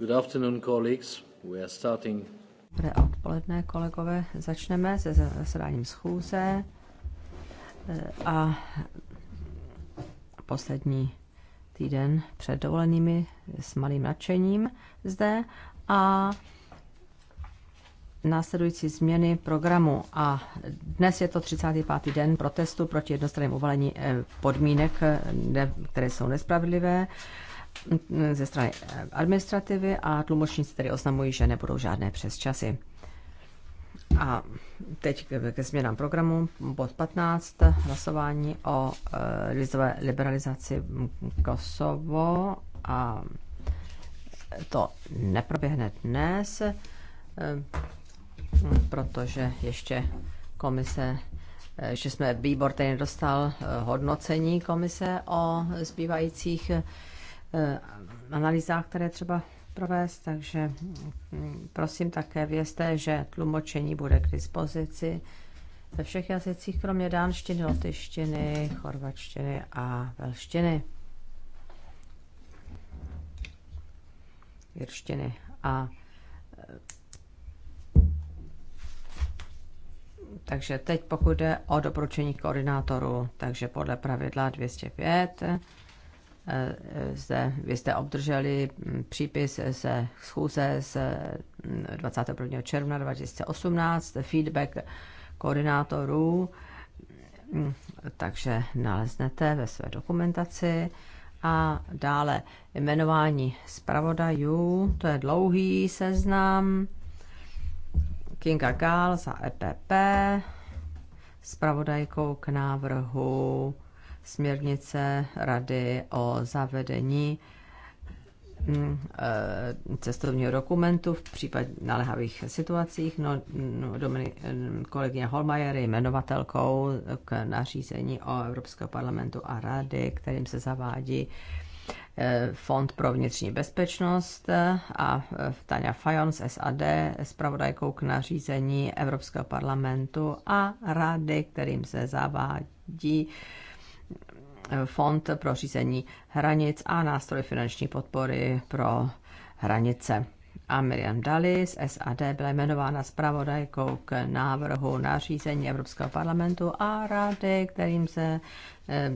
Good afternoon, colleagues. We are starting. Dobré odpoledne, kolegové. Začneme se zasedáním schůze. Eh, a poslední týden před dovolenými s malým nadšením zde. A následující změny programu a dnes je to 35. den protestu proti jednostrannému uvalení eh, podmínek, které jsou nespravedlivé ze strany eh, administrativy a tlumočníci tedy oznamují, že nebudou žádné přesčasy. A teď ke změnám programu. Bod 15. Hlasování o eh, lizové liberalizaci Kosovo a to neproběhne dnes, eh, protože ještě komise že jsme výbor tedy dostal hodnocení komise o zbývajících Eh, analýzách, které třeba provést, takže mm, prosím také vězte, že tlumočení bude k dispozici ve všech jazycích, kromě dánštiny, lotyštiny, chorvačtiny a velštiny. Jirštiny a eh, takže teď pokud jde o doporučení koordinátoru, takže podle pravidla 205 Eh, zde, vy jste obdrželi mm, přípis ze schůze z 21. Mm, června 2018, feedback koordinátorů, mm, takže naleznete ve své dokumentaci. A dále jmenování zpravodajů, to je dlouhý seznam. Kinga Gál za EPP, zpravodajkou k návrhu směrnice Rady o zavedení mm, eh, cestovního dokumentu v případě naléhavých situacích. No, no Dominik, mm, kolegyně Holmajer je jmenovatelkou k nařízení o Evropského parlamentu a rady, kterým se zavádí eh, Fond pro vnitřní bezpečnost eh, a Tania Fajon z SAD zpravodajkou k nařízení Evropského parlamentu a rady, kterým se zavádí fond pro řízení hranic a nástroj finanční podpory pro hranice. A Miriam Daly z SAD byla jmenována zpravodajkou k návrhu na řízení Evropského parlamentu a rady, kterým se eh,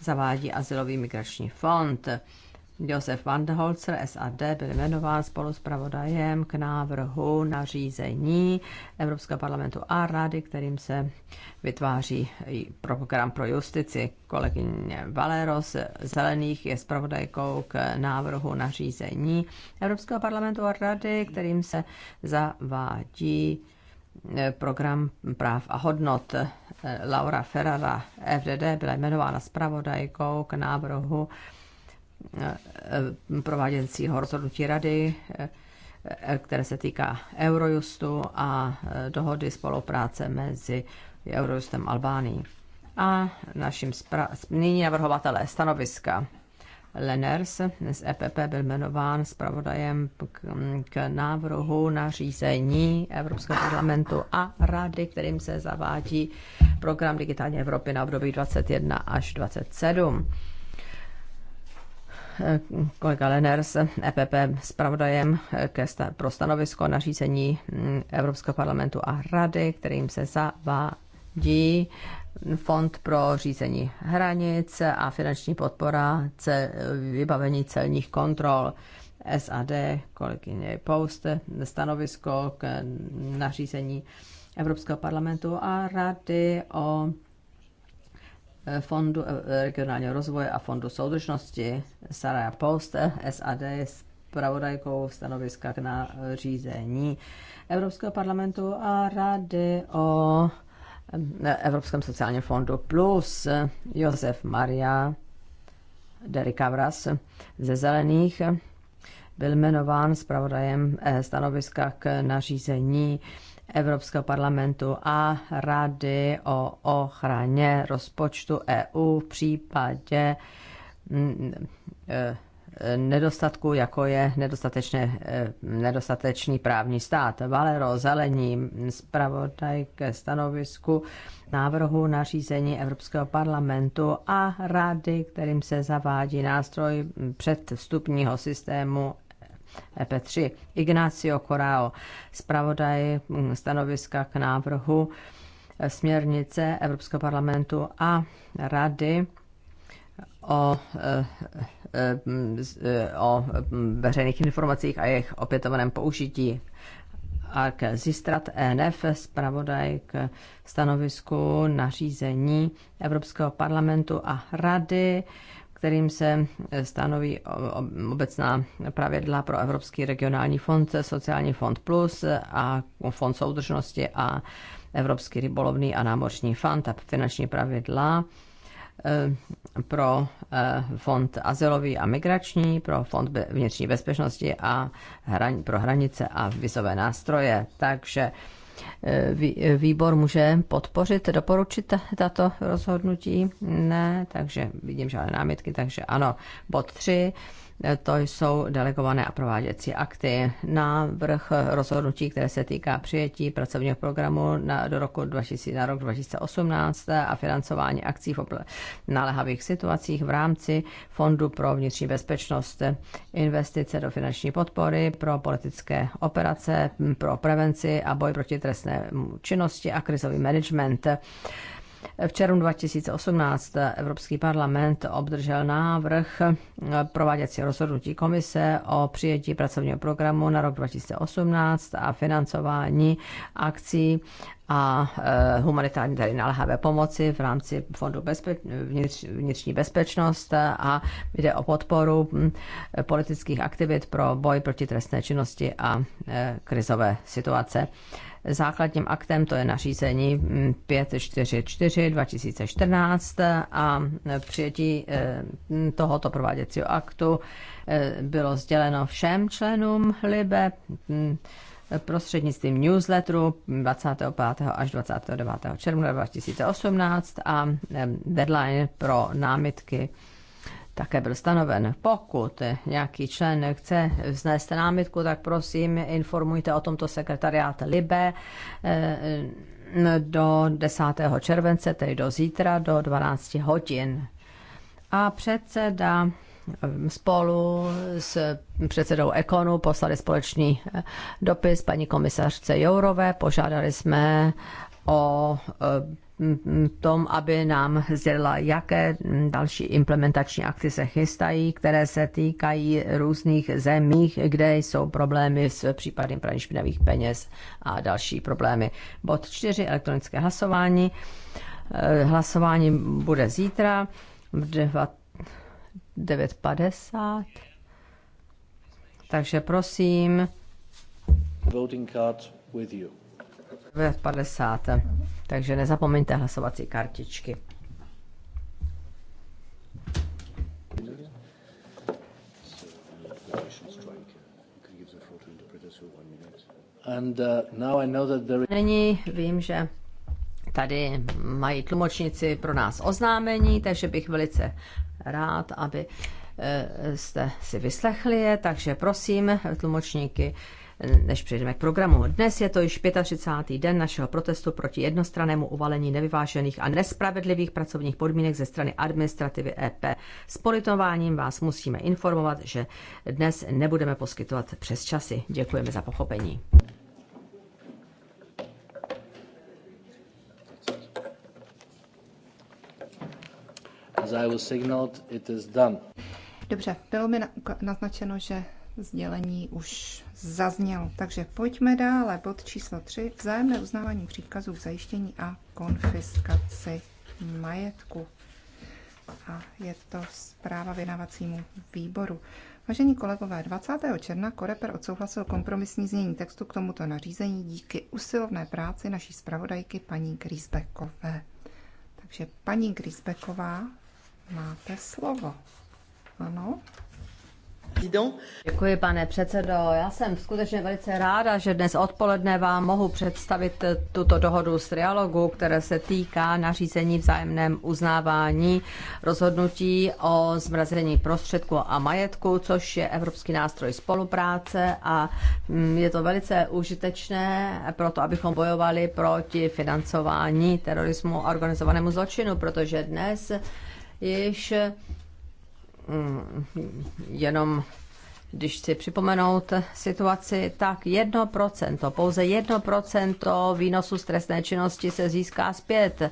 zavádí asilový migrační fond. Josef Vandeholzer SAD byl jmenován spoluspravodajem k návrhu na řízení Evropského parlamentu a rady, kterým se vytváří program pro justici. Kolegyně Valeros Zelených je spravodajkou k návrhu na řízení Evropského parlamentu a rady, kterým se zavádí eh, program práv a hodnot. Eh, Laura Ferrara FDD byla jmenována spravodajkou k návrhu Eh, prováděcího rozhodnutí rady, eh, eh, které se týká Eurojustu a dohody spolupráce mezi Eurojustem Albánií. A naším nyní navrhovatelé stanoviska. Leners z EPP byl jmenován zpravodajem k, k návrhu na řízení Evropského parlamentu a rady, kterým se zavádí program Digitální Evropy na období 21 až 27 kolega Lenner s EPP zpravodajem ke sta- pro stanovisko nařízení mm, Evropského parlamentu a rady, kterým se zavádí Fond pro řízení hranic a finanční podpora ce- vybavení celních kontrol. SAD, kolegyně Post, stanovisko k nařízení Evropského parlamentu a rady o Fondu eh, regionálního rozvoje a Fondu soudržnosti. Sara Poste SAD, s pravodajkou stanoviska k nařízení Evropského parlamentu a Rady o eh, Evropském sociálním fondu plus Josef Maria Derikavras ze Zelených byl jmenován zpravodajem eh, stanoviska k nařízení Evropského parlamentu a Rady o ochraně rozpočtu EU v případě mm, eh, nedostatku, jako je nedostatečné, eh, nedostatečný právní stát. Valero, zelení, zpravodaj ke stanovisku návrhu nařízení Evropského parlamentu a rady, kterým se zavádí nástroj předvstupního systému EP3. Ignacio Corao, zpravodaj mm, stanoviska k návrhu e, směrnice Evropského parlamentu a rady o, e, e, o mm, veřejných informacích a jejich opětovaném použití a k Zistrat ENF, zpravodaj k stanovisku nařízení Evropského parlamentu a rady kterým se eh, stanoví obecná pravidla pro Evropský regionální fond, sociální fond plus eh, a fond soudržnosti a Evropský rybolovný a námořní fond a finanční pravidla eh, pro fond azylový a migrační, pro fond vnitřní bezpečnosti a pro hranice a vizové nástroje. Takže Eh, eh, výbor může podpořit, doporučit tato rozhodnutí? Ne, takže vidím žádné námitky, takže ano. Bod 3, to jsou delegované a prováděcí akty. Návrh rozhodnutí, které se týká přijetí pracovního programu na, do roku 2000, na rok 2018 a financování akcí v naléhavých situacích v rámci Fondu pro vnitřní bezpečnost, investice do finanční podpory pro politické operace, pro prevenci a boj proti trestné činnosti a krizový management. V červnu 2018 Evropský parlament obdržel návrh prováděcí rozhodnutí komise o přijetí pracovního programu na rok 2018 a financování akcí a e, humanitární tedy naléhavé pomoci v rámci Fondu bezpe- vnitř, vnitřní bezpečnost a jde o podporu politických aktivit pro boj proti trestné činnosti a e, krizové situace. Základním aktem to je nařízení 544 2014 a přijetí eh, tohoto prováděcího aktu eh, bylo sděleno všem členům LIBE hm, prostřednictvím newsletteru 25. až 29. června 2018 a eh, deadline pro námitky také byl stanoven. Pokud nějaký člen chce vznést námitku, tak prosím informujte o tomto sekretariát Libe eh, do 10. července, tedy do zítra, do 12 hodin. A předseda eh, spolu s předsedou Ekonu poslali společný eh, dopis paní komisařce Jourové. Požádali jsme o tom, aby nám sdělila, jaké další implementační akty se chystají, které se týkají různých zemích, kde jsou problémy s případem praní špinavých peněz a další problémy. Bod 4. Elektronické hlasování. Eh, hlasování bude zítra v 9.50. Takže prosím. Voting card with you. 50. Takže nezapomeňte hlasovací kartičky. Uh, Nyní vím, že tady mají tlumočníci pro nás oznámení, takže bych velice rád, aby eh, jste si vyslechli je, takže prosím tlumočníky než přejdeme k programu. Dnes je to již 35. den našeho protestu proti jednostrannému uvalení nevyvážených a nespravedlivých pracovních podmínek ze strany administrativy EP. S politováním vás musíme informovat, že dnes nebudeme poskytovat přes časy. Děkujeme za pochopení. As I was signaled, it is done. Dobře, bylo mi naznačeno, že sdělení už zaznělo. Takže pojďme dále. Bod číslo 3. Vzájemné uznávání příkazů k zajištění a konfiskaci majetku. A je to zpráva věnovacímu výboru. Vážení kolegové, 20. června Koreper odsouhlasil kompromisní znění textu k tomuto nařízení díky usilovné práci naší zpravodajky paní Grisbekové. Takže paní Grisbeková, máte slovo. Ano? Děkuji, pane předsedo. Já jsem skutečně velice ráda, že dnes odpoledne vám mohu představit tuto dohodu z trialogu, které se týká nařízení vzájemném uznávání rozhodnutí o zmrazení prostředků a majetku, což je evropský nástroj spolupráce a mm, je to velice užitečné pro to, abychom bojovali proti financování terorismu a organizovanému zločinu, protože dnes již jenom když si připomenout situaci, tak 1%, pouze 1% výnosu z trestné činnosti se získá zpět, e,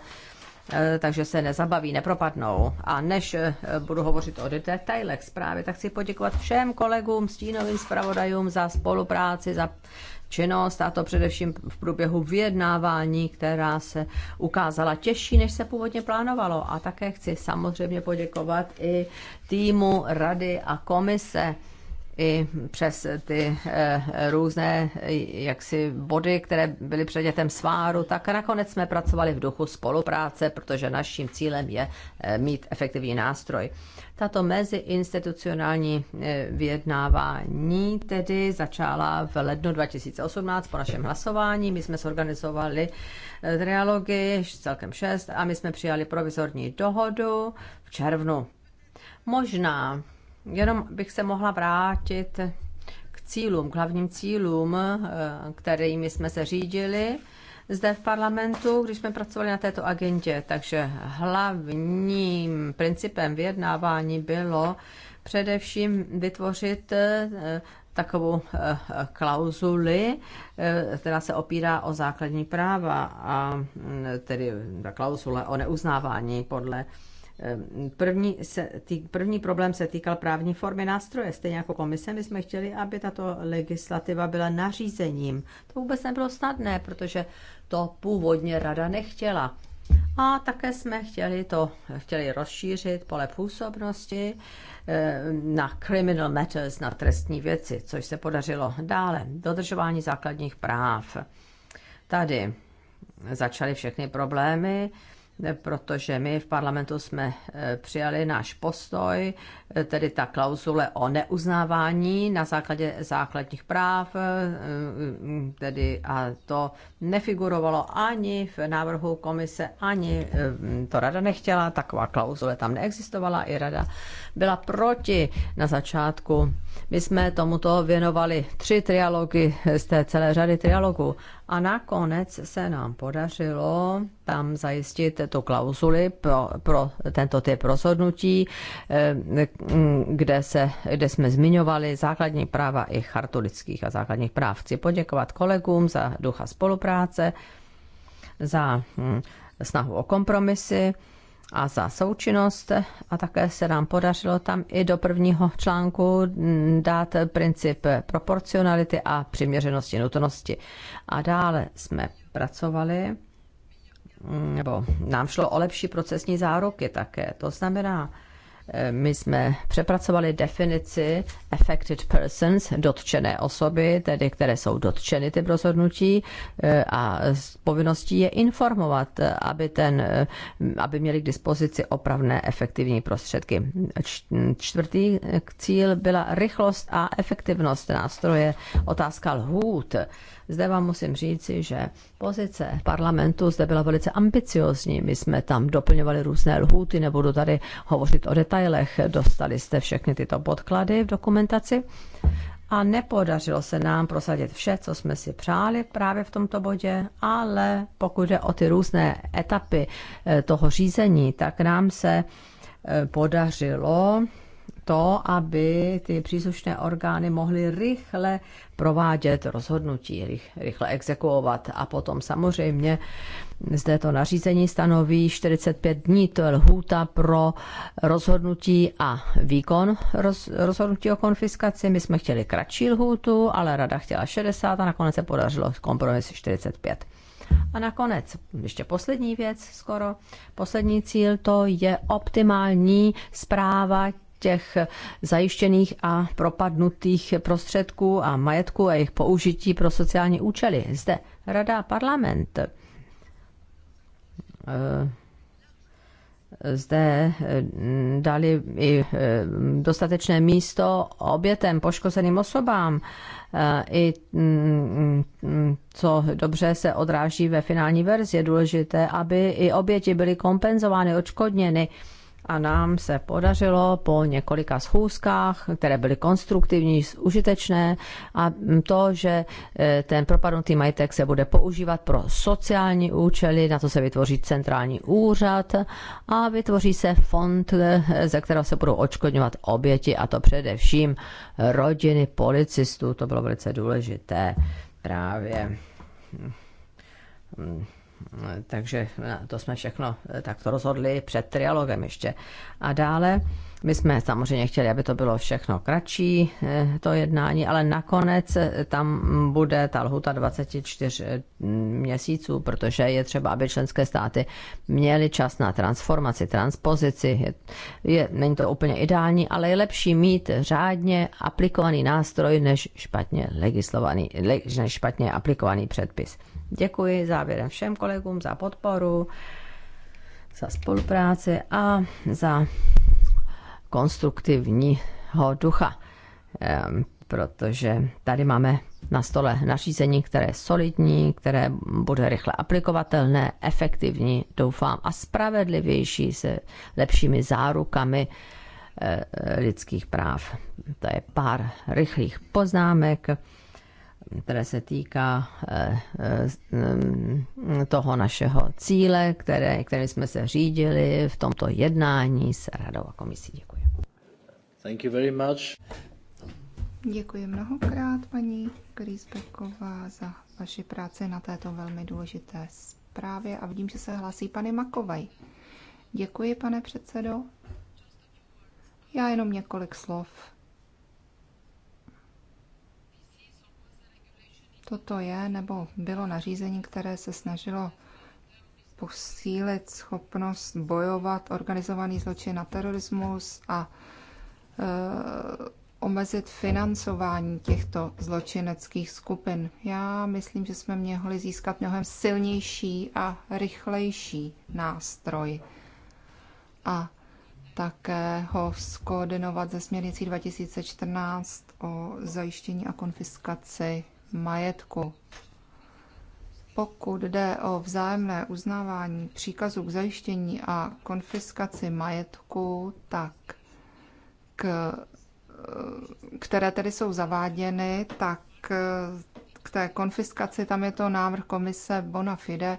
takže se nezabaví, nepropadnou. A než e, budu hovořit o detailech zprávy, tak chci poděkovat všem kolegům, stínovým zpravodajům za spolupráci, za činnost, a to především v průběhu vyjednávání, která se ukázala těžší, než se původně plánovalo. A také chci samozřejmě poděkovat i týmu rady a komise, i přes ty eh, různé eh, jaksi body, které byly předmětem sváru, tak nakonec jsme pracovali v duchu spolupráce, protože naším cílem je eh, mít efektivní nástroj. Tato meziinstitucionální eh, vyjednávání tedy začala v lednu 2018 po našem hlasování. My jsme zorganizovali eh, trialogy, celkem šest, a my jsme přijali provizorní dohodu v červnu. Možná, jenom bych se mohla vrátit k cílům, k hlavním cílům, eh, kterými jsme se řídili zde v parlamentu, když jsme pracovali na této agendě. Takže hlavním principem vyjednávání bylo především vytvořit eh, takovou eh, klauzuli, eh, která se opírá o základní práva a mm, tedy klauzule o neuznávání podle Ehm, první, se, tý, první problém se týkal právní formy nástroje. Stejně jako komise, my jsme chtěli, aby tato legislativa byla nařízením. To vůbec nebylo snadné, protože to původně rada nechtěla. A také jsme chtěli to chtěli rozšířit pole působnosti ehm, na criminal matters, na trestní věci, což se podařilo dále. Dodržování základních práv. Tady začaly všechny problémy protože my v parlamentu jsme eh, přijali náš postoj, eh, tedy ta klauzule o neuznávání na základě základních práv, eh, mm, tedy a to nefigurovalo ani v návrhu komise, ani mm, to rada nechtěla, taková klauzule tam neexistovala, i rada byla proti na začátku. My jsme tomuto věnovali tři trialogy z té celé řady trialogů a nakonec se nám podařilo tam zajistit tu klauzuli pro, pro tento typ rozhodnutí, eh, kde, se, kde jsme zmiňovali základní práva i chartu lidských a základních práv. Chci poděkovat kolegům za ducha spolupráce, za hm, snahu o kompromisy a za součinnost a také se nám podařilo tam i do prvního článku dát princip proporcionality a přiměřenosti nutnosti. A dále jsme pracovali, nebo nám šlo o lepší procesní záruky také. To znamená, my jsme přepracovali definici affected persons, dotčené osoby, tedy které jsou dotčeny ty rozhodnutí e, a povinností je informovat, e, aby, ten, e, aby měli k dispozici opravné efektivní prostředky. Čtvrtý cíl byla rychlost a efektivnost nástroje. Otázka lhůt. Zde vám musím říci, že pozice parlamentu zde byla velice ambiciozní. My jsme tam doplňovali různé lhůty, nebudu tady hovořit o detailech. Dostali jste všechny tyto podklady v dokumentaci. A nepodařilo se nám prosadit vše, co jsme si přáli právě v tomto bodě, ale pokud jde o ty různé etapy eh, toho řízení, tak nám se eh, podařilo to, aby ty příslušné orgány mohly rychle provádět rozhodnutí, rychle exekuovat. A potom samozřejmě zde to nařízení stanoví 45 dní, to je lhůta pro rozhodnutí a výkon roz, rozhodnutí o konfiskaci. My jsme chtěli kratší lhůtu, ale rada chtěla 60 a nakonec se podařilo kompromis 45. A nakonec, ještě poslední věc skoro, poslední cíl, to je optimální zpráva těch zajištěných a propadnutých prostředků a majetku a jejich použití pro sociální účely. Zde Rada a parlament eh, zde eh, dali i eh, dostatečné místo obětem, poškozeným osobám, i mm, mm, co dobře se odráží ve finální verzi. Je důležité, aby i oběti byly kompenzovány, odškodněny a nám se podařilo po několika schůzkách, které byly konstruktivní, užitečné, a to, že eh, ten propadnutý majetek se bude používat pro sociální účely, na to se vytvoří centrální úřad a vytvoří se fond, eh, ze kterého se budou očkodňovat oběti, a to především rodiny policistů. To bylo velice důležité právě hmm. Takže eh, to jsme všechno eh, takto rozhodli před trialogem ještě. A dále my jsme samozřejmě chtěli, aby to bylo všechno kratší, eh, to jednání, ale nakonec tam bude ta lhuta 24 měsíců, protože je třeba, aby členské státy měly čas na transformaci, transpozici. Je, je, není to úplně ideální, ale je lepší mít řádně aplikovaný nástroj, než špatně legislovaný, než špatně aplikovaný předpis. Děkuji závěrem všem kolegům za podporu, za spolupráci a za konstruktivního ducha, ehm, protože tady máme na stole nařízení, které je solidní, které bude rychle aplikovatelné, efektivní, doufám, a spravedlivější se lepšími zárukami eh, lidských práv. To je pár rychlých poznámek které se týká eh, eh, toho našeho cíle, které, které jsme se řídili v tomto jednání s Radou a komisí. Děkuji. Thank you very much. Děkuji mnohokrát, paní Grisbecková, za vaši práci na této velmi důležité zprávě a vidím, že se hlásí pany Makovaj. Děkuji, pane předsedo. Já jenom několik slov Toto je nebo bylo nařízení, které se snažilo posílit schopnost bojovat organizovaný zločin na terorismus a e, omezit financování těchto zločineckých skupin. Já myslím, že jsme měli získat mnohem silnější a rychlejší nástroj a také ho skoordinovat ze směrnicí 2014 o zajištění a konfiskaci majetku. Pokud jde o vzájemné uznávání příkazů k zajištění a konfiskaci majetku, tak k, které tedy jsou zaváděny, tak k té konfiskaci tam je to návrh komise bona fide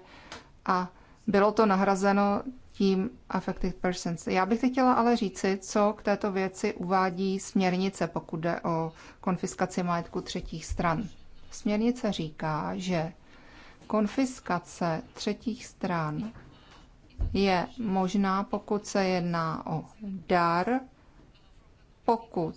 a bylo to nahrazeno tím affected persons. Já bych teď chtěla ale říci, co k této věci uvádí směrnice, pokud jde o konfiskaci majetku třetích stran. Směrnice říká, že konfiskace třetích stran je možná, pokud se jedná o dar, pokud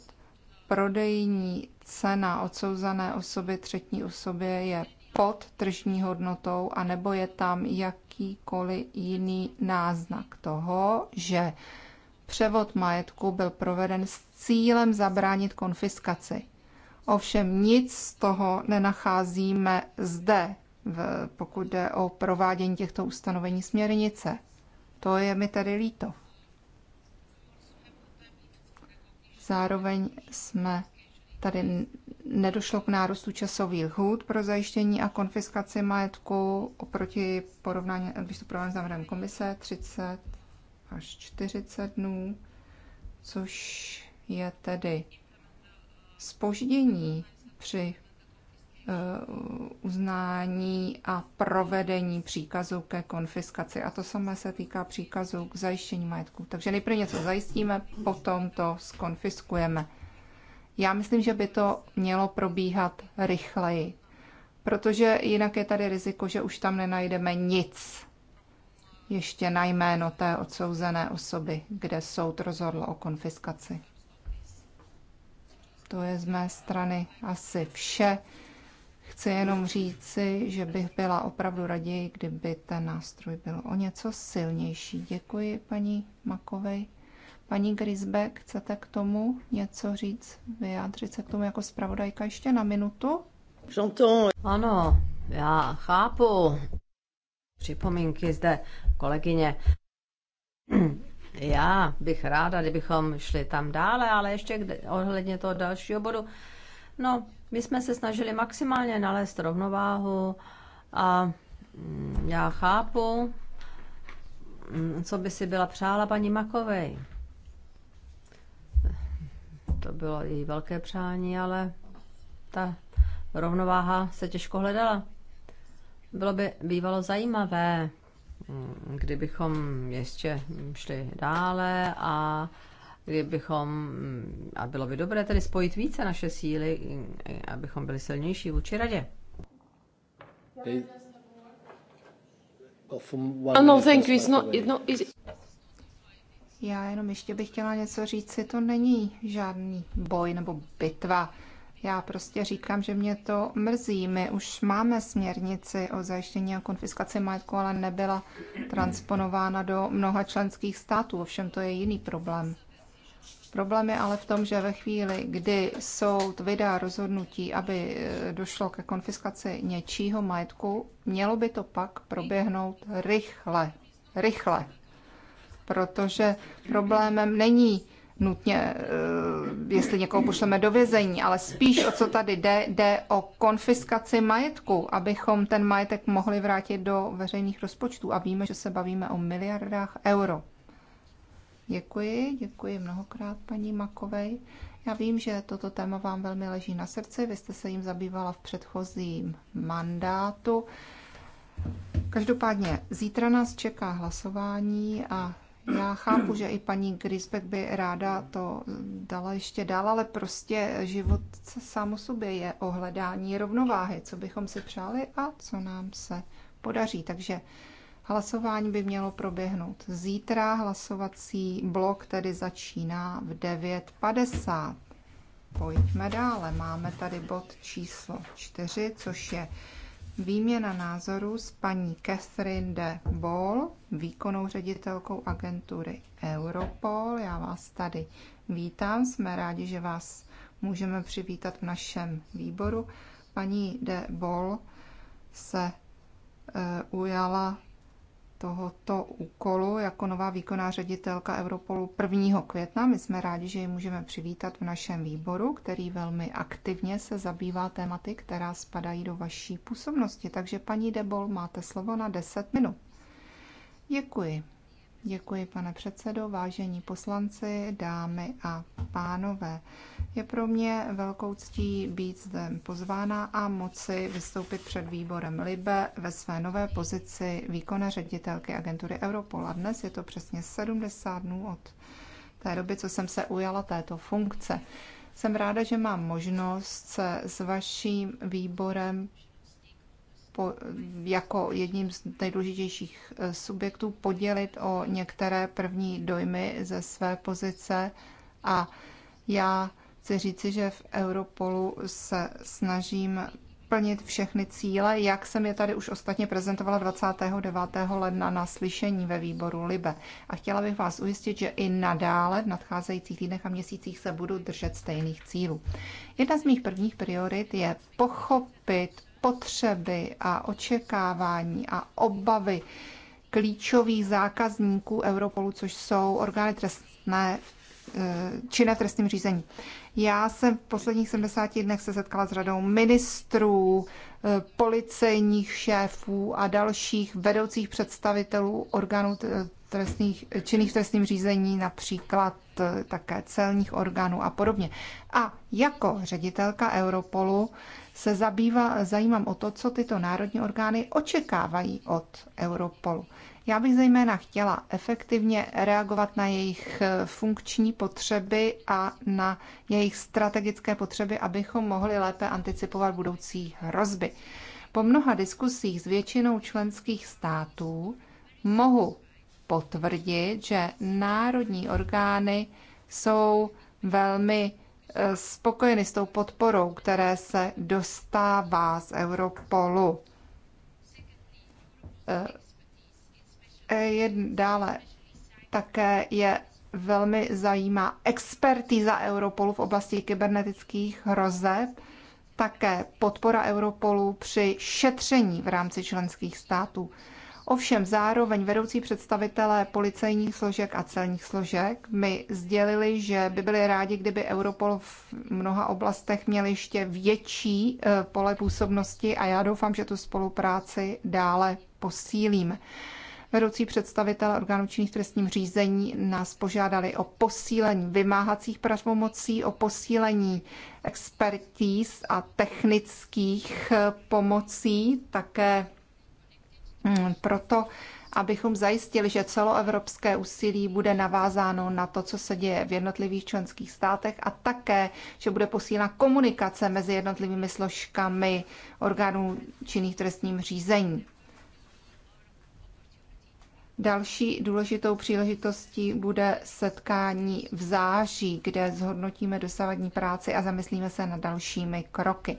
prodejní cena odsouzané osoby třetí osobě je pod tržní hodnotou, anebo je tam jakýkoliv jiný náznak toho, že převod majetku byl proveden s cílem zabránit konfiskaci. Ovšem nic z toho nenacházíme zde, v, pokud jde o provádění těchto ustanovení směrnice. To je mi tedy líto. Zároveň jsme tady nedošlo k nárůstu časových hůd pro zajištění a konfiskaci majetku oproti porovnání, když to porovnáme s návrhem komise, 30 až 40 dnů, což je tedy spoždění při eh, uznání a provedení příkazu ke konfiskaci. A to samé se týká příkazu k zajištění majetku. Takže nejprve něco zajistíme, potom to skonfiskujeme. Já myslím, že by to mělo probíhat rychleji, protože jinak je tady riziko, že už tam nenajdeme nic ještě na jméno té odsouzené osoby, kde soud rozhodl o konfiskaci. To je z mé strany asi vše. Chci jenom říci, že bych byla opravdu raději, kdyby ten nástroj byl o něco silnější. Děkuji paní Makovej. Paní Grisbeck, chcete k tomu něco říct, vyjádřit se k tomu jako zpravodajka ještě na minutu? Ano, já chápu připomínky zde kolegyně. Já bych ráda, kdybychom šli tam dále, ale ještě kde, ohledně toho dalšího bodu. No, my jsme se snažili maximálně nalézt rovnováhu a mm, já chápu, mm, co by si byla přála paní Makovej. To bylo její velké přání, ale ta rovnováha se těžko hledala. Bylo by bývalo zajímavé Mm, kdybychom ještě šli dále a kdybychom, mm, a bylo by dobré tedy spojit více naše síly, mm, abychom byli silnější vůči radě. Ano, oh, Já jenom ještě bych chtěla něco říct, si to není žádný boj nebo bitva. Já prostě říkám, že mě to mrzí. My už máme směrnici o zajištění a konfiskaci majetku, ale nebyla transponována do mnoha členských států. Ovšem to je jiný problém. Problém je ale v tom, že ve chvíli, kdy soud vydá rozhodnutí, aby eh, došlo ke konfiskaci něčího majetku, mělo by to pak proběhnout rychle. Rychle. Protože problémem není nutně, eh, jestli někoho pošleme do vězení, ale spíš o co tady jde, jde o konfiskaci majetku, abychom ten majetek mohli vrátit do veřejných rozpočtů. A víme, že se bavíme o miliardách euro. Děkuji, děkuji mnohokrát paní Makovej. Já vím, že toto téma vám velmi leží na srdci, vy jste se jim zabývala v předchozím mandátu. Každopádně zítra nás čeká hlasování a já chápu, že i paní Grisbeck by ráda to dala ještě dál, ale prostě život sám o sobě je o hledání rovnováhy, co bychom si přáli a co nám se podaří. Takže hlasování by mělo proběhnout zítra. Hlasovací blok tedy začíná v 9.50. Pojďme dále. Máme tady bod číslo 4, což je výměna názorů s paní Catherine de Ball, výkonnou ředitelkou agentury Europol. Já vás tady vítám, jsme rádi, že vás můžeme přivítat v našem výboru. Paní de Ball se eh, ujala tohoto úkolu jako nová výkonná ředitelka Europolu 1. května. My jsme rádi, že ji můžeme přivítat v našem výboru, který velmi aktivně se zabývá tématy, která spadají do vaší působnosti. Takže paní Debol, máte slovo na 10 minut. Děkuji. Děkuji, pane předsedo, vážení poslanci, dámy a pánové. Je pro mě velkou ctí být zde pozvána a moci vystoupit před výborem LIBE ve své nové pozici výkonné ředitelky agentury Europol. A dnes je to přesně 70 dnů od té doby, co jsem se ujala této funkce. Jsem ráda, že mám možnost se s vaším výborem jako jedním z nejdůležitějších eh, subjektů podělit o některé první dojmy ze své pozice a já chci říci, že v Europolu se snažím plnit všechny cíle, jak jsem je tady už ostatně prezentovala 29. ledna na slyšení ve výboru Libe. A chtěla bych vás ujistit, že i nadále v nadcházejících týdnech a měsících se budu držet stejných cílů. Jedna z mých prvních priorit je pochopit potřeby a očekávání a obavy klíčových zákazníků Europolu, což jsou orgány trestné e, činné v trestním řízení. Já jsem v posledních 70 dnech se setkala s radou ministrů, e, policejních šéfů a dalších vedoucích představitelů orgánů trestných, činných v trestním řízení, například e, také celních orgánů a podobně. A jako ředitelka Europolu se zabývá, zajímám o to, co tyto národní orgány očekávají od Europolu. Já bych zejména chtěla efektivně reagovat na jejich eh, funkční potřeby a na jejich strategické potřeby, abychom mohli lépe anticipovat budoucí hrozby. Po mnoha diskusích s většinou členských států mohu potvrdit, že národní orgány jsou velmi spokojeny s tou podporou, které se dostává z Europolu. E, e, dále také je velmi zajímá expertíza Europolu v oblasti kybernetických hrozeb, také podpora Europolu při šetření v rámci členských států. Ovšem zároveň vedoucí představitelé policejních složek a celních složek mi sdělili, že by byli rádi, kdyby Europol v mnoha oblastech měl ještě větší eh, pole působnosti a já doufám, že tu spolupráci dále posílíme. Vedoucí představitelé orgánů činných trestním řízení nás požádali o posílení vymáhacích pravomocí, o posílení expertíz a technických eh, pomocí, také Mm, proto, abychom zajistili, že celoevropské úsilí bude navázáno na to, co se děje v jednotlivých členských státech a také, že bude posílena komunikace mezi jednotlivými složkami orgánů činných trestním řízení. Další důležitou příležitostí bude setkání v září, kde zhodnotíme dosavadní práci a zamyslíme se nad dalšími kroky.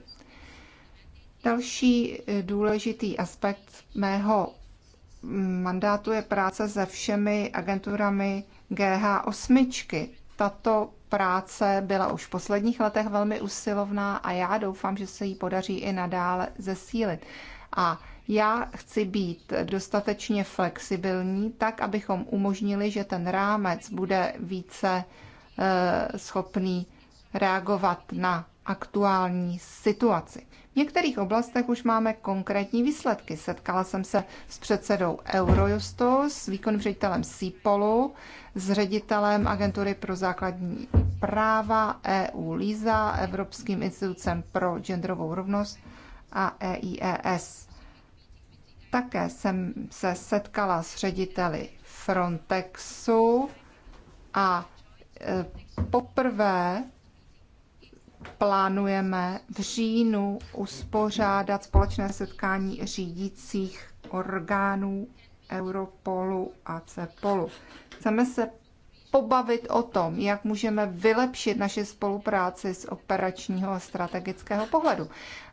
Další eh, důležitý aspekt mého mm, mandátu je práce se všemi agenturami GH8. Tato práce byla už v posledních letech velmi usilovná a já doufám, že se jí podaří i nadále zesílit. A já chci být dostatečně flexibilní, tak abychom umožnili, že ten rámec bude více eh, schopný reagovat na aktuální situaci. V některých oblastech už máme konkrétní výsledky. Setkala jsem se s předsedou Eurojustu, s výkonným ředitelem SIPOLu, s ředitelem Agentury pro základní práva EU LISA, Evropským institucem pro genderovou rovnost a EIES. Také jsem se setkala s řediteli Frontexu a e, poprvé plánujeme v říjnu uspořádat společné setkání řídících orgánů Europolu a CEPOLu. Chceme se pobavit o tom, jak můžeme vylepšit naše spolupráci z operačního a strategického pohledu.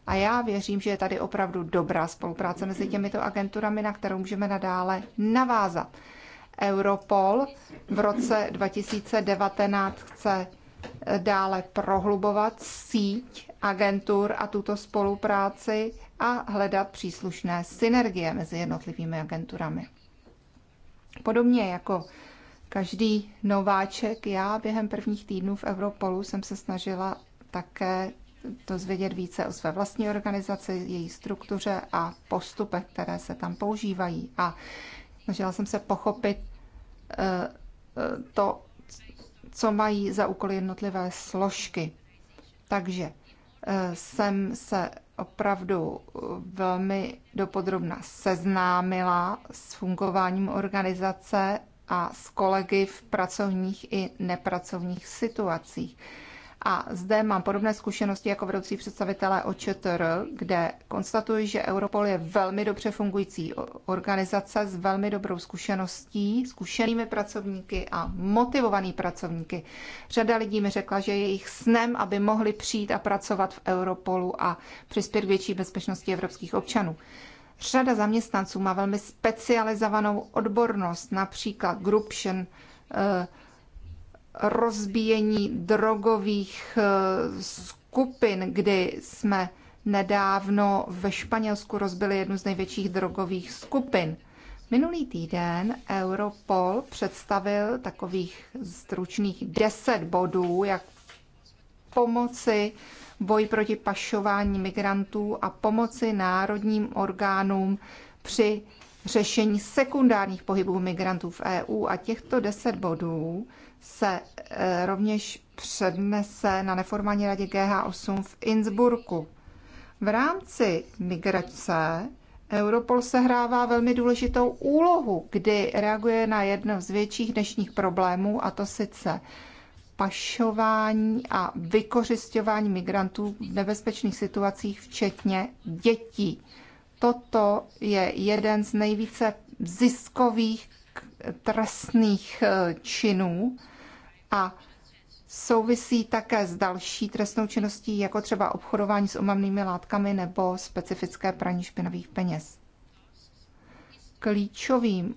A já věřím, že je tady opravdu dobrá spolupráce mezi těmito agenturami, na kterou můžeme nadále navázat. Europol v roce 2019 chce dále prohlubovat síť agentur a tuto spolupráci a hledat příslušné synergie mezi jednotlivými agenturami. Podobně jako každý nováček, já během prvních týdnů v Europolu jsem se snažila také to zvědět více o své vlastní organizaci, její struktuře a postupech, které se tam používají. A snažila jsem se pochopit eh, eh, to, co mají za úkol jednotlivé složky. Takže eh, jsem se opravdu eh, velmi dopodrobna seznámila s fungováním organizace a s kolegy v pracovních i nepracovních situacích. A zde mám podobné zkušenosti jako vedoucí představitelé OČTR, kde konstatuji, že Europol je velmi dobře fungující organizace s velmi dobrou zkušeností, zkušenými pracovníky a motivovanými pracovníky. Řada lidí mi řekla, že je jejich snem, aby mohli přijít a pracovat v Europolu a přispět k větší bezpečnosti evropských občanů. Řada zaměstnanců má velmi specializovanou odbornost, například Gruption, uh, eh, rozbíjení drogových eh, skupin, kdy jsme nedávno ve Španělsku rozbili jednu z největších drogových skupin. Minulý týden Europol představil takových stručných 10 bodů, jak pomoci boj proti pašování migrantů a pomoci národním orgánům při řešení sekundárních pohybů migrantů v EU a těchto deset bodů se e, rovněž přednese na neformální radě GH8 v Innsbrucku. V rámci migrace Europol sehrává velmi důležitou úlohu, kdy reaguje na jedno z větších dnešních problémů, a to sice pašování a vykořišťování migrantů v nebezpečných situacích, včetně dětí toto je jeden z nejvíce ziskových trestných eh, činů a souvisí také s další trestnou činností, jako třeba obchodování s omamnými látkami nebo specifické praní špinavých peněz. Klíčovým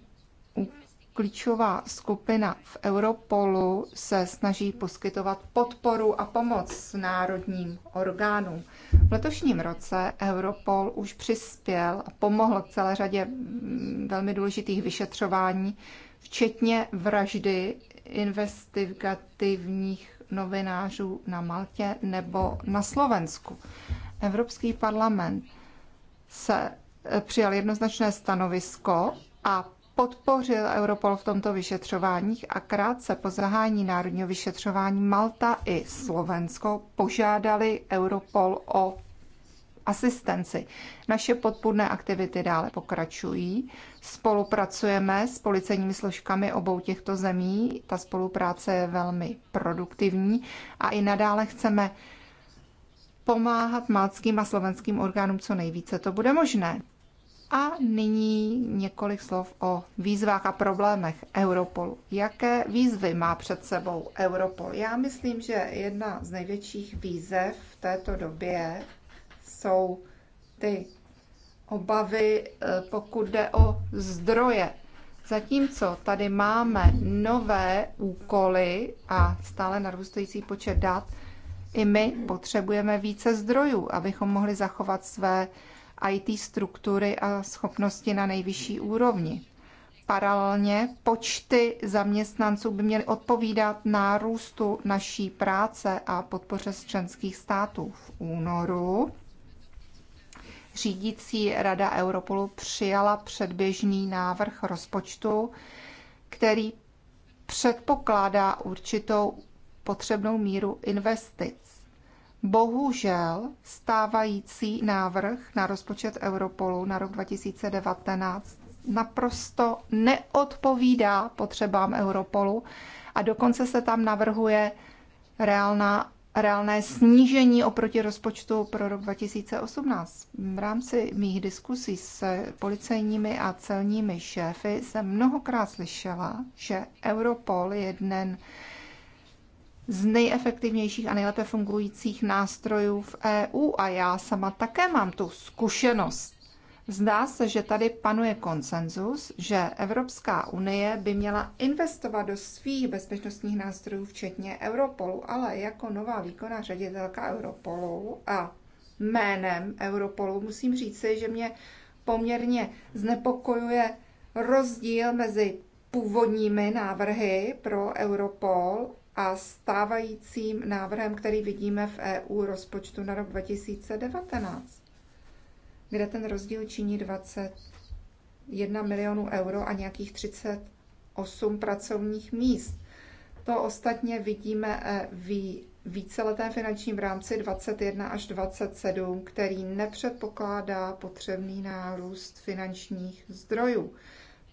klíčová skupina v Europolu se snaží poskytovat podporu a pomoc národním orgánům. V letošním roce Europol už přispěl a pomohl celé řadě mm, velmi důležitých vyšetřování, včetně vraždy investigativních novinářů na Maltě nebo na Slovensku. Evropský parlament se eh, přijal jednoznačné stanovisko a podpořil Europol v tomto vyšetřováních a krátce po zahání národního vyšetřování Malta i Slovensko požádali Europol o asistenci. Naše podpůrné aktivity dále pokračují. Spolupracujeme s policejními složkami obou těchto zemí. Ta spolupráce je velmi produktivní a i nadále chceme pomáhat malckým a slovenským orgánům co nejvíce to bude možné. A nyní několik slov o výzvách a problémech Europolu. Jaké výzvy má před sebou Europol? Já myslím, že jedna z největších výzev v této době jsou ty obavy, eh, pokud jde o zdroje. Zatímco tady máme nové úkoly a stále narůstající počet dat, i my potřebujeme více zdrojů, abychom mohli zachovat své IT struktury a schopnosti na nejvyšší úrovni. Paralelně počty zaměstnanců by měly odpovídat nárůstu naší práce a podpoře z členských států. V únoru řídící rada Europolu přijala předběžný návrh rozpočtu, který předpokládá určitou potřebnou míru investic. Bohužel stávající návrh na rozpočet Europolu na rok 2019 naprosto neodpovídá potřebám Europolu a dokonce se tam navrhuje reálná, reálné snížení oproti rozpočtu pro rok 2018. V rámci mých diskusí s policejními a celními šéfy jsem mnohokrát slyšela, že Europol je jeden z nejefektivnějších a nejlépe fungujících nástrojů v EU a já sama také mám tu zkušenost. Zdá se, že tady panuje konsenzus, že Evropská unie by měla investovat do svých bezpečnostních nástrojů, včetně Europolu, ale jako nová výkonná ředitelka Europolu a jménem Europolu musím říci, že mě poměrně znepokojuje rozdíl mezi původními návrhy pro Europol a stávajícím návrhem, který vidíme v EU rozpočtu na rok 2019, kde ten rozdíl činí 21 milionů euro a nějakých 38 pracovních míst. To ostatně vidíme e, v víceletém finančním rámci 21 až 27, který nepředpokládá potřebný nárůst finančních zdrojů.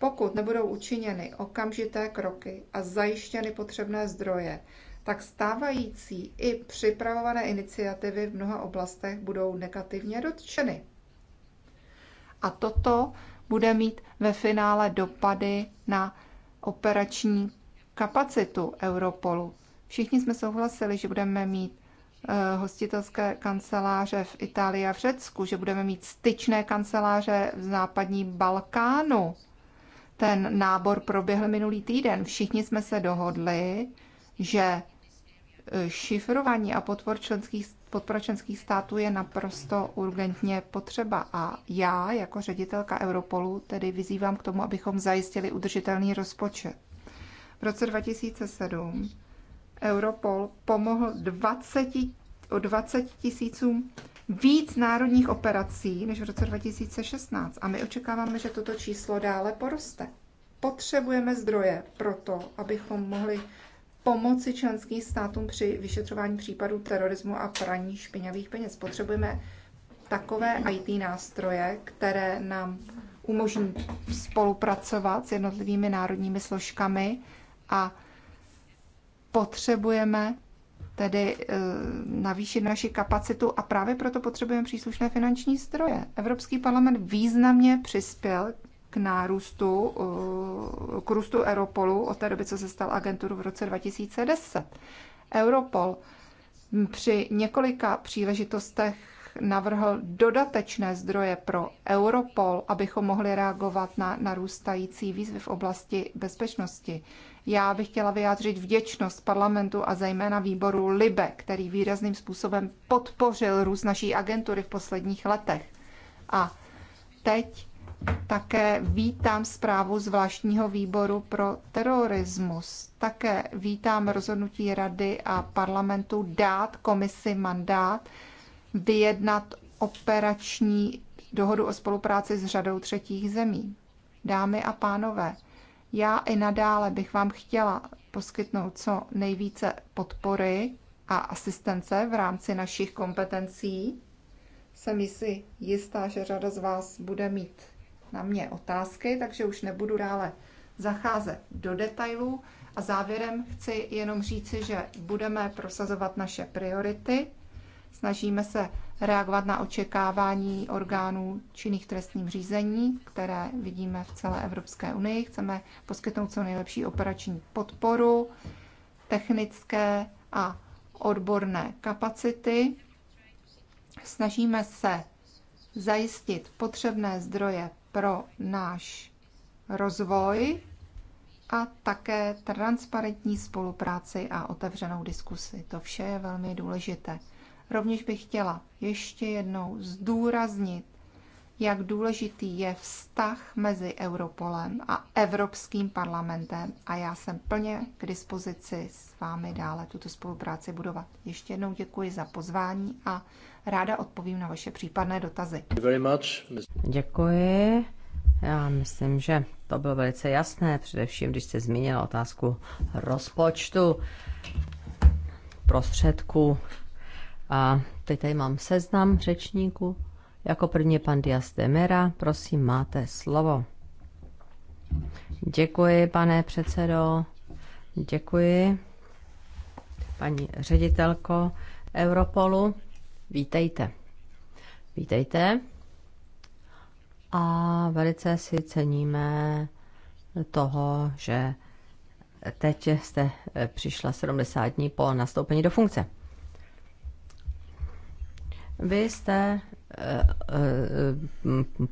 Pokud nebudou učiněny okamžité kroky a zajištěny potřebné zdroje, tak stávající i připravované iniciativy v mnoha oblastech budou negativně dotčeny. A toto bude mít ve finále dopady na operační kapacitu Europolu. Všichni jsme souhlasili, že budeme mít eh, hostitelské kanceláře v Itálii a v Řecku, že budeme mít styčné kanceláře v západním Balkánu, ten nábor proběhl minulý týden. Všichni jsme se dohodli, že eh, šifrování a podpor členských, podpora členských států je naprosto urgentně potřeba. A já, jako ředitelka Europolu, tedy vyzývám k tomu, abychom zajistili udržitelný rozpočet. V roce 2007 Europol pomohl 20, o 20 tisícům víc národních operací než v roce 2016 a my očekáváme, že toto číslo dále poroste. Potřebujeme zdroje pro to, abychom mohli pomoci členským státům při vyšetřování případů terorismu a praní špinavých peněz. Potřebujeme takové IT nástroje, které nám umožní spolupracovat s jednotlivými národními složkami a potřebujeme tedy eh, navýšit naši kapacitu a právě proto potřebujeme příslušné finanční zdroje. Evropský parlament významně přispěl k nárůstu, eh, k růstu Europolu od té doby, co se stal agenturu v roce 2010. Europol při několika příležitostech navrhl dodatečné zdroje pro Europol, abychom mohli reagovat na narůstající výzvy v oblasti bezpečnosti. Já bych chtěla vyjádřit vděčnost parlamentu a zejména výboru LIBE, který výrazným způsobem podpořil růst naší agentury v posledních letech. A teď také vítám zprávu zvláštního výboru pro terorismus. Také vítám rozhodnutí rady a parlamentu dát komisi mandát vyjednat operační dohodu o spolupráci s řadou třetích zemí. Dámy a pánové, já i nadále bych vám chtěla poskytnout co nejvíce podpory a asistence v rámci našich kompetencí. Jsem si jistá, že řada z vás bude mít na mě otázky, takže už nebudu dále zacházet do detailů. A závěrem chci jenom říci, že budeme prosazovat naše priority Snažíme se reagovat na očekávání orgánů činných trestním řízení, které vidíme v celé Evropské unii. Chceme poskytnout co nejlepší operační podporu, technické a odborné kapacity. Snažíme se zajistit potřebné zdroje pro náš rozvoj a také transparentní spolupráci a otevřenou diskusi. To vše je velmi důležité. Rovněž bych chtěla ještě jednou zdůraznit, jak důležitý je vztah mezi Europolem a Evropským parlamentem a já jsem plně k dispozici s vámi dále tuto spolupráci budovat. Ještě jednou děkuji za pozvání a ráda odpovím na vaše případné dotazy. Děkuji. Já myslím, že to bylo velice jasné, především když jste zmínila otázku rozpočtu prostředků, a teď tady mám seznam řečníků. Jako první pan Dias Demera, prosím, máte slovo. Děkuji, pane předsedo. Děkuji, paní ředitelko Europolu. Vítejte. Vítejte. A velice si ceníme toho, že teď jste přišla 70 dní po nastoupení do funkce. Vy jste eh, eh,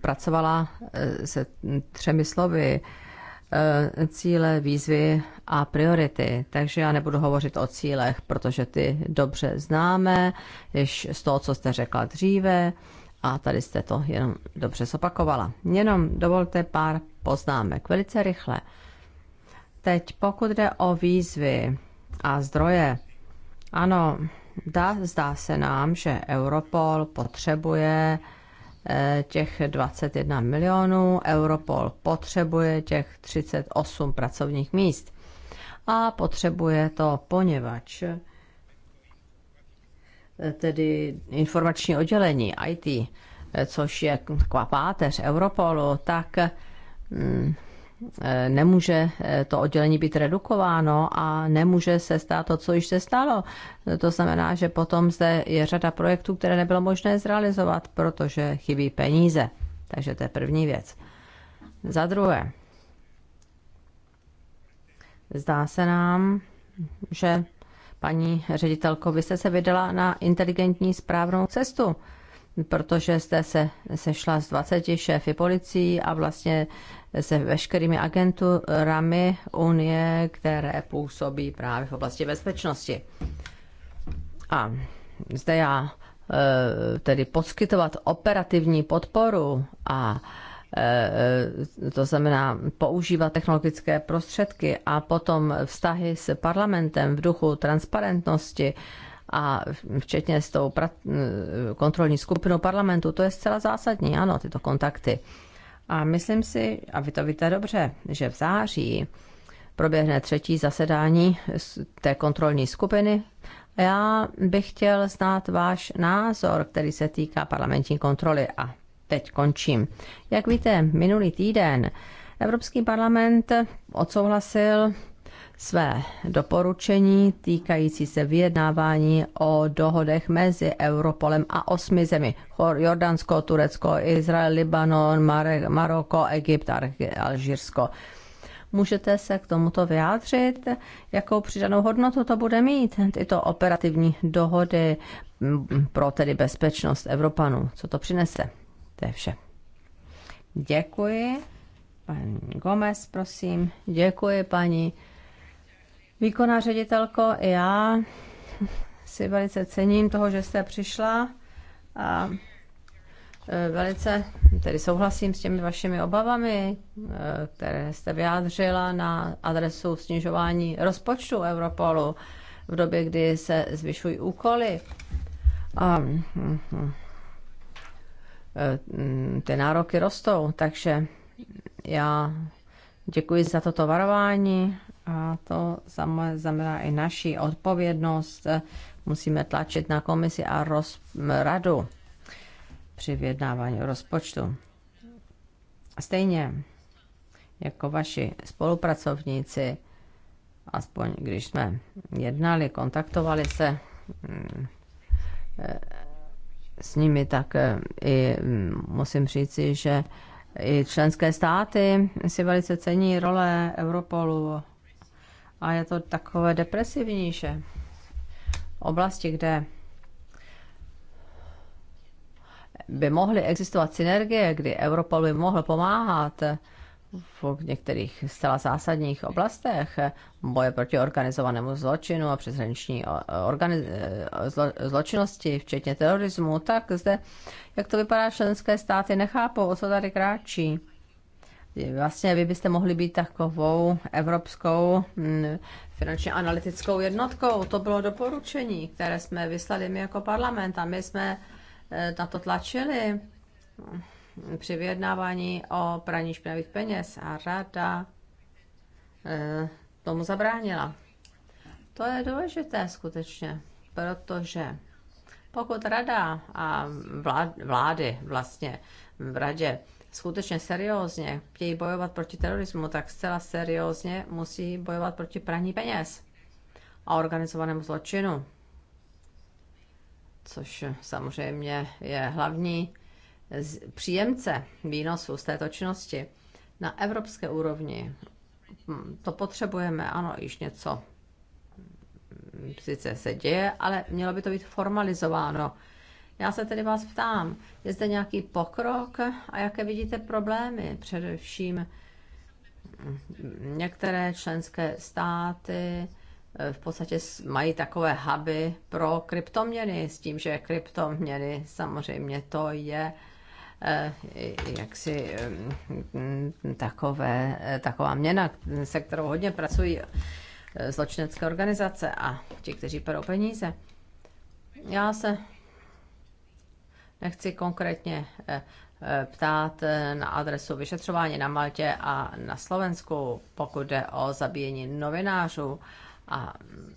pracovala eh, se třemi slovy cíle, výzvy a priority. Takže já nebudu hovořit o cílech, protože ty dobře známe, jež z toho, co jste řekla dříve, a tady jste to jenom dobře zopakovala. Jenom dovolte pár poznámek, velice rychle. Teď pokud jde o výzvy a zdroje, ano, Dá, zdá se nám, že Europol potřebuje eh, těch 21 milionů, Europol potřebuje těch 38 pracovních míst. A potřebuje to, poněvadž eh, tedy informační oddělení IT, eh, což je taková páteř Europolu, tak mm, Eh, nemůže eh, to oddělení být redukováno a nemůže se stát to, co již se stalo. To znamená, že potom zde je řada projektů, které nebylo možné zrealizovat, protože chybí peníze. Takže to je první věc. Za druhé, zdá se nám, že paní ředitelko, vy jste se vydala na inteligentní správnou cestu protože jste se sešla s 20 šéfy policií a vlastně se veškerými agenturami Unie, které působí právě v oblasti bezpečnosti. A zde já e, tedy poskytovat operativní podporu a e, to znamená používat technologické prostředky a potom vztahy s parlamentem v duchu transparentnosti a včetně s tou kontrolní skupinou parlamentu, to je zcela zásadní, ano, tyto kontakty. A myslím si, a vy to víte dobře, že v září proběhne třetí zasedání té kontrolní skupiny. Já bych chtěl znát váš názor, který se týká parlamentní kontroly. A teď končím. Jak víte, minulý týden Evropský parlament odsouhlasil své doporučení týkající se vyjednávání o dohodech mezi Europolem a osmi zemi. Jordánsko, Turecko, Izrael, Libanon, Maroko, Egypt Alžírsko. Můžete se k tomuto vyjádřit, jakou přidanou hodnotu to bude mít, tyto operativní dohody pro tedy bezpečnost Evropanů. Co to přinese? To je vše. Děkuji. Pan Gomez, prosím. Děkuji, paní Výkonná ředitelko, já si velice cením toho, že jste přišla a e, velice tedy souhlasím s těmi vašimi obavami, e, které jste vyjádřila na adresu snižování rozpočtu Europolu v době, kdy se zvyšují úkoly. A e, ty nároky rostou, takže já děkuji za toto varování a to znamená i naši odpovědnost. Musíme tlačit na komisi a roz, radu při vyjednávání rozpočtu. Stejně jako vaši spolupracovníci, aspoň když jsme jednali, kontaktovali se mm, eh, s nimi, tak eh, i mm, musím říci, že i členské státy si velice cení role Europolu a je to takové depresivní, že oblasti, kde by mohly existovat synergie, kdy Europol by mohl pomáhat v některých zcela zásadních oblastech boje proti organizovanému zločinu a přeshraniční eh, organiz... Eh, zlo... zločinnosti, včetně terorismu, tak zde, jak to vypadá, členské státy nechápou, o co tady kráčí. Vlastně vy byste mohli být takovou evropskou mm, finančně analytickou jednotkou. To bylo doporučení, které jsme vyslali my jako parlament a my jsme eh, na to tlačili mm, při vyjednávání o praní špinavých peněz a rada eh, tomu zabránila. To je důležité skutečně, protože pokud rada a vlády vlastně v radě skutečně seriózně chtějí bojovat proti terorismu, tak zcela seriózně musí bojovat proti praní peněz a organizovanému zločinu, což samozřejmě je hlavní příjemce výnosu z této činnosti. Na evropské úrovni hm, to potřebujeme, ano, již něco hm, sice se děje, ale mělo by to být formalizováno já se tedy vás ptám, je zde nějaký pokrok a jaké vidíte problémy? Především některé členské státy eh, v podstatě mají takové huby pro kryptoměny, s tím, že kryptoměny samozřejmě to je eh, jaksi mm, takové, eh, taková měna, se kterou hodně pracují zločinecké organizace a ti, kteří perou peníze. Já se nechci konkrétně eh, eh, ptát eh, na adresu vyšetřování na Maltě a na Slovensku, pokud jde o zabíjení novinářů. A mm,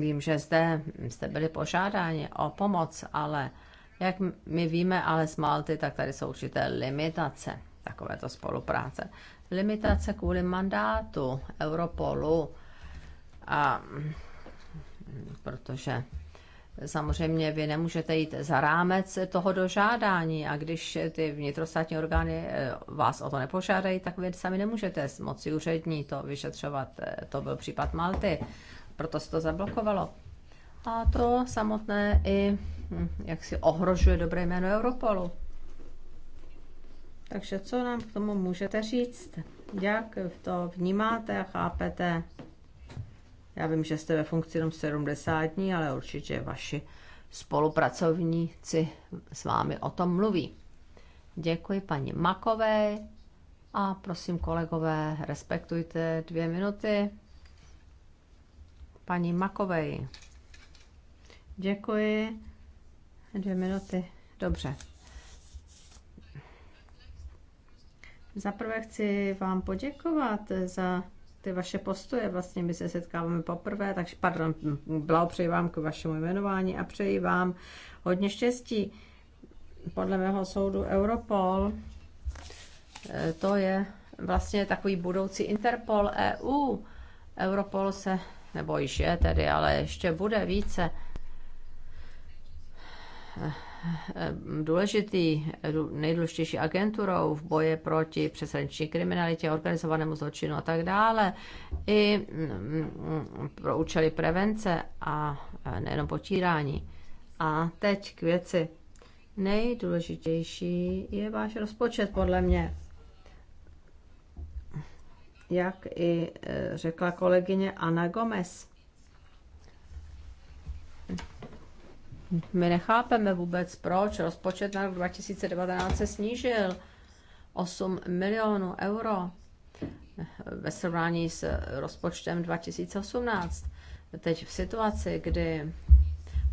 vím, že zde jste byli požádáni o pomoc, ale jak my víme, ale z Malty, tak tady jsou určité limitace takovéto spolupráce. Limitace kvůli mandátu Europolu, a mm, protože Samozřejmě vy nemůžete jít za rámec toho dožádání a když ty vnitrostátní orgány eh, vás o to nepožádají, tak vy sami nemůžete s moci úřední to vyšetřovat. Eh, to byl případ Malty, proto se to zablokovalo. A to samotné i hm, jak si ohrožuje dobré jméno Europolu. Takže co nám k tomu můžete říct? Jak to vnímáte a chápete? Já vím, že jste ve funkci jenom 70 dní, ale určitě vaši spolupracovníci s vámi o tom mluví. Děkuji paní Makové a prosím kolegové, respektujte dvě minuty. Paní Makovej. Děkuji. Dvě minuty. Dobře. Zaprvé chci vám poděkovat za ty vaše postoje. Vlastně my se setkáváme poprvé, takže pardon, blahopřeji vám k vašemu jmenování a přeji vám hodně štěstí. Podle mého soudu Europol eh, to je vlastně takový budoucí Interpol EU. Europol se, nebo již je tedy, ale ještě bude více eh, Eh, důležitý, eh, nejdůležitější agenturou v boji proti přeshraniční kriminalitě, organizovanému zločinu a tak dále, i mm, mm, pro účely prevence a eh, nejenom potírání. A teď k věci. Nejdůležitější je váš rozpočet, podle mě. Jak i řekla kolegyně Ana Gomez, My nechápeme vůbec, proč rozpočet na rok 2019 se snížil 8 milionů euro ve srovnání s rozpočtem 2018. Teď v situaci, kdy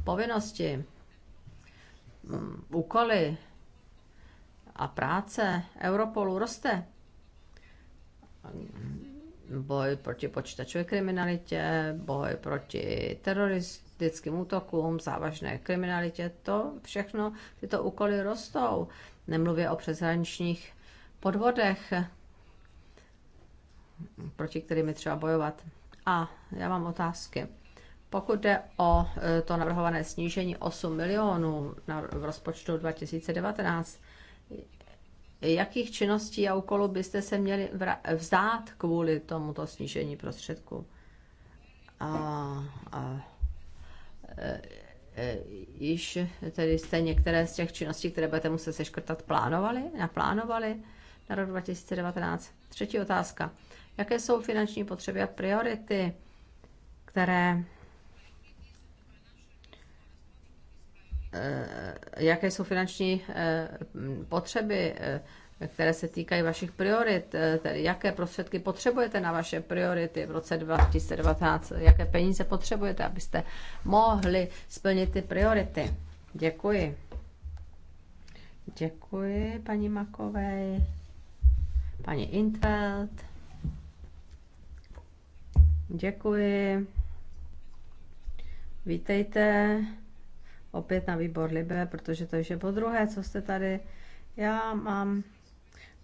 povinnosti, mm, úkoly a práce Europolu roste. Boj proti počítačové kriminalitě, boj proti teroristům, teroristickým útokům, závažné kriminalitě, to všechno, tyto úkoly rostou. Nemluvě o přeshraničních podvodech, proti kterým třeba bojovat. A já mám otázky. Pokud jde o e, to navrhované snížení 8 milionů v rozpočtu 2019, jakých činností a úkolů byste se měli vzdát kvůli tomuto snížení prostředků? A, a Eh, eh, již tedy jste některé z těch činností, které budete muset seškrtat, plánovali, naplánovali na rok 2019? Třetí otázka. Jaké jsou finanční potřeby a priority, které eh, jaké jsou finanční potřeby které se týkají vašich priorit, eh, tedy jaké prostředky potřebujete na vaše priority v roce 2019, jaké peníze potřebujete, abyste mohli splnit ty priority. Děkuji. Děkuji paní Makovej, paní Intveld. Děkuji. Vítejte opět na výbor Libe, protože to už je po druhé, co jste tady. Já mám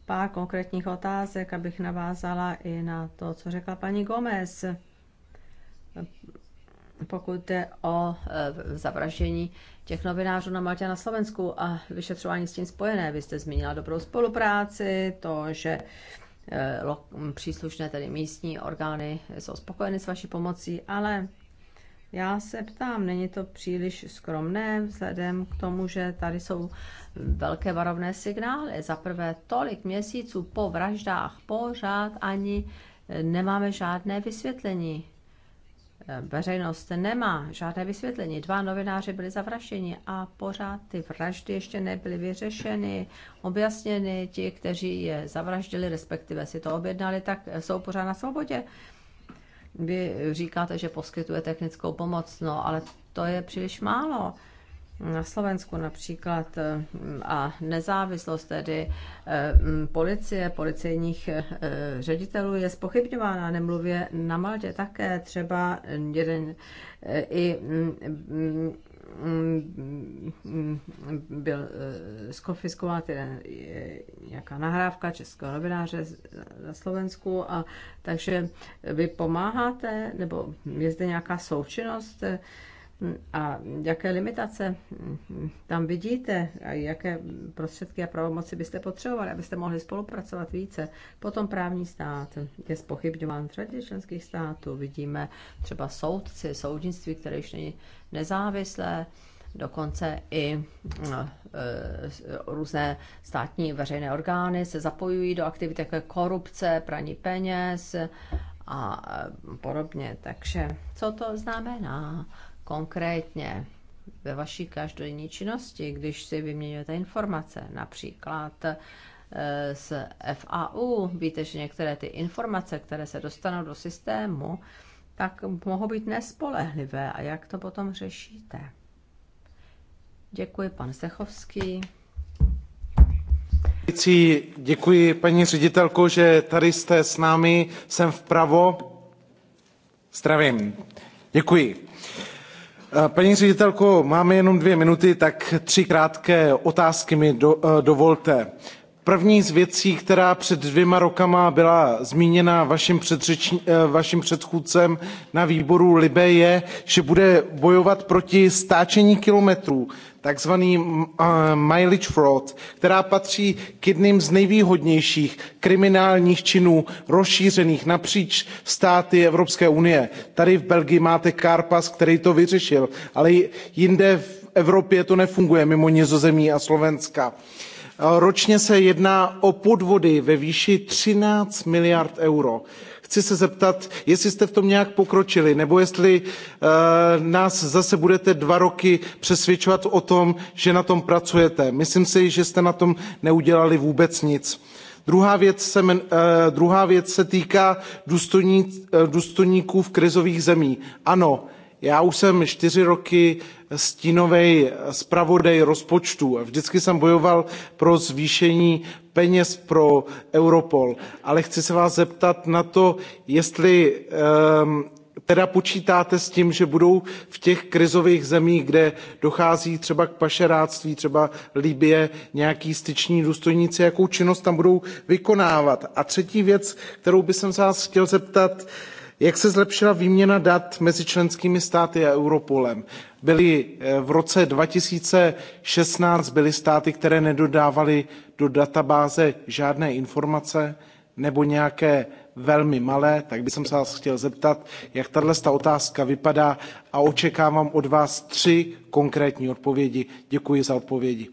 pár konkrétních otázek, abych navázala i na to, co řekla paní Gomez. Pokud jde o eh, zavraždění těch novinářů na Maltě na Slovensku a vyšetřování s tím spojené, vy jste zmínila dobrou spolupráci, to, že eh, příslušné tedy místní orgány jsou spokojeny s vaší pomocí, ale já se ptám, není to příliš skromné vzhledem k tomu, že tady jsou velké varovné signály. Za prvé tolik měsíců po vraždách pořád ani nemáme žádné vysvětlení. Veřejnost nemá žádné vysvětlení. Dva novináři byli zavražděni a pořád ty vraždy ještě nebyly vyřešeny, objasněny. Ti, kteří je zavraždili, respektive si to objednali, tak jsou pořád na svobodě. Vy říkáte, že poskytuje technickou pomoc, no ale to je příliš málo na Slovensku například eh, a nezávislost tedy eh, policie, policejních eh, ředitelů je spochybňována, nemluvě na Maltě také třeba jeden i Mm, byl eh, skonfiskován eh, nějaká nahrávka českého novináře na Slovensku a takže vy pomáháte, nebo je zde nějaká součinnost eh, a jaké limitace tam vidíte a jaké prostředky a pravomoci byste potřebovali, abyste mohli spolupracovat více? Potom právní stát je spochybňován v řadě členských států. Vidíme třeba soudci, soudnictví, které již není nezávislé, dokonce i e, e, různé státní veřejné orgány se zapojují do aktivit jako korupce, praní peněz a e, podobně. Takže co to znamená konkrétně ve vaší každodenní činnosti, když si vyměňujete informace, například eh, z FAU, víte, že některé ty informace, které se dostanou do systému, tak mohou být nespolehlivé a jak to potom řešíte? Děkuji, pan Sechovský. Děkuji, paní ředitelko, že tady jste s námi, jsem vpravo. Zdravím. Děkuji. Eh, paní ředitelko, máme jenom dvě minuty, tak tři krátké otázky mi do, eh, dovolte. První z věcí, která před dvěma roky byla zmíněna vaším, eh, vaším předchůdcem na výboru LIBE, je, že bude bojovat proti stáčení kilometrů, takzvaný eh, mileage fraud, která patří k jedním z nejvýhodnějších kriminálních činů rozšířených napříč státy Evropské unie. Tady v Belgii máte Karpas, který to vyřešil, ale jinde v Evropě to nefunguje, mimo Nizozemí a Slovenska. Uh, Ročně se jedná o podvody ve výši 13 miliard euro. Chci se zeptat, jestli jste v tom nějak pokročili, nebo jestli eh, nás zase budete dva roky přesvědčovat o tom, že na tom pracujete. Myslím si, že jste na tom neudělali vůbec nic. Druhá věc, se, eh, druhá věc se týká eh, důstojníků v krizových zemích. Ano, já už jsem čtyři roky stínový zpravodaj rozpočtu a vždycky jsem bojoval pro zvýšení peněz pro Europol. Ale chci se vás zeptat na to, jestli um, teda počítáte s tím, že budou v těch krizových zemích, kde dochází třeba k pašeráctví, třeba Libie, nějaký styční důstojníci, jakou činnost tam budou vykonávat. A třetí věc, kterou bych se vás chtěl zeptat, uh, jak se zlepšila výměna dat mezi členskými státy a Europolem? Byly eh, v roce 2016 byly státy, které nedodávaly do databáze žádné informace nebo nějaké velmi malé, tak bych se vás chtěl zeptat, jak tato otázka vypadá a očekávám od vás tři konkrétní odpovědi. Děkuji za odpovědi.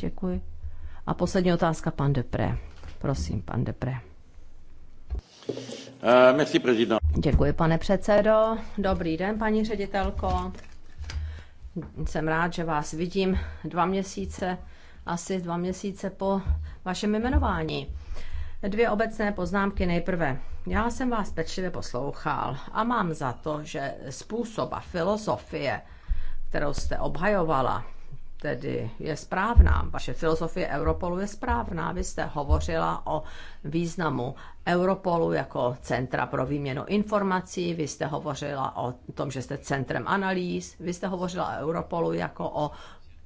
Děkuji. A poslední otázka, pan Depré. Prosím, pan Depré. Eh, Děkuji, pane předsedo. Dobrý den, paní ředitelko. Jsem rád, že vás vidím dva měsíce, asi dva měsíce po vašem jmenování. Dvě obecné poznámky nejprve. Já jsem vás pečlivě poslouchal a mám za to, že způsob a filozofie, kterou jste obhajovala, tedy je správná. Vaše filozofie Europolu je správná. Vy jste hovořila o významu Europolu jako centra pro výměnu informací, vy jste hovořila o tom, že jste centrem analýz, vy jste hovořila o Europolu jako o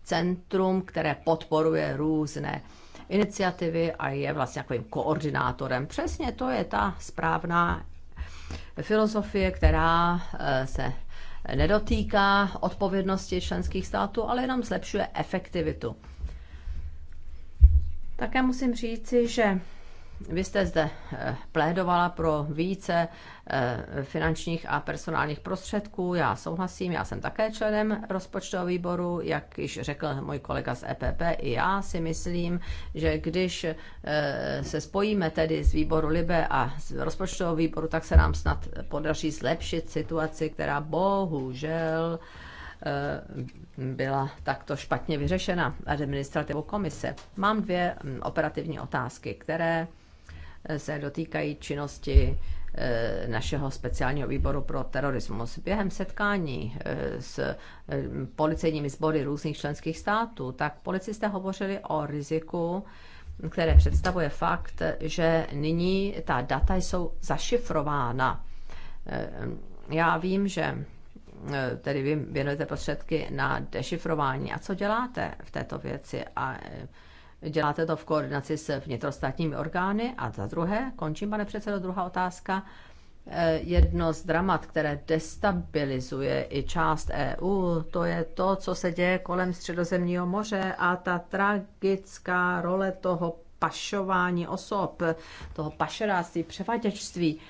centrum, které podporuje různé iniciativy a je vlastně takovým koordinátorem. Přesně to je ta správná filozofie, která eh, se nedotýká odpovědnosti členských států, ale jenom zlepšuje efektivitu. Také musím říci, že vy jste zde eh, plédovala pro více Eh, finančních a personálních prostředků. Já souhlasím, já jsem také členem rozpočtového výboru, jak již řekl můj kolega z EPP, i já si myslím, že když eh, se spojíme tedy z výboru Libe a z rozpočtového výboru, tak se nám snad podaří zlepšit situaci, která bohužel eh, byla takto špatně vyřešena administrativou komise. Mám dvě hm, operativní otázky, které se dotýkají činnosti Eh, našeho speciálního výboru pro terorismus. Během setkání eh, s eh, policejními sbory různých členských států, tak policisté hovořili o riziku, které představuje fakt, že nyní ta data jsou zašifrována. Já vím, že tedy vy věnujete prostředky na dešifrování. A co děláte v této věci? A děláte to v koordinaci s vnitrostátními orgány? A za druhé, končím, pane předsedo, druhá otázka. Eh, jedno z dramat, které destabilizuje i část EU, to je to, co se děje kolem Středozemního moře a ta tragická role toho pašování osob, toho pašeráctví, převaděčství.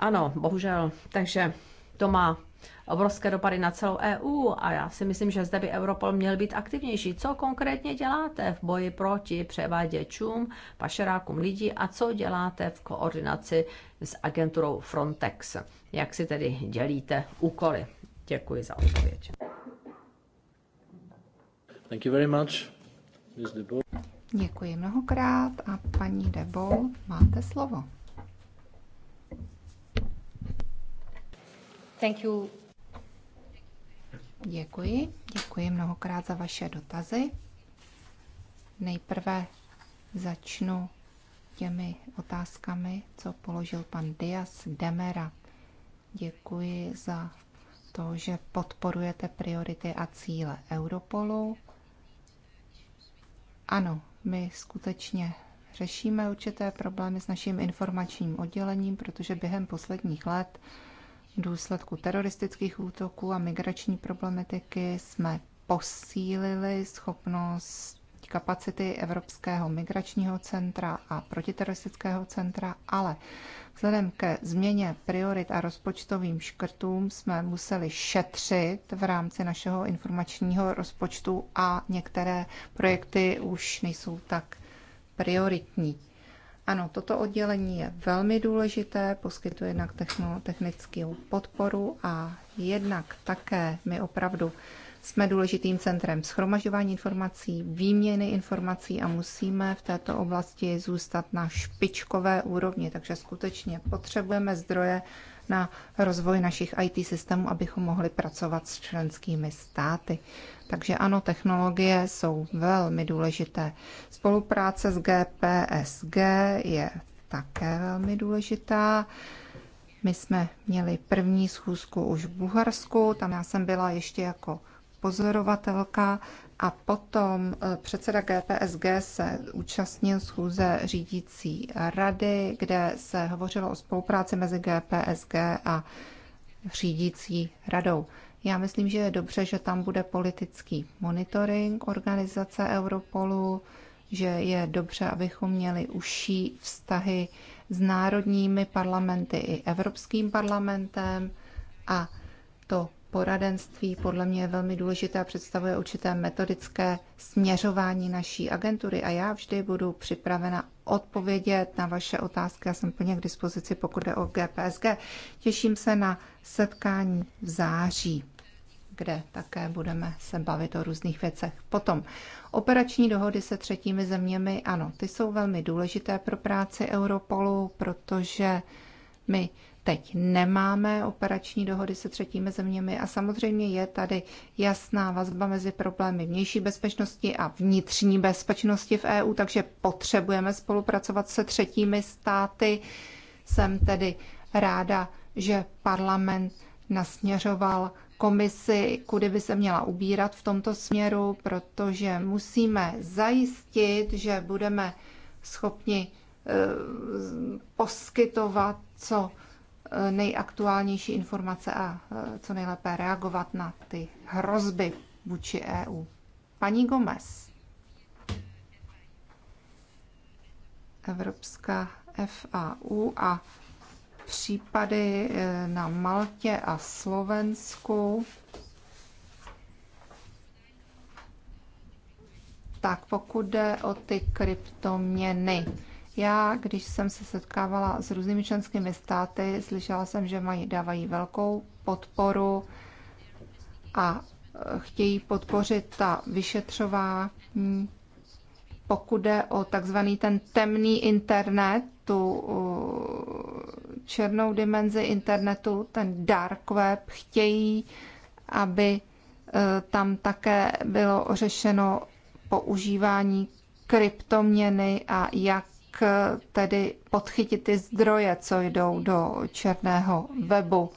Ano, bohužel. Takže to má obrovské dopady na celou EU a já si myslím, že zde by Europol měl být aktivnější. Co konkrétně děláte v boji proti převáděčům, pašerákům lidí a co děláte v koordinaci s agenturou Frontex? Jak si tedy dělíte úkoly? Děkuji za odpověď. Thank you very much. Děkuji mnohokrát a paní Debo, máte slovo. Thank you Děkuji. Děkuji mnohokrát za vaše dotazy. Nejprve začnu těmi otázkami, co položil pan Dias Demera. Děkuji za to, že podporujete priority a cíle Europolu. Ano, my skutečně řešíme určité problémy s naším informačním oddělením, protože během posledních let důsledku teroristických útoků a migrační problematiky jsme posílili schopnost kapacity Evropského migračního centra a protiteroristického centra, ale vzhledem ke změně priorit a rozpočtovým škrtům jsme museli šetřit v rámci našeho informačního rozpočtu a některé projekty už nejsou tak prioritní. Ano, toto oddělení je velmi důležité, poskytuje jednak technickou podporu a jednak také my opravdu jsme důležitým centrem schromažování informací, výměny informací a musíme v této oblasti zůstat na špičkové úrovni. Takže skutečně potřebujeme zdroje, na rozvoj našich IT systémů, abychom mohli pracovat s členskými státy. Takže ano, technologie jsou velmi důležité. Spolupráce s GPSG je také velmi důležitá. My jsme měli první schůzku už v Bulharsku, tam já jsem byla ještě jako pozorovatelka a potom eh, předseda GPSG se účastnil schůze řídící rady, kde se hovořilo o spolupráci mezi GPSG a řídící radou. Já myslím, že je dobře, že tam bude politický monitoring organizace Europolu, že je dobře, abychom měli užší vztahy s národními parlamenty i Evropským parlamentem a poradenství podle mě je velmi důležité a představuje určité metodické směřování naší agentury a já vždy budu připravena odpovědět na vaše otázky. Já jsem plně k dispozici, pokud jde o GPSG. Těším se na setkání v září, kde také budeme se bavit o různých věcech. Potom operační dohody se třetími zeměmi, ano, ty jsou velmi důležité pro práci Europolu, protože my teď nemáme operační dohody se třetími zeměmi a samozřejmě je tady jasná vazba mezi problémy vnější bezpečnosti a vnitřní bezpečnosti v EU, takže potřebujeme spolupracovat se třetími státy. Jsem tedy ráda, že parlament nasměřoval komisi, kudy by se měla ubírat v tomto směru, protože musíme zajistit, že budeme schopni eh, poskytovat co nejaktuálnější informace a e, co nejlépe reagovat na ty hrozby vůči EU. Paní Gomez. Evropská FAU a případy e, na Maltě a Slovensku. Tak pokud jde o ty kryptoměny, já, když jsem se setkávala s různými členskými státy, slyšela jsem, že mají, dávají velkou podporu a e, chtějí podpořit ta vyšetřování, pokud jde o takzvaný ten temný internet, tu černou dimenzi internetu, ten dark web, chtějí, aby e, tam také bylo řešeno používání kryptoměny a jak Eh, tedy podchytit ty zdroje, co jdou do černého webu.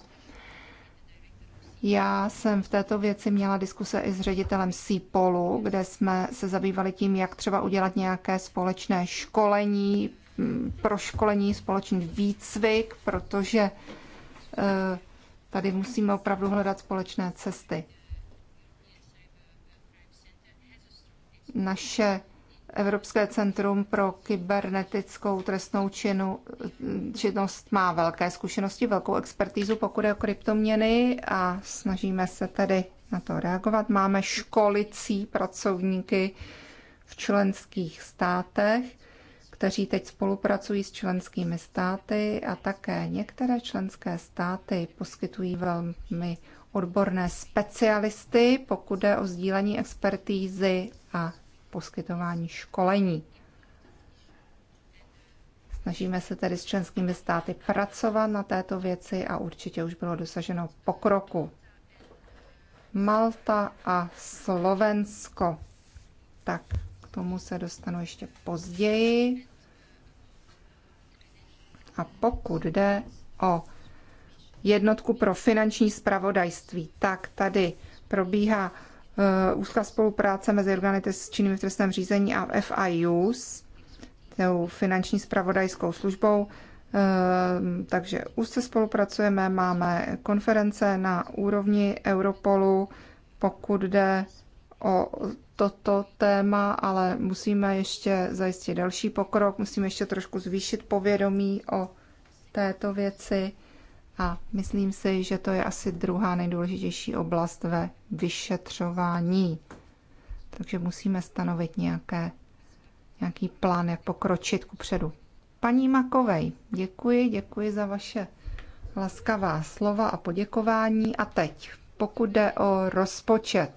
Já jsem v této věci měla diskuse i s ředitelem CPOLu, kde jsme se zabývali tím, jak třeba udělat nějaké společné školení, mm, proškolení, společný výcvik, protože eh, tady musíme opravdu hledat společné cesty. Naše Evropské centrum pro kybernetickou trestnou činu, činnost má velké zkušenosti, velkou expertízu, pokud je o kryptoměny a snažíme se tedy na to reagovat. Máme školicí pracovníky v členských státech, kteří teď spolupracují s členskými státy a také některé členské státy poskytují velmi odborné specialisty, pokud je o sdílení expertízy a poskytování školení. Snažíme se tedy s členskými státy pracovat na této věci a určitě už bylo dosaženo pokroku. Malta a Slovensko. Tak k tomu se dostanu ještě později. A pokud jde o jednotku pro finanční spravodajství, tak tady probíhá Eh, úzká spolupráce mezi orgány činnými v trestném řízení a s tou finanční spravodajskou službou. Eh, takže úzce spolupracujeme, máme konference na úrovni Europolu, pokud jde o toto téma, ale musíme ještě zajistit další pokrok, musíme ještě trošku zvýšit povědomí o této věci. A myslím si, že to je asi druhá nejdůležitější oblast ve vyšetřování. Takže musíme stanovit nějaké, nějaký plán, jak pokročit ku předu. Paní Makovej, děkuji, děkuji za vaše laskavá slova a poděkování. A teď, pokud jde o rozpočet.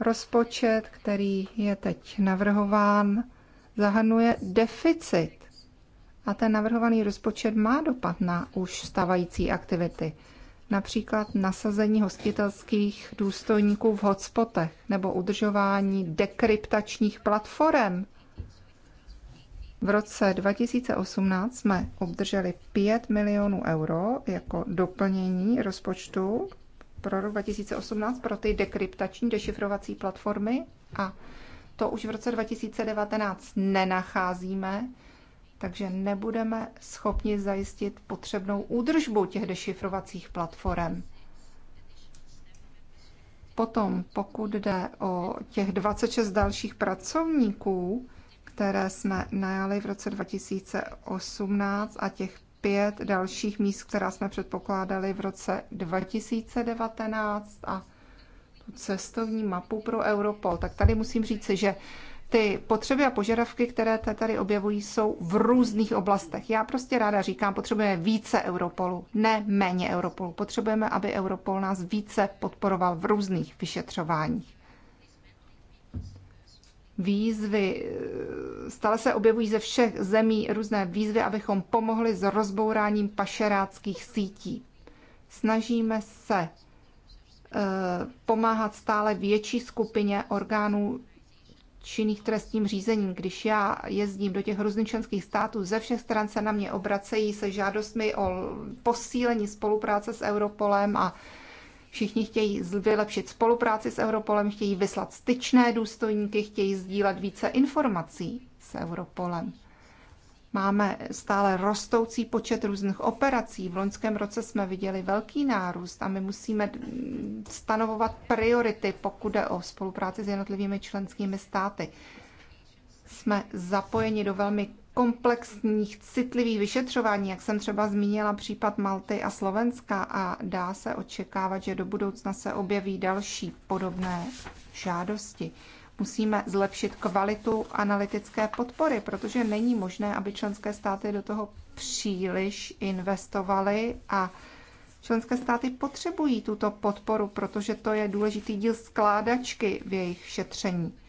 Rozpočet, který je teď navrhován, zahrnuje deficit a ten navrhovaný rozpočet má dopad na už stávající aktivity. Například nasazení hostitelských důstojníků v hotspotech nebo udržování dekryptačních platform. V roce 2018 jsme obdrželi 5 milionů euro jako doplnění rozpočtu pro rok 2018 pro ty dekryptační dešifrovací platformy a to už v roce 2019 nenacházíme takže nebudeme schopni zajistit potřebnou údržbu těch dešifrovacích platform. Potom, pokud jde o těch 26 dalších pracovníků, které jsme najali v roce 2018 a těch pět dalších míst, která jsme předpokládali v roce 2019 a tu cestovní mapu pro Europol, tak tady musím říci, že ty potřeby a požadavky, které tady objevují, jsou v různých oblastech. Já prostě ráda říkám, potřebujeme více Europolu, ne méně Europolu. Potřebujeme, aby Europol nás více podporoval v různých vyšetřováních. Výzvy, eh, stále se objevují ze všech zemí různé výzvy, abychom pomohli s rozbouráním pašeráckých sítí. Snažíme se eh, pomáhat stále větší skupině orgánů činných trestním řízením, když já jezdím do těch různých členských států, ze všech stran se na mě obracejí se žádostmi o posílení spolupráce s Europolem a všichni chtějí vylepšit spolupráci s Europolem, chtějí vyslat styčné důstojníky, chtějí sdílet více informací s Europolem. Máme stále rostoucí počet různých operací. V loňském roce jsme viděli velký nárůst a my musíme stanovovat priority, pokud jde o spolupráci s jednotlivými členskými státy. Jsme zapojeni do velmi komplexních, citlivých vyšetřování, jak jsem třeba zmínila případ Malty a Slovenska a dá se očekávat, že do budoucna se objeví další podobné žádosti. Musíme zlepšit kvalitu analytické podpory, protože není možné, aby členské státy do toho příliš investovaly a Členské státy potřebují tuto podporu, protože to je důležitý díl skládačky v jejich šetření. Eh,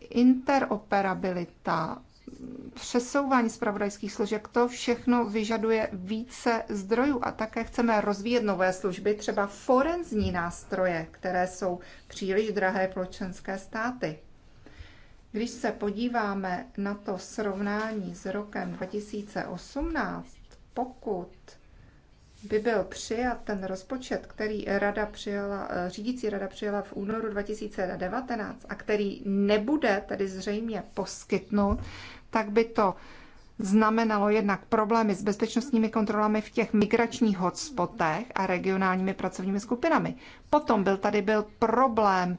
interoperabilita, přesouvání zpravodajských složek, to všechno vyžaduje více zdrojů a také chceme rozvíjet nové služby, třeba forenzní nástroje, které jsou příliš drahé pro členské státy. Když se podíváme na to srovnání s rokem 2018, pokud by byl přijat ten rozpočet, který rada přijala, řídící rada přijala v únoru 2019 a který nebude tedy zřejmě poskytnut, tak by to znamenalo jednak problémy s bezpečnostními kontrolami v těch migračních hotspotech a regionálními pracovními skupinami. Potom byl tady byl problém e,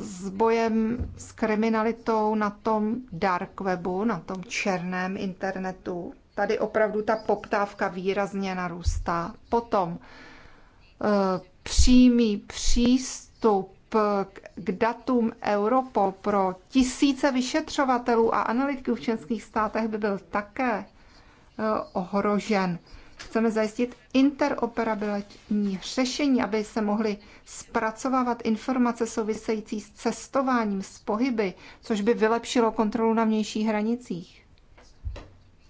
s bojem s kriminalitou na tom dark webu, na tom černém internetu. Tady opravdu ta poptávka výrazně narůstá. Potom e, přímý přístup k datům Europol pro tisíce vyšetřovatelů a analytiků v českých státech by byl také e, ohrožen. Chceme zajistit interoperabilní řešení, aby se mohly zpracovávat informace související s cestováním, s pohyby, což by vylepšilo kontrolu na vnějších hranicích.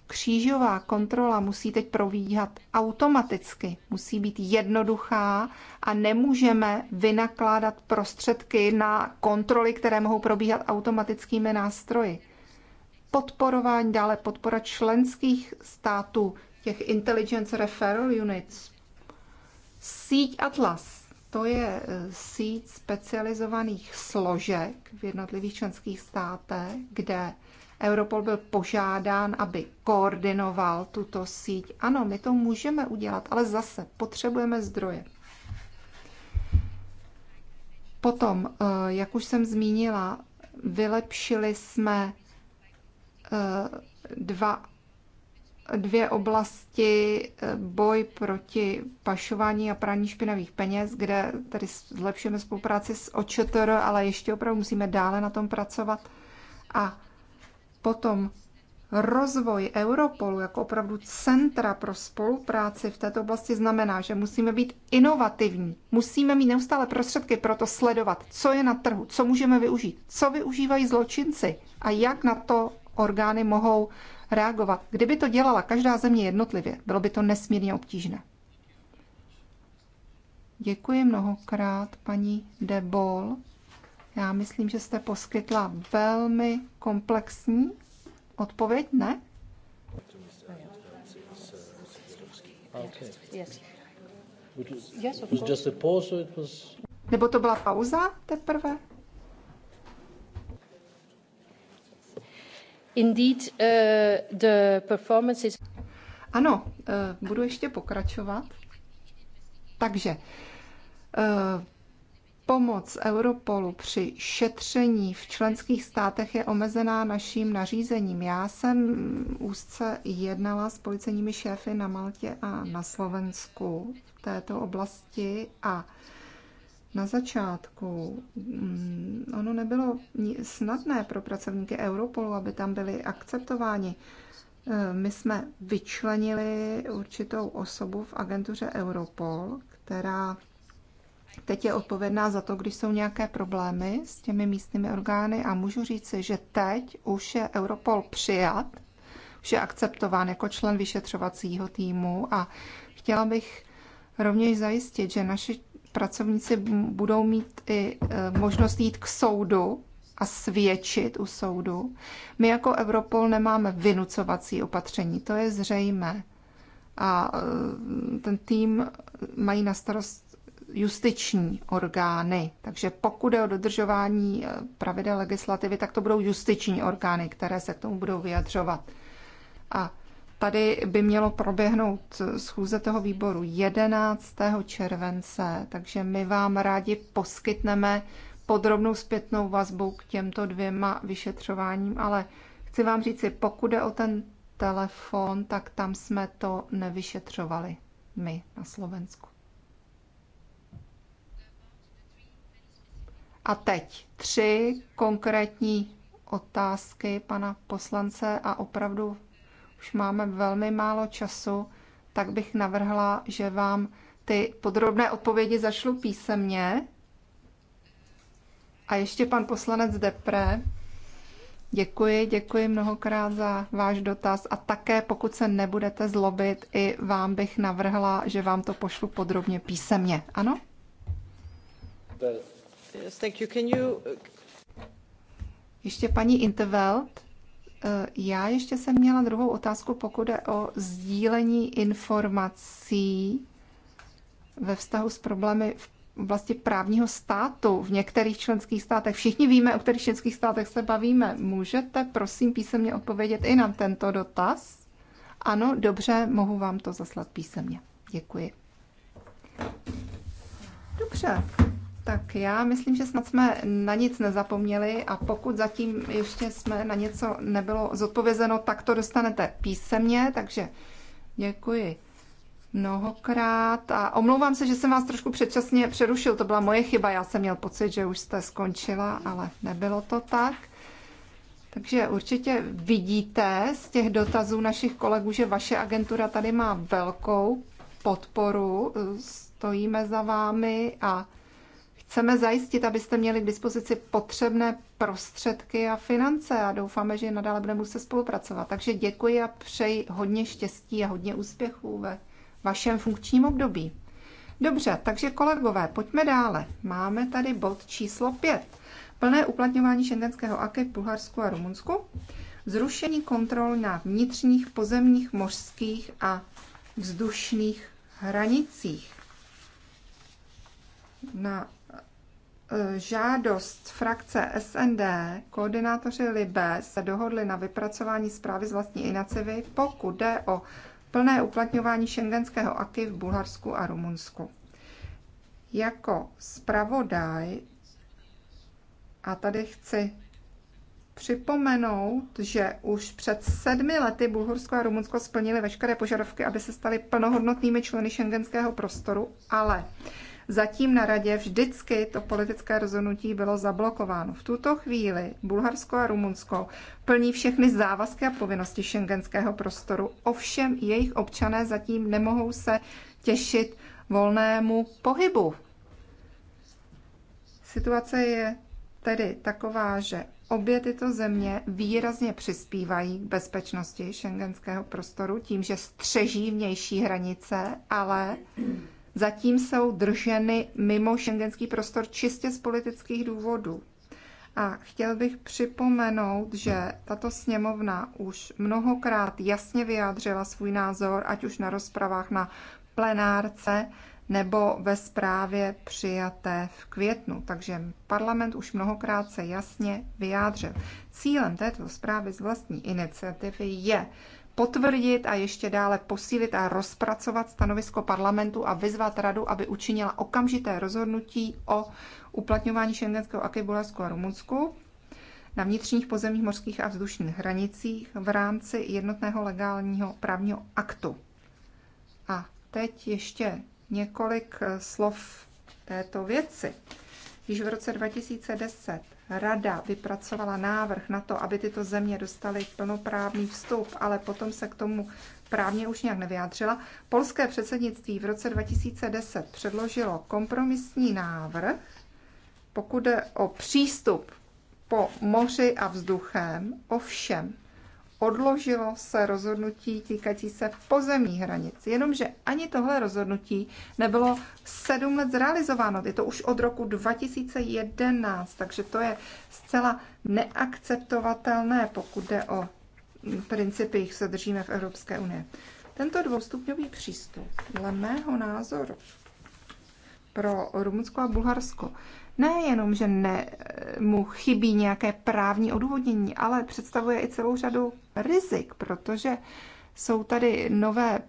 Křížová kontrola musí teď províhat automaticky, musí být jednoduchá a nemůžeme vynakládat prostředky na kontroly, které mohou probíhat automatickými nástroji. Podporování, dále podpora členských států, těch Intelligence Referral Units. Síť Atlas, to je e, síť specializovaných složek v jednotlivých členských státech, kde Europol byl požádán, aby koordinoval tuto síť. Ano, my to můžeme udělat, ale zase potřebujeme zdroje. Potom, eh, jak už jsem zmínila, vylepšili jsme eh, dva, dvě oblasti eh, boj proti pašování a praní špinavých peněz, kde tady zlepšujeme spolupráci s OČTR, ale ještě opravdu musíme dále na tom pracovat. A Potom rozvoj Europolu jako opravdu centra pro spolupráci v této oblasti znamená, že musíme být inovativní, musíme mít neustále prostředky pro to sledovat, co je na trhu, co můžeme využít, co využívají zločinci a jak na to orgány mohou reagovat. Kdyby to dělala každá země jednotlivě, bylo by to nesmírně obtížné. Děkuji mnohokrát, paní Debol. Já myslím, že jste poskytla velmi komplexní odpověď, ne? Nebo to byla pauza teprve? Indeed, uh, the performance is... Ano, uh, budu ještě pokračovat. Takže uh, Pomoc Europolu při šetření v členských státech je omezená naším nařízením. Já jsem úzce jednala s policejními šéfy na Maltě a na Slovensku v této oblasti a na začátku mm, ono nebylo snadné pro pracovníky Europolu, aby tam byli akceptováni. Eh, my jsme vyčlenili určitou osobu v agentuře Europol, která teď je odpovědná za to, když jsou nějaké problémy s těmi místními orgány a můžu říci, že teď už je Europol přijat, už je akceptován jako člen vyšetřovacího týmu a chtěla bych rovněž zajistit, že naši pracovníci budou mít i e, možnost jít k soudu a svědčit u soudu. My jako Europol nemáme vynucovací opatření, to je zřejmé. A e, ten tým mají na starost justiční orgány. Takže pokud je o dodržování eh, pravidel legislativy, tak to budou justiční orgány, které se k tomu budou vyjadřovat. A tady by mělo proběhnout eh, schůze toho výboru 11. července, takže my vám rádi poskytneme podrobnou zpětnou vazbu k těmto dvěma vyšetřováním, ale chci vám říci, pokud je o ten telefon, tak tam jsme to nevyšetřovali my na Slovensku. A teď tři konkrétní otázky pana poslance a opravdu už máme velmi málo času, tak bych navrhla, že vám ty podrobné odpovědi zašlu písemně. A ještě pan poslanec Depre. Děkuji, děkuji mnohokrát za váš dotaz a také pokud se nebudete zlobit, i vám bych navrhla, že vám to pošlu podrobně písemně. Ano? Bez. Uh, ještě paní Intervelt. Eh, já ještě jsem měla druhou otázku, pokud je o sdílení informací ve vztahu s problémy v oblasti právního státu v některých členských státech. Všichni víme, o kterých členských státech se bavíme. Můžete, prosím, písemně odpovědět i na tento dotaz? Ano, dobře, mohu vám to zaslat písemně. Děkuji. Dobře. Tak já myslím, že snad jsme na nic nezapomněli a pokud zatím ještě jsme na něco nebylo zodpovězeno, tak to dostanete písemně, takže děkuji mnohokrát a omlouvám se, že jsem vás trošku předčasně přerušil, to byla moje chyba, já jsem měl pocit, že už jste skončila, ale nebylo to tak. Takže určitě vidíte z těch dotazů našich kolegů, že vaše agentura tady má velkou podporu, stojíme za vámi a Chceme zajistit, abyste měli k dispozici potřebné prostředky a finance a doufáme, že nadále budeme muset spolupracovat. Takže děkuji a přeji hodně štěstí a hodně úspěchů ve vašem funkčním období. Dobře, takže kolegové, pojďme dále. Máme tady bod číslo 5. Plné uplatňování šengenského AKE v Bulharsku a Rumunsku. Zrušení kontrol na vnitřních pozemních, mořských a vzdušných hranicích. Na Eh, žádost frakce SND koordinátoři Libe se dohodli na vypracování zprávy z vlastní iniciativy, pokud jde o plné uplatňování šengenského aky v Bulharsku a Rumunsku. Jako zpravodaj, a tady chci připomenout, že už před sedmi lety Bulharsko a Rumunsko splnili veškeré požadavky, aby se staly plnohodnotnými členy šengenského prostoru, ale Zatím na radě vždycky to politické rozhodnutí bylo zablokováno. V tuto chvíli Bulharsko a Rumunsko plní všechny závazky a povinnosti šengenského prostoru, ovšem jejich občané zatím nemohou se těšit volnému pohybu. Situace je tedy taková, že Obě tyto země výrazně přispívají k bezpečnosti šengenského prostoru tím, že střeží vnější hranice, ale zatím jsou drženy mimo šengenský prostor čistě z politických důvodů. A chtěl bych připomenout, že tato sněmovna už mnohokrát jasně vyjádřila svůj názor, ať už na rozpravách na plenárce nebo ve zprávě přijaté v květnu. Takže parlament už mnohokrát se jasně vyjádřil. Cílem této zprávy z vlastní iniciativy je potvrdit a ještě dále posílit a rozpracovat stanovisko parlamentu a vyzvat radu, aby učinila okamžité rozhodnutí o uplatňování šengenského aky a Rumunsku na vnitřních pozemních mořských a vzdušných hranicích v rámci jednotného legálního právního aktu. A teď ještě několik slov této věci. Již v roce 2010 rada vypracovala návrh na to, aby tyto země dostaly plnoprávný vstup, ale potom se k tomu právně už nějak nevyjádřila. Polské předsednictví v roce 2010 předložilo kompromisní návrh, pokud jde o přístup po moři a vzduchem, ovšem odložilo se rozhodnutí týkající se pozemní hranic. Jenomže ani tohle rozhodnutí nebylo sedm let zrealizováno. Je to už od roku 2011, takže to je zcela neakceptovatelné, pokud jde o principy, jich se držíme v Evropské unii. Tento dvoustupňový přístup, dle mého názoru, pro Rumunsko a Bulharsko nejenom, že ne, mu chybí nějaké právní odůvodnění, ale představuje i celou řadu rizik, protože jsou tady nové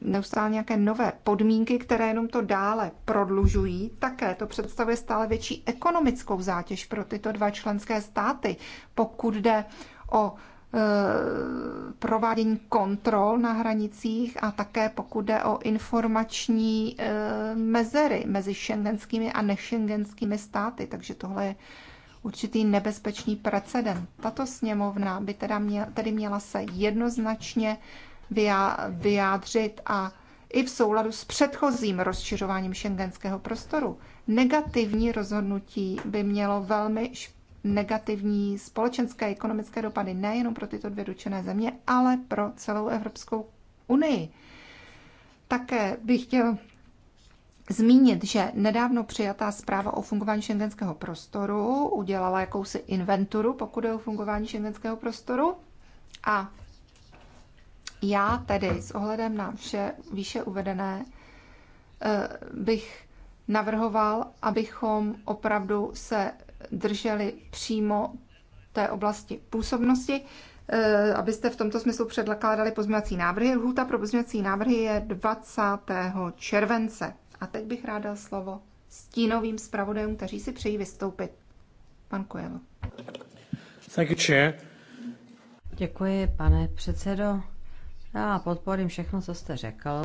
neustále nějaké nové podmínky, které jenom to dále prodlužují. Také to představuje stále větší ekonomickou zátěž pro tyto dva členské státy, pokud jde o e, provádění kontrol na hranicích a také pokud jde o informační e, mezery mezi šengenskými a nešengenskými státy. Takže tohle je určitý nebezpečný precedent. Tato sněmovna by teda měla, tedy měla se jednoznačně vyjádřit a i v souladu s předchozím rozšiřováním šengenského prostoru. Negativní rozhodnutí by mělo velmi negativní společenské a ekonomické dopady nejenom pro tyto dvě dočené země, ale pro celou Evropskou unii. Také bych chtěl zmínit, že nedávno přijatá zpráva o fungování šengenského prostoru udělala jakousi inventuru, pokud je o fungování šengenského prostoru. A já tedy s ohledem na vše výše uvedené eh, bych navrhoval, abychom opravdu se drželi přímo té oblasti působnosti, eh, abyste v tomto smyslu předkládali pozměňovací návrhy. Lhůta pro pozměňovací návrhy je 20. července. A teď bych ráda slovo stínovým zpravodajům, kteří si přejí vystoupit. Pan Coelho. Děkuji, pane předsedo. Já podporím všechno, co jste řekl.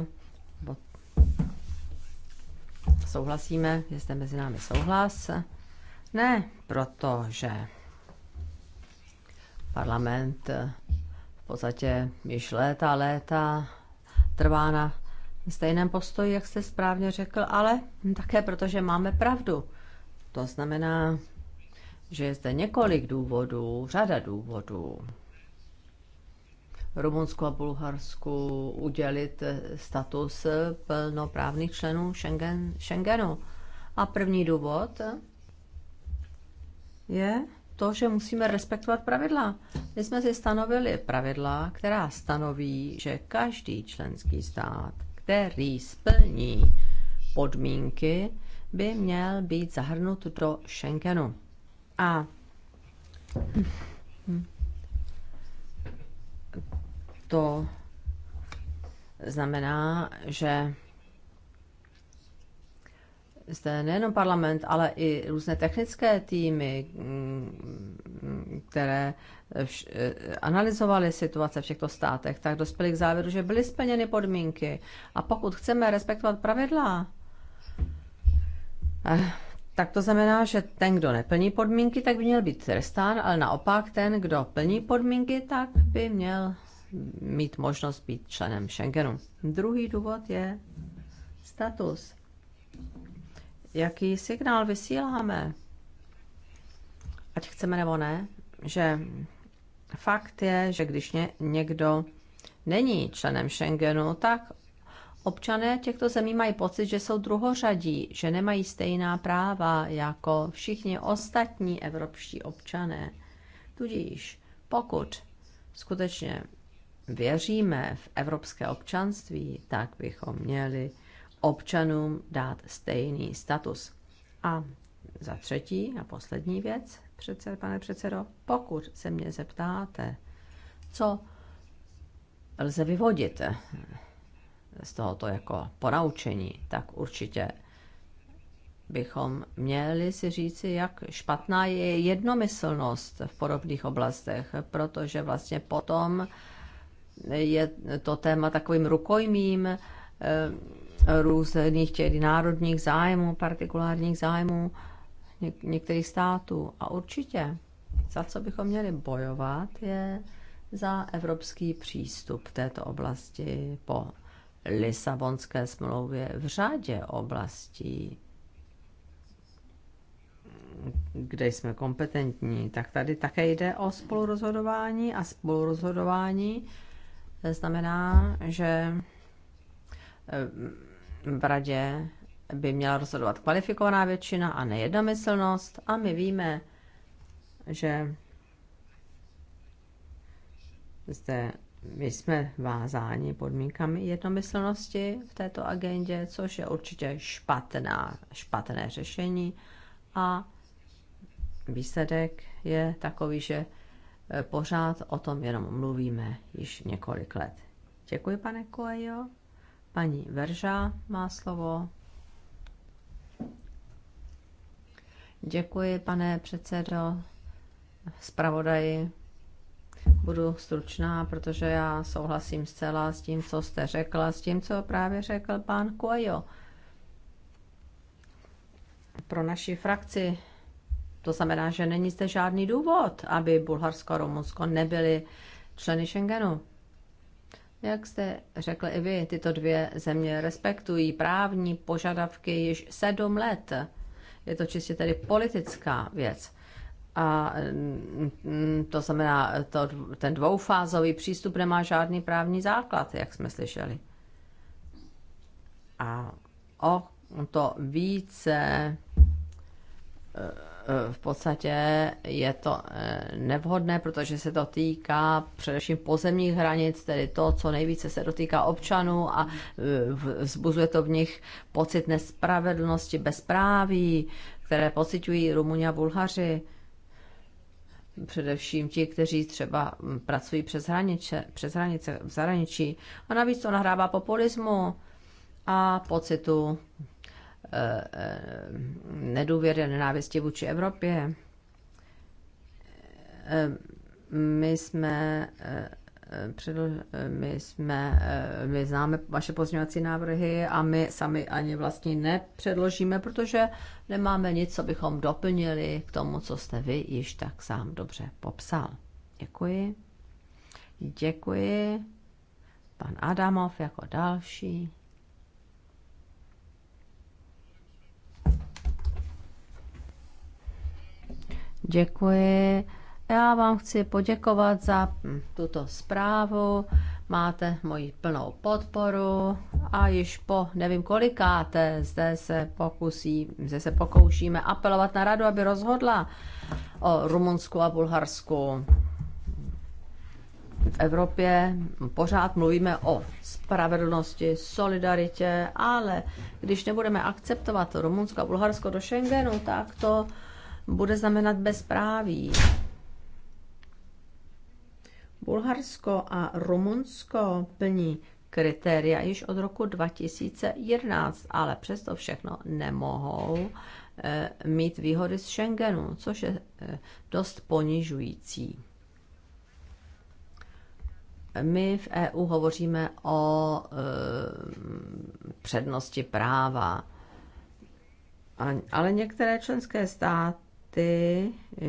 Souhlasíme, je zde mezi námi souhlas. Ne, protože parlament v podstatě již léta, léta trvá na stejném postoji, jak jste správně řekl, ale také protože máme pravdu. To znamená, že je zde několik důvodů, řada důvodů. Rumunsku a Bulharsku udělit status plnoprávných členů Schengen, Schengenu. A první důvod je to, že musíme respektovat pravidla. My jsme si stanovili pravidla, která stanoví, že každý členský stát který splní podmínky, by měl být zahrnut do Schengenu. A to znamená, že zde nejenom parlament, ale i různé technické týmy, mm, které eh, analyzovaly situace v těchto státech, tak dospěli k závěru, že byly splněny podmínky. A pokud chceme respektovat pravidla, eh, tak to znamená, že ten, kdo neplní podmínky, tak by měl být trestán, ale naopak ten, kdo plní podmínky, tak by měl mít možnost být členem Schengenu. Druhý důvod je status jaký signál vysíláme, ať chceme nebo ne, že fakt je, že když někdo není členem Schengenu, tak občané těchto zemí mají pocit, že jsou druhořadí, že nemají stejná práva jako všichni ostatní evropští občané. Tudíž pokud skutečně věříme v evropské občanství, tak bychom měli občanům dát stejný status. A za třetí a poslední věc, přece, pane předsedo, pokud se mě zeptáte, co lze vyvodit z tohoto jako poraučení, tak určitě bychom měli si říci, jak špatná je jednomyslnost v podobných oblastech, protože vlastně potom je to téma takovým rukojmím různých těch národních zájmů, partikulárních zájmů něk- některých států. A určitě, za co bychom měli bojovat, je za evropský přístup v této oblasti po Lisabonské smlouvě v řadě oblastí, kde jsme kompetentní, tak tady také jde o spolurozhodování a spolurozhodování znamená, že v radě by měla rozhodovat kvalifikovaná většina a nejednomyslnost. A my víme, že zde my jsme vázáni podmínkami jednomyslnosti v této agendě, což je určitě špatná, špatné řešení. A výsledek je takový, že e, pořád o tom jenom mluvíme již několik let. Děkuji, pane Coelho. Paní Verža má slovo. Děkuji, pane předsedo, zpravodaji. Budu stručná, protože já souhlasím zcela s tím, co jste řekla, s tím, co právě řekl pán Kojo. Pro naši frakci to znamená, že není zde žádný důvod, aby Bulharsko a Rumunsko nebyly členy Schengenu. Jak jste řekli i vy, tyto dvě země respektují právní požadavky již sedm let. Je to čistě tedy politická věc. A mm, mm, to znamená, to, ten dvoufázový přístup nemá žádný právní základ, jak jsme slyšeli. A o to více eh, v podstatě je to eh, nevhodné, protože se to týká především pozemních hranic, tedy to, co nejvíce se dotýká občanů a eh, vzbuzuje to v nich pocit nespravedlnosti, bezpráví, které pocitují Rumuni a Bulhaři. Především ti, kteří třeba hm, pracují přes hranice, přes hranice v zahraničí. A navíc to nahrává populismu a pocitu Eh, nedůvěry, nenávisti vůči Evropě. Eh, my jsme eh, my, jsme, my známe vaše pozměňovací návrhy a my sami ani vlastně nepředložíme, protože nemáme nic, co bychom doplnili k tomu, co jste vy již tak sám dobře popsal. Děkuji. Děkuji. Pan Adamov jako další. Děkuji. Já vám chci poděkovat za tuto zprávu. Máte moji plnou podporu a již po nevím kolikáté zde se, pokusí, zde se pokoušíme apelovat na radu, aby rozhodla o Rumunsku a Bulharsku. V Evropě pořád mluvíme o spravedlnosti, solidaritě, ale když nebudeme akceptovat Rumunsko a Bulharsko do Schengenu, tak to bude znamenat bezpráví. Bulharsko a Rumunsko plní kritéria již od roku 2011, ale přesto všechno nemohou eh, mít výhody z Schengenu, což je eh, dost ponižující. My v EU hovoříme o eh, přednosti práva, ale některé členské státy ty eh,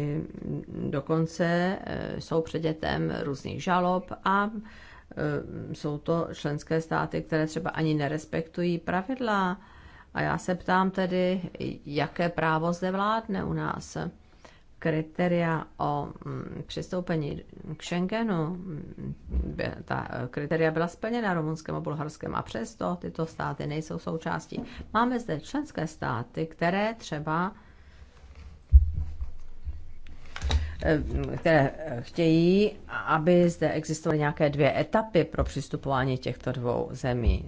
dokonce eh, jsou předětem různých žalob a eh, jsou to členské státy, které třeba ani nerespektují pravidla. A já se ptám tedy, jaké právo zde vládne u nás. Kritéria o mm, přistoupení k Schengenu, mm, ta kritéria byla splněna rumunském a bulharském a přesto tyto státy nejsou součástí. Máme zde členské státy, které třeba Eh, které eh, chtějí, aby zde existovaly nějaké dvě etapy pro přistupování těchto dvou zemí.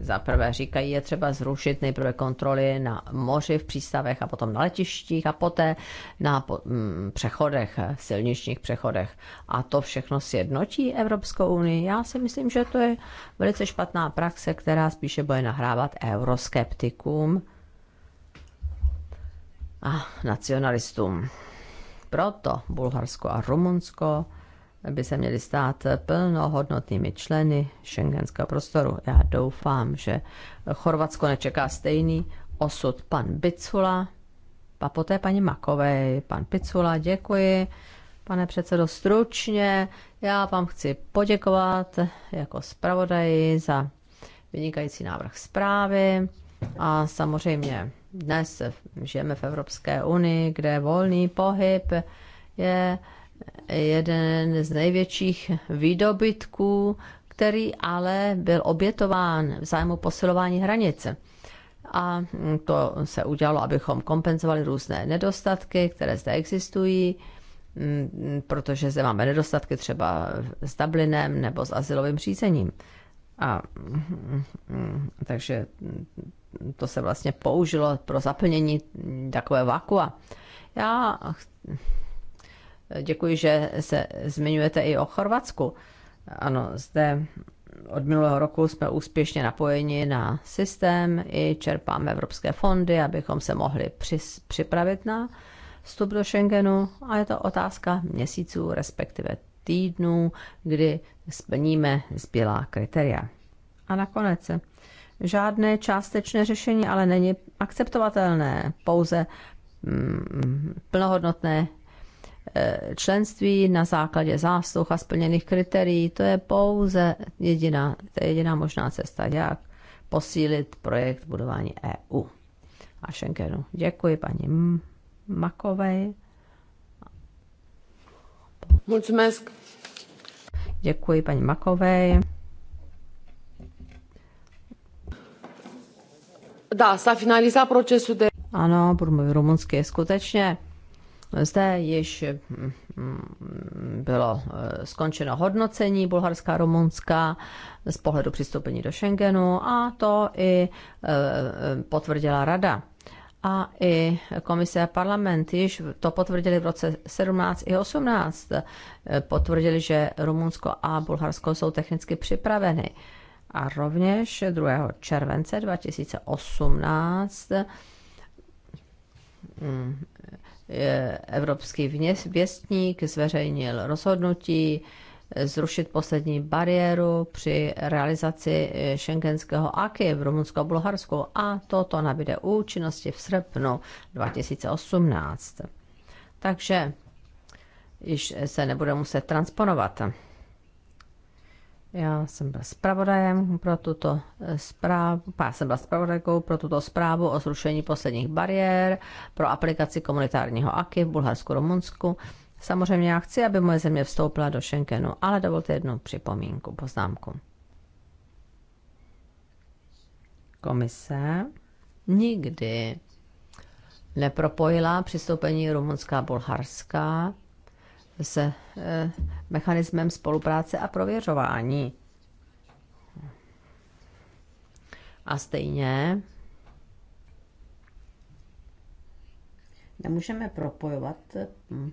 Za prvé říkají, je třeba zrušit nejprve kontroly na moři, v přístavech a potom na letištích a poté na mm, přechodech, silničních přechodech. A to všechno sjednotí Evropskou unii. Já si myslím, že to je velice špatná praxe, která spíše bude nahrávat euroskeptikům a nacionalistům. Proto Bulharsko a Rumunsko by se měly stát plnohodnotnými členy šengenského prostoru. Já doufám, že Chorvatsko nečeká stejný osud pan Bicula a poté paní Makovej. Pan Picula, děkuji. Pane předsedo, stručně, já vám chci poděkovat jako zpravodaji za vynikající návrh zprávy a samozřejmě dnes žijeme v Evropské unii, kde volný pohyb je jeden z největších výdobytků, který ale byl obětován v zájmu posilování hranice. A to se udělalo, abychom kompenzovali různé nedostatky, které zde existují, protože zde máme nedostatky třeba s Dublinem nebo s asilovým řízením. A, takže to se vlastně použilo pro zaplnění takové vakua. Já děkuji, že se zmiňujete i o Chorvatsku. Ano, zde od minulého roku jsme úspěšně napojeni na systém i čerpáme evropské fondy, abychom se mohli připravit na vstup do Schengenu a je to otázka měsíců, respektive týdnů, kdy splníme zbylá kritéria. A nakonec Žádné částečné řešení ale není akceptovatelné. Pouze mm, plnohodnotné e, členství na základě zásluh a splněných kritérií, to je pouze jediná, to je jediná možná cesta, jak posílit projekt budování EU a Schengenu. Děkuji paní Makovej. Mulțumesc. Děkuji paní Makovej. Da, s-a finalizat procesul de... Ano, budu je skutečně. Zde již mm, mm, bylo eh, skončeno hodnocení Bulharská Rumunská Rumunska z pohledu přistoupení do Schengenu a to i eh, eh, potvrdila rada. A i komise a parlament již to potvrdili v roce 17 i 18. Potvrdili, že Rumunsko a Bulharsko jsou technicky připraveny a rovněž 2. července 2018 mm, Evropský věstník zveřejnil rozhodnutí eh, zrušit poslední bariéru při realizaci šengenského eh, AKI v rumunsko Bulharsku a toto nabíde účinnosti v srpnu 2018. Takže již se nebude muset transponovat. Já jsem byl zpravodajem pro tuto eh, zprávu, já jsem byla zpravodajkou pro tuto zprávu o zrušení posledních bariér pro aplikaci komunitárního AKI v Bulharsku, Rumunsku. Samozřejmě já chci, aby moje země vstoupila do Schengenu, ale dovolte jednu připomínku, poznámku. Komise nikdy nepropojila přistoupení Rumunská a Bulharska s eh, mechanismem spolupráce a prověřování. A stejně nemůžeme propojovat hm,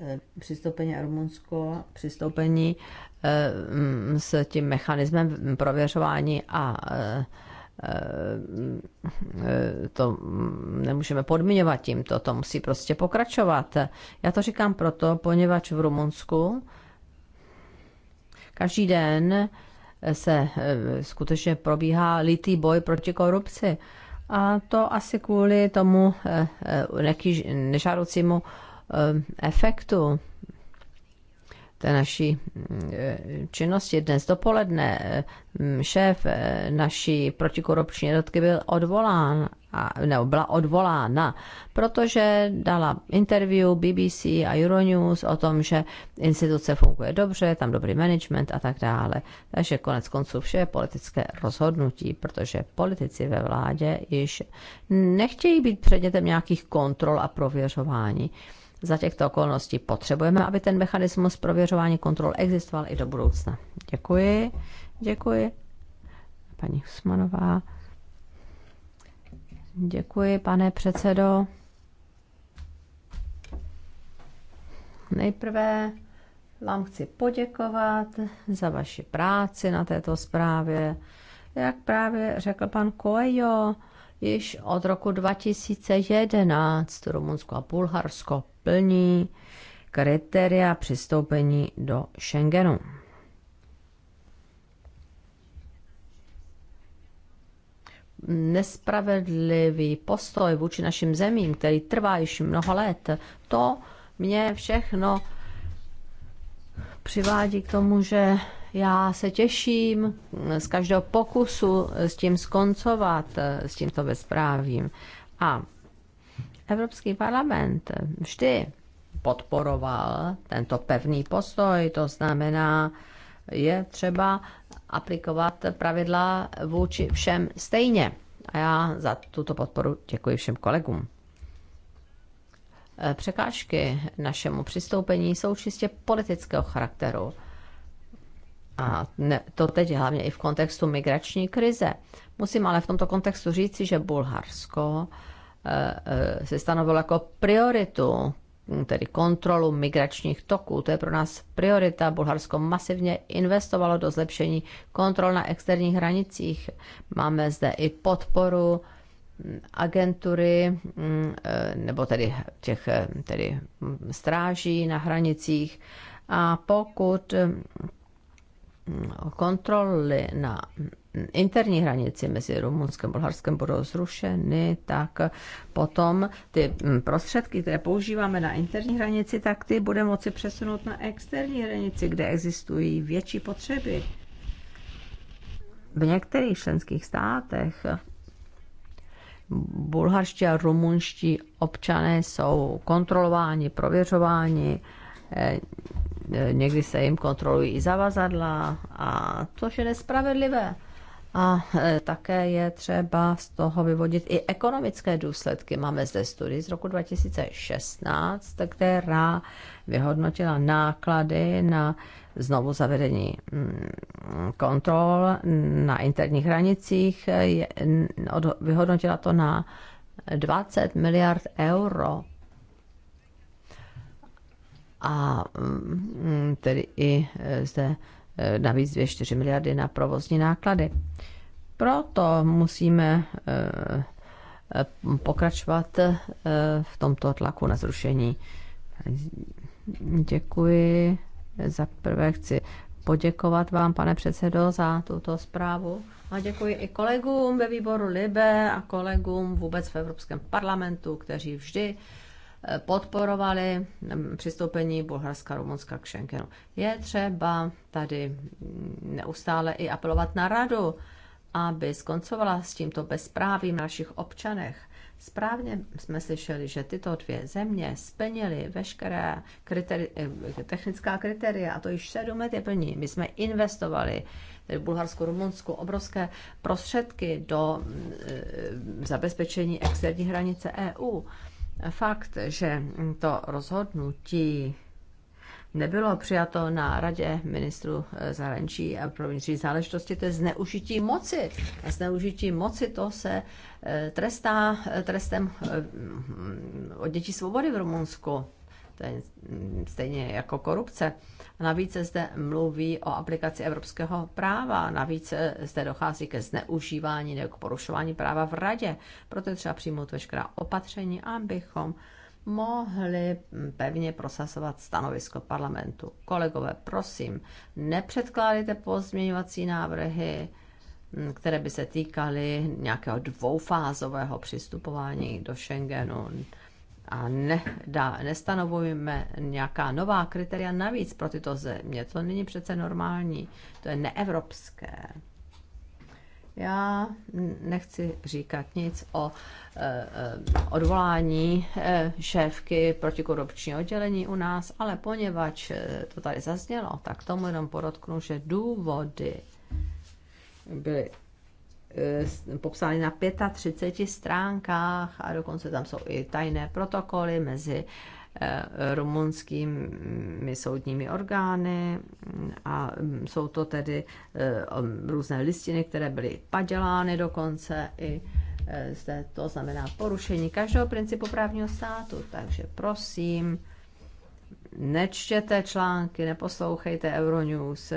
eh, přistoupení a Rumunsko, přistoupení eh, hm, s tím mechanismem prověřování a Eh, to nemůžeme podmiňovat tímto, to musí prostě pokračovat. Já to říkám proto, poněvadž v Rumunsku každý den se eh, skutečně probíhá litý boj proti korupci. A to asi kvůli tomu eh, nežádoucímu efektu té naší mm, e, činnosti dnes dopoledne e, šéf e, naší protikorupční jednotky byl odvolán, a, nebo byla odvolána, protože dala interview BBC a Euronews o tom, že instituce funguje dobře, tam dobrý management a tak dále. Takže konec konců vše je politické rozhodnutí, protože politici ve vládě již nechtějí být předmětem nějakých kontrol a prověřování za těchto okolností potřebujeme, aby ten mechanismus prověřování kontrol existoval i do budoucna. Děkuji, děkuji. Paní Usmanová. Děkuji, pane předsedo. Nejprve vám chci poděkovat za vaši práci na této zprávě. Jak právě řekl pan Kojo, Již od roku 2011 Rumunsko a Bulharsko plní kritéria přistoupení do Schengenu. Nespravedlivý postoj vůči našim zemím, který trvá již mnoho let, to mě všechno přivádí k tomu, že já se těším z každého pokusu s tím skoncovat, s tímto bezprávím. A Evropský parlament vždy podporoval tento pevný postoj, to znamená, je třeba aplikovat pravidla vůči všem stejně. A já za tuto podporu děkuji všem kolegům. Překážky našemu přistoupení jsou čistě politického charakteru a to teď hlavně i v kontextu migrační krize. Musím ale v tomto kontextu říci, že Bulharsko eh, eh, se stanovilo jako prioritu, hm, tedy kontrolu migračních toků. To je pro nás priorita. Bulharsko masivně investovalo do zlepšení kontrol na externích hranicích. Máme zde i podporu hm, agentury, hm, eh, nebo tedy těch tedy stráží na hranicích. A pokud Mm, kontroly na mm, interní hranici mezi Rumunskem a Bulharskem budou zrušeny, tak potom ty mm, prostředky, které používáme na interní hranici, tak ty bude moci přesunout na externí hranici, kde existují větší potřeby. V některých členských státech bulharští a rumunští občané jsou kontrolováni, prověřováni, eh, E, někdy se jim kontrolují i zavazadla, a což je nespravedlivé. A e, také je třeba z toho vyvodit i ekonomické důsledky. Máme zde studii z roku 2016, která vyhodnotila náklady na znovu zavedení mm, kontrol na interních hranicích. Vyhodnotila to na 20 miliard euro a mm, tedy i e, zde e, navíc 2,4 miliardy na provozní náklady. Proto musíme e, pokračovat v tomto tlaku na zrušení. Děkuji. Za prvé chci poděkovat vám, pane předsedo, za tuto zprávu. A děkuji i kolegům ve výboru Libe a kolegům vůbec v Evropském parlamentu, kteří vždy podporovali mm, přistoupení Bulharska a Rumunska k Schengenu. Je třeba tady mm, neustále i apelovat na radu, aby skoncovala s tímto bezprávím našich občanech. Správně jsme slyšeli, že tyto dvě země splnily veškeré kriteri- eh, technická kritéria a to již sedm let je plní. My jsme investovali tedy Bulharsku, Rumunsku obrovské prostředky do e, zabezpečení externí hranice EU. Fakt, že to rozhodnutí nebylo přijato na radě ministru eh, zahraničí a pro vnitřní záležitosti, to je zneužití moci. A zneužití moci to se eh, trestá eh, trestem mm, odnětí svobody v Rumunsku. To je stejně jako korupce. Navíc se zde mluví o aplikaci evropského práva, navíc zde dochází ke zneužívání nebo k porušování práva v radě. Proto je třeba přijmout veškerá opatření, abychom mohli pevně prosazovat stanovisko parlamentu. Kolegové, prosím, nepředkládejte pozměňovací návrhy, které by se týkaly nějakého dvoufázového přistupování do Schengenu a ne, da, nestanovujeme nějaká nová kritéria navíc pro tyto země. To není přece normální, to je neevropské. Já nechci říkat nic o e, odvolání e, šéfky protikorupčního oddělení u nás, ale poněvadž to tady zaznělo, tak tomu jenom podotknu, že důvody byly Eh, popsány na 35 stránkách a dokonce tam jsou i tajné protokoly mezi eh, rumunskými soudními orgány a mm, jsou to tedy eh, různé listiny, které byly padělány dokonce i zde to znamená porušení každého principu právního státu. Takže prosím, nečtěte články, neposlouchejte Euronews,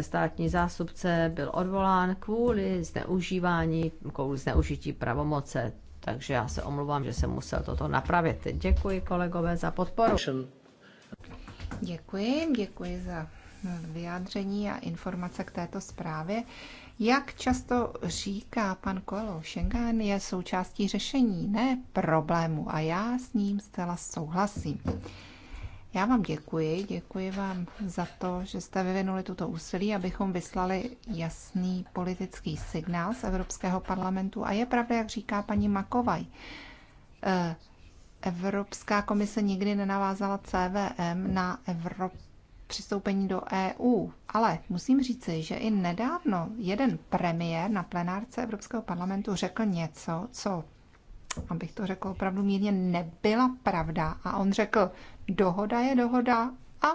státní zástupce byl odvolán kvůli zneužívání, kvůli zneužití pravomoce. Takže já se omluvám, že jsem musel toto napravit. Děkuji kolegové za podporu. Děkuji, děkuji za vyjádření a informace k této zprávě. Jak často říká pan Kolo, Schengen je součástí řešení, ne problému a já s ním zcela souhlasím. Já vám děkuji, děkuji vám za to, že jste vyvinuli tuto úsilí, abychom vyslali jasný politický signál z Evropského parlamentu. A je pravda, jak říká paní Makovaj, eh, Evropská komise nikdy nenavázala CVM na Evropu přistoupení do EU. Ale musím říci, že i nedávno jeden premiér na plenárce Evropského parlamentu řekl něco, co abych to řekl opravdu mírně, nebyla pravda. A on řekl, dohoda je dohoda a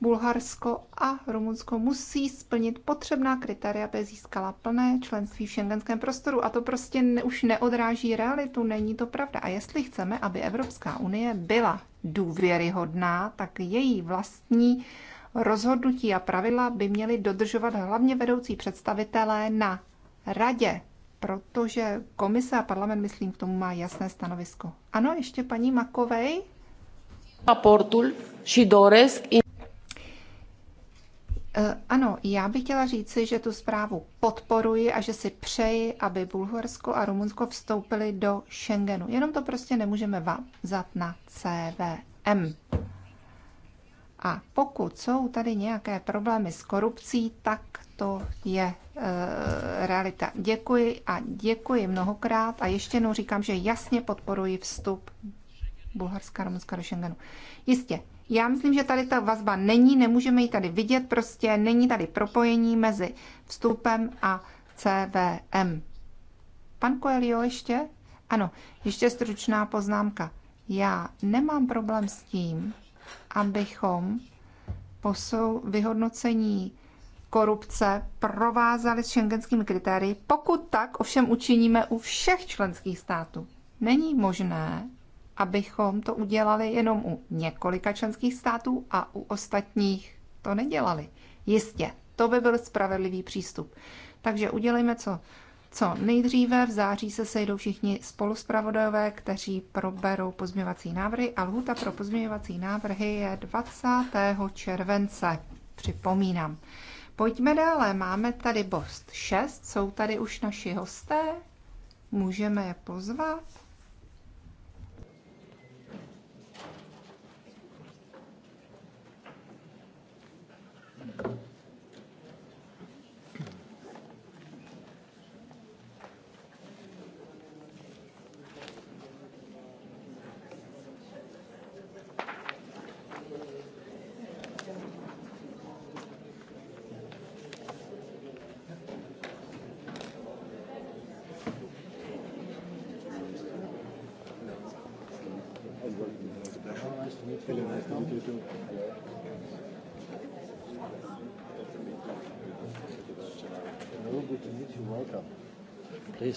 Bulharsko a Rumunsko musí splnit potřebná kritéria, aby získala plné členství v šengenském prostoru. A to prostě ne, už neodráží realitu, není to pravda. A jestli chceme, aby Evropská unie byla důvěryhodná, tak její vlastní rozhodnutí a pravidla by měly dodržovat hlavně vedoucí představitelé na radě protože komise a parlament, myslím, k tomu má jasné stanovisko. Ano, ještě paní Makovej? Raportul și doresc... Eh, ano, já bych chtěla říci, že tu zprávu podporuji a že si přeji, aby Bulharsko a Rumunsko vstoupili do Schengenu. Jenom to prostě nemůžeme vázat na CVM. A pokud jsou tady nějaké problémy s korupcí, tak to je e, realita. Děkuji a děkuji mnohokrát a ještě jednou říkám, že jasně podporuji vstup Bulharska, Rumunska do Schengenu. Jistě, já myslím, že tady ta vazba není, nemůžeme ji tady vidět, prostě není tady propojení mezi vstupem a CVM. Pan Coelho ještě? Ano, ještě stručná poznámka. Já nemám problém s tím, abychom posou vyhodnocení korupce provázali s šengenskými kritérii, pokud tak ovšem učiníme u všech členských států. Není možné, abychom to udělali jenom u několika členských států a u ostatních to nedělali. Jistě, to by byl spravedlivý přístup. Takže udělejme, co co nejdříve. V září se sejdou všichni spoluspravodajové, kteří proberou pozměňovací návrhy a lhuta pro pozměňovací návrhy je 20. července. Připomínám. Pojďme dále, máme tady bost 6, jsou tady už naši hosté, můžeme je pozvat. Thank you.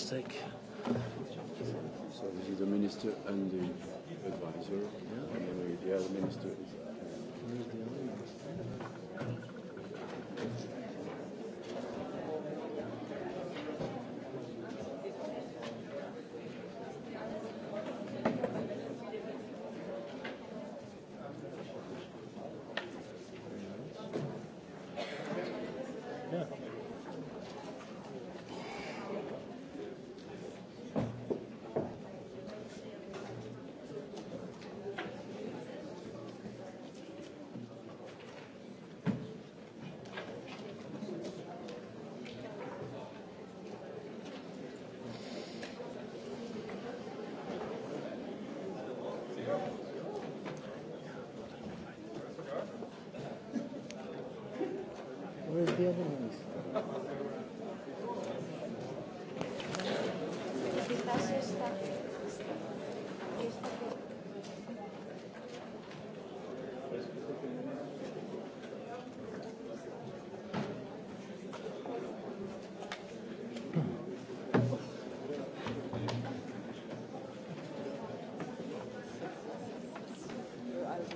mistake. So this is the minister and the advisor. Yeah. And the other minister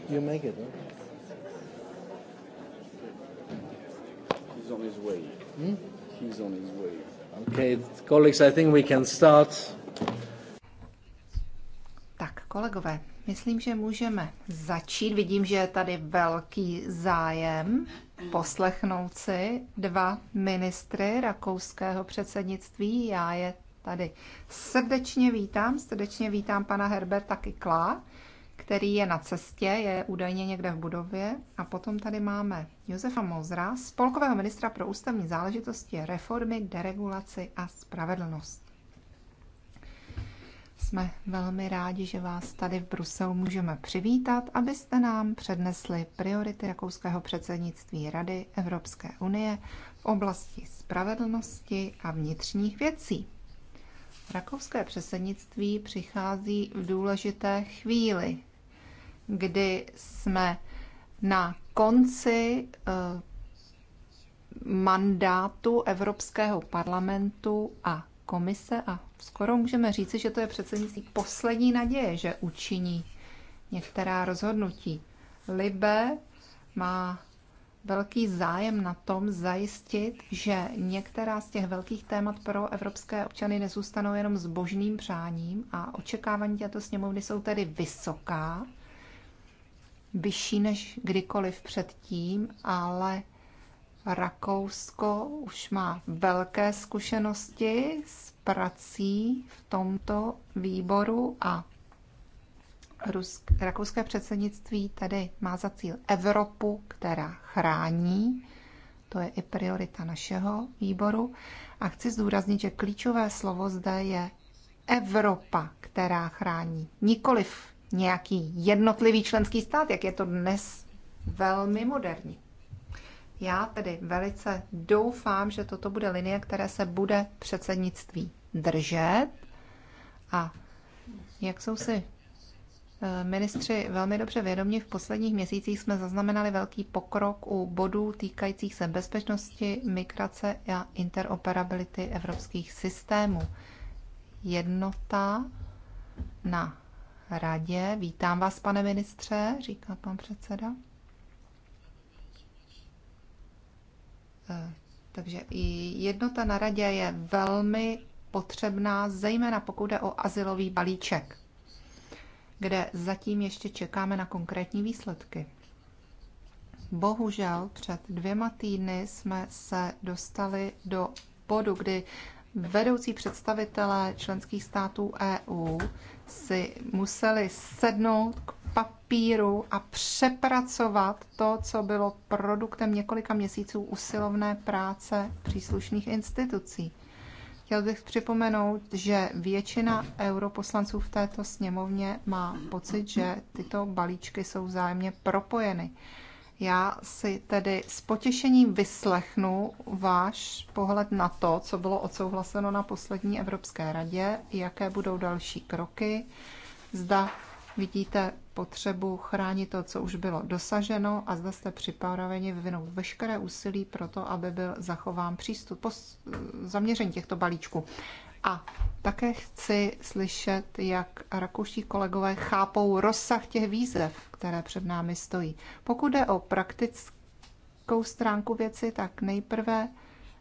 You make it, huh? Colleagues, I think we can start. Tak, kolegové, myslím, že můžeme začít. Vidím, že je tady velký zájem poslechnout si dva ministry rakouského předsednictví. Já je tady srdečně vítám, srdečně vítám pana Herberta Kikla, který je na cestě, je údajně někde v budově. A potom tady máme Josefa Mozra, spolkového ministra pro ústavní záležitosti, reformy, deregulaci a spravedlnost. Jsme velmi rádi, že vás tady v Bruselu můžeme přivítat, abyste nám přednesli priority rakouského předsednictví Rady Evropské unie v oblasti spravedlnosti a vnitřních věcí. Rakouské předsednictví přichází v důležité chvíli kdy jsme na konci eh, mandátu Evropského parlamentu a komise a skoro můžeme říci, že to je předsednictví poslední naděje, že učiní některá rozhodnutí. Libe má velký zájem na tom zajistit, že některá z těch velkých témat pro evropské občany nezůstanou jenom s božným přáním a očekávání této sněmovny jsou tedy vysoká vyšší než kdykoliv předtím, ale Rakousko už má velké zkušenosti s prací v tomto výboru a Rusk, rakouské předsednictví tedy má za cíl Evropu, která chrání. To je i priorita našeho výboru. A chci zdůraznit, že klíčové slovo zde je Evropa, která chrání. Nikoliv nějaký jednotlivý členský stát, jak je to dnes velmi moderní. Já tedy velice doufám, že toto bude linie, které se bude předsednictví držet. A jak jsou si eh, ministři velmi dobře vědomí, v posledních měsících jsme zaznamenali velký pokrok u bodů týkajících se bezpečnosti, migrace a interoperability evropských systémů. Jednota na radě. Vítám vás, pane ministře, říká pan předseda. Eh, takže i jednota na radě je velmi potřebná, zejména pokud jde o asilový balíček, kde zatím ještě čekáme na konkrétní výsledky. Bohužel před dvěma týdny jsme se dostali do bodu, kdy vedoucí představitelé členských států EU si museli sednout k papíru a přepracovat to, co bylo produktem několika měsíců usilovné práce příslušných institucí. Chtěl bych připomenout, že většina europoslanců v této sněmovně má pocit, že tyto balíčky jsou vzájemně propojeny. Já si tedy s potěšením vyslechnu váš pohled na to, co bylo odsouhlaseno na poslední Evropské radě, jaké budou další kroky, zda vidíte potřebu chránit to, co už bylo dosaženo a zda jste připraveni vyvinout veškeré úsilí pro to, aby byl zachován přístup po zaměření těchto balíčků. A také chci slyšet, jak rakouští kolegové chápou rozsah těch výzev, které před námi stojí. Pokud jde o praktickou stránku věci, tak nejprve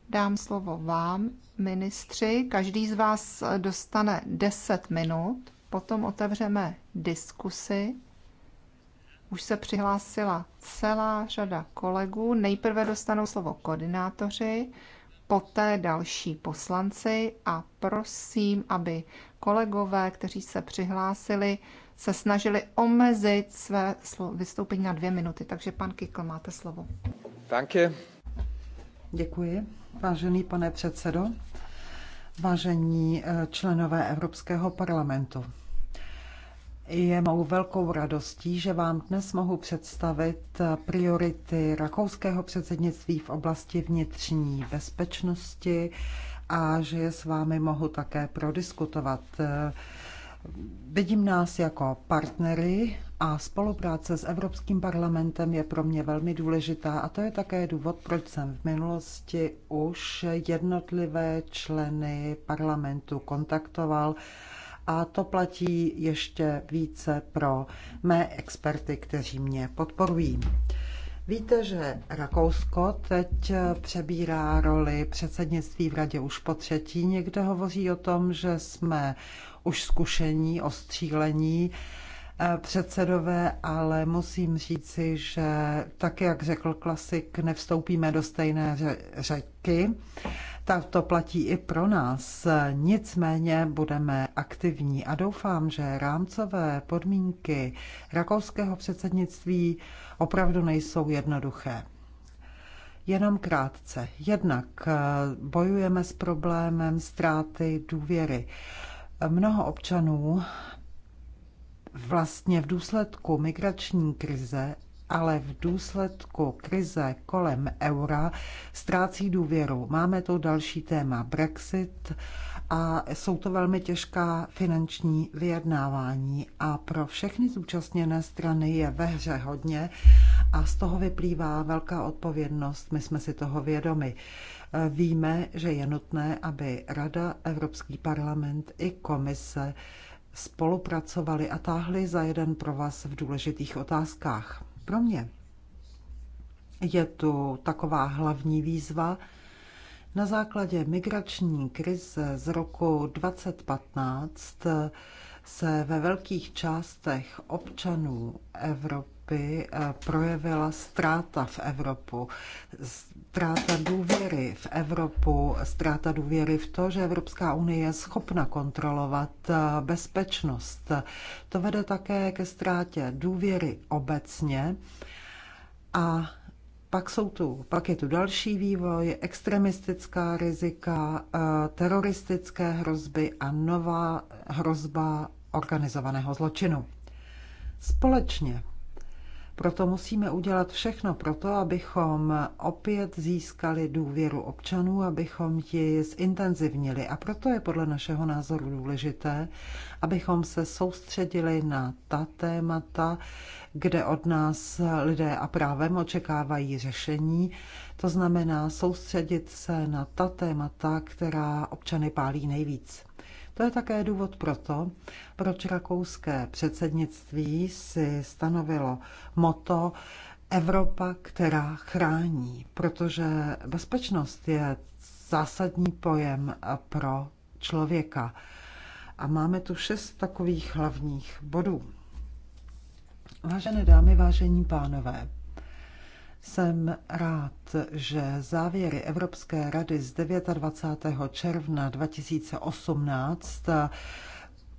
dám slovo vám, ministři. Každý z vás dostane 10 minut, potom otevřeme diskusy. Už se přihlásila celá řada kolegů. Nejprve dostanou slovo koordinátoři, poté další poslanci a prosím, aby kolegové, kteří se přihlásili, se snažili omezit své vystoupení na dvě minuty. Takže pan Kikl, máte slovo. Danke. Děkuji, vážený pane předsedo, vážení eh, členové Evropského parlamentu. Je mou velkou radostí, že vám dnes mohu představit priority rakouského předsednictví v oblasti vnitřní bezpečnosti a že je s vámi mohu také prodiskutovat. Vidím nás jako partnery a spolupráce s Evropským parlamentem je pro mě velmi důležitá a to je také důvod, proč jsem v minulosti už jednotlivé členy parlamentu kontaktoval a to platí ještě více pro mé experty, kteří mě podporují. Víte, že Rakousko teď přebírá roli předsednictví v radě už po třetí. Někde hovoří o tom, že jsme už zkušení, ostřílení eh, předsedové, ale musím říci, že tak, jak řekl klasik, nevstoupíme do stejné řeky tak to platí i pro nás. Nicméně budeme aktivní a doufám, že rámcové podmínky rakouského předsednictví opravdu nejsou jednoduché. Jenom krátce. Jednak eh, bojujeme s problémem ztráty důvěry. Mnoho občanů vlastně v důsledku migrační krize ale v důsledku krize kolem eura ztrácí důvěru. Máme tu další téma Brexit a jsou to velmi těžká finanční vyjednávání a pro všechny zúčastněné strany je ve hře hodně a z toho vyplývá velká odpovědnost. My jsme si toho vědomi. Víme, že je nutné, aby Rada, Evropský parlament i komise spolupracovali a táhli za jeden provaz v důležitých otázkách. Pro mě je to taková hlavní výzva. Na základě migrační krize z roku 2015 se ve velkých částech občanů Evropy Evropy eh, projevila ztráta v Evropu. Ztráta důvěry v Evropu, ztráta důvěry v to, že Evropská unie je schopna kontrolovat eh, bezpečnost. To vede také ke ztrátě důvěry obecně. A pak, jsou tu, pak je tu další vývoj, extremistická rizika, eh, teroristické hrozby a nová hrozba organizovaného zločinu. Společně proto musíme udělat všechno pro to, abychom opět získali důvěru občanů, abychom ji zintenzivnili. A proto je podle našeho názoru důležité, abychom se soustředili na ta témata, kde od nás lidé a právem očekávají řešení. To znamená soustředit se na ta témata, která občany pálí nejvíc. To je také důvod pro to, proč rakouské předsednictví si stanovilo moto Evropa, která chrání, protože bezpečnost je zásadní pojem pro člověka. A máme tu šest takových hlavních bodů. Vážené dámy, vážení pánové, jsem rád, že závěry Evropské rady z 29. června 2018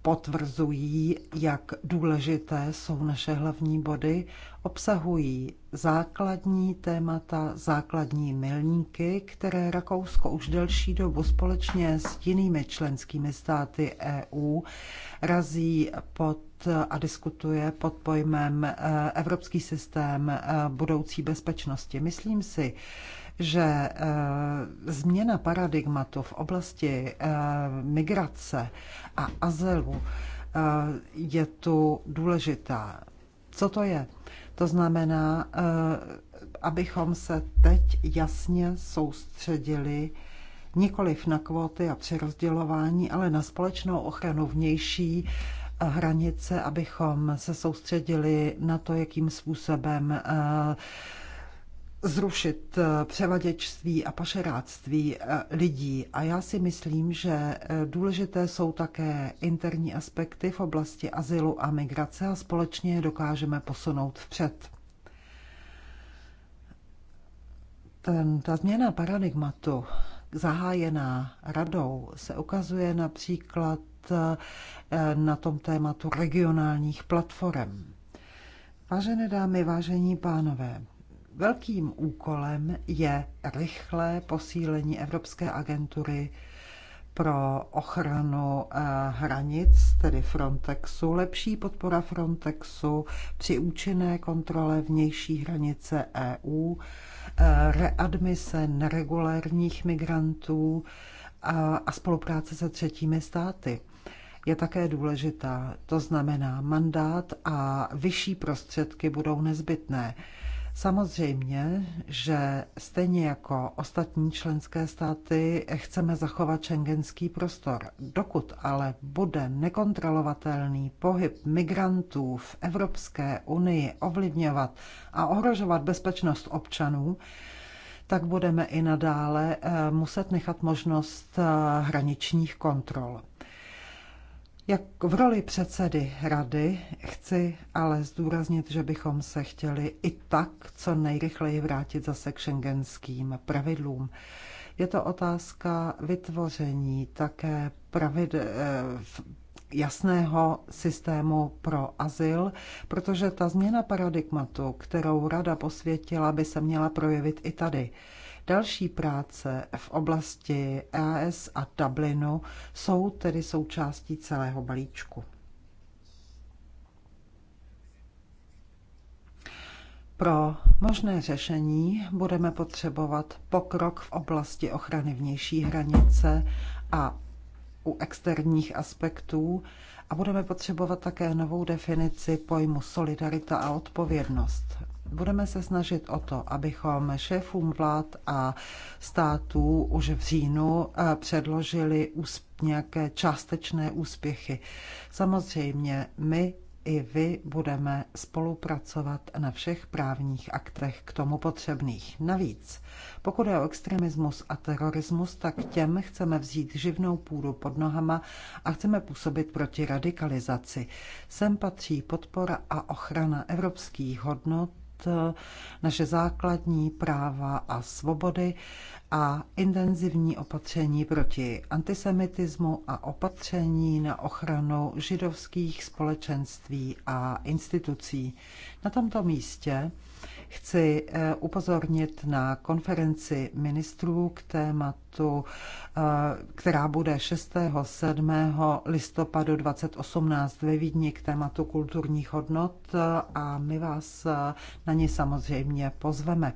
potvrzují, jak důležité jsou naše hlavní body, obsahují základní témata, základní milníky, které Rakousko už delší dobu společně s jinými členskými státy EU razí pod a diskutuje pod pojmem eh, Evropský systém eh, budoucí bezpečnosti. Myslím si, že eh, změna paradigmatu v oblasti eh, migrace a azylu eh, je tu důležitá. Co to je? To znamená, abychom se teď jasně soustředili nikoliv na kvóty a přerozdělování, ale na společnou ochranu vnější hranice, abychom se soustředili na to, jakým způsobem zrušit eh, převaděčství a pašeráctví eh, lidí. A já si myslím, že eh, důležité jsou také interní aspekty v oblasti azylu a migrace a společně je dokážeme posunout vpřed. Ten, ta změna paradigmatu zahájená radou se ukazuje například na tom tématu regionálních platform. Vážené dámy, vážení pánové, Velkým úkolem je rychlé posílení Evropské agentury pro ochranu eh, hranic, tedy Frontexu, lepší podpora Frontexu při účinné kontrole vnější hranice EU, eh, readmise neregulérních migrantů a spolupráce se třetími státy je také důležitá. To znamená, mandát a vyšší prostředky budou nezbytné. Samozřejmě, že stejně jako ostatní členské státy chceme zachovat šengenský prostor. Dokud ale bude nekontrolovatelný pohyb migrantů v Evropské unii ovlivňovat a ohrožovat bezpečnost občanů, tak budeme i nadále eh, muset nechat možnost eh, hraničních kontrol. Jak v roli předsedy rady chci ale zdůraznit, že bychom se chtěli i tak co nejrychleji vrátit zase k šengenským pravidlům. Je to otázka vytvoření také pravidel, eh, jasného systému pro azyl, protože ta změna paradigmatu, kterou rada posvětila, by se měla projevit i tady. Další práce v oblasti EAS a Dublinu jsou tedy součástí celého balíčku. Pro možné řešení budeme potřebovat pokrok v oblasti ochrany vnější hranice a u externích aspektů a budeme potřebovat také novou definici pojmu solidarita a odpovědnost. Budeme se snažit o to, abychom šéfům vlád a států už v říjnu eh, předložili nějaké částečné úspěchy. Samozřejmě my i vy budeme spolupracovat na všech právních aktech k tomu potřebných. Navíc, pokud je o extremismus a terorismus, tak těm chceme vzít živnou půdu pod nohama a chceme působit proti radikalizaci. Sem patří podpora a ochrana evropských hodnot naše základní práva a svobody a intenzivní opatření proti antisemitismu a opatření na ochranu židovských společenství a institucí. Na tomto místě chci eh, upozornit na konferenci ministrů k tématu, eh, která bude 6. 7. listopadu 2018 ve Vídni k tématu kulturních hodnot eh, a my vás na ně samozřejmě pozveme.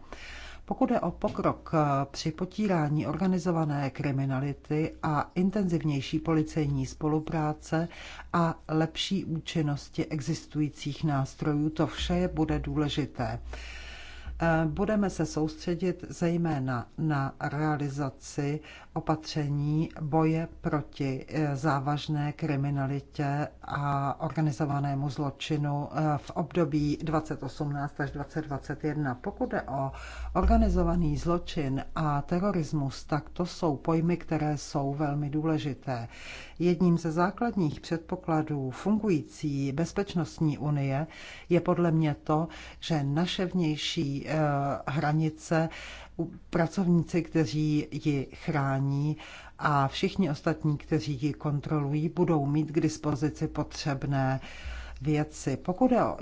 Pokud je o pokrok eh, při potírání organizované kriminality a intenzivnější policejní spolupráce a lepší účinnosti existujících nástrojů, to vše bude důležité. Eh, budeme se soustředit zejména na realizaci opatření boje proti eh, závažné kriminalitě a organizovanému zločinu eh, v období 2018 až 2021. Pokud jde o organizovaný zločin a terorismus, tak to jsou pojmy, které jsou velmi důležité. Jedním ze základních předpokladů fungující bezpečnostní unie je podle mě to, že naše vnější eh, hranice pracovníci, kteří ji chrání a všichni ostatní, kteří ji kontrolují, budou mít k dispozici potřebné věci. Pokud je o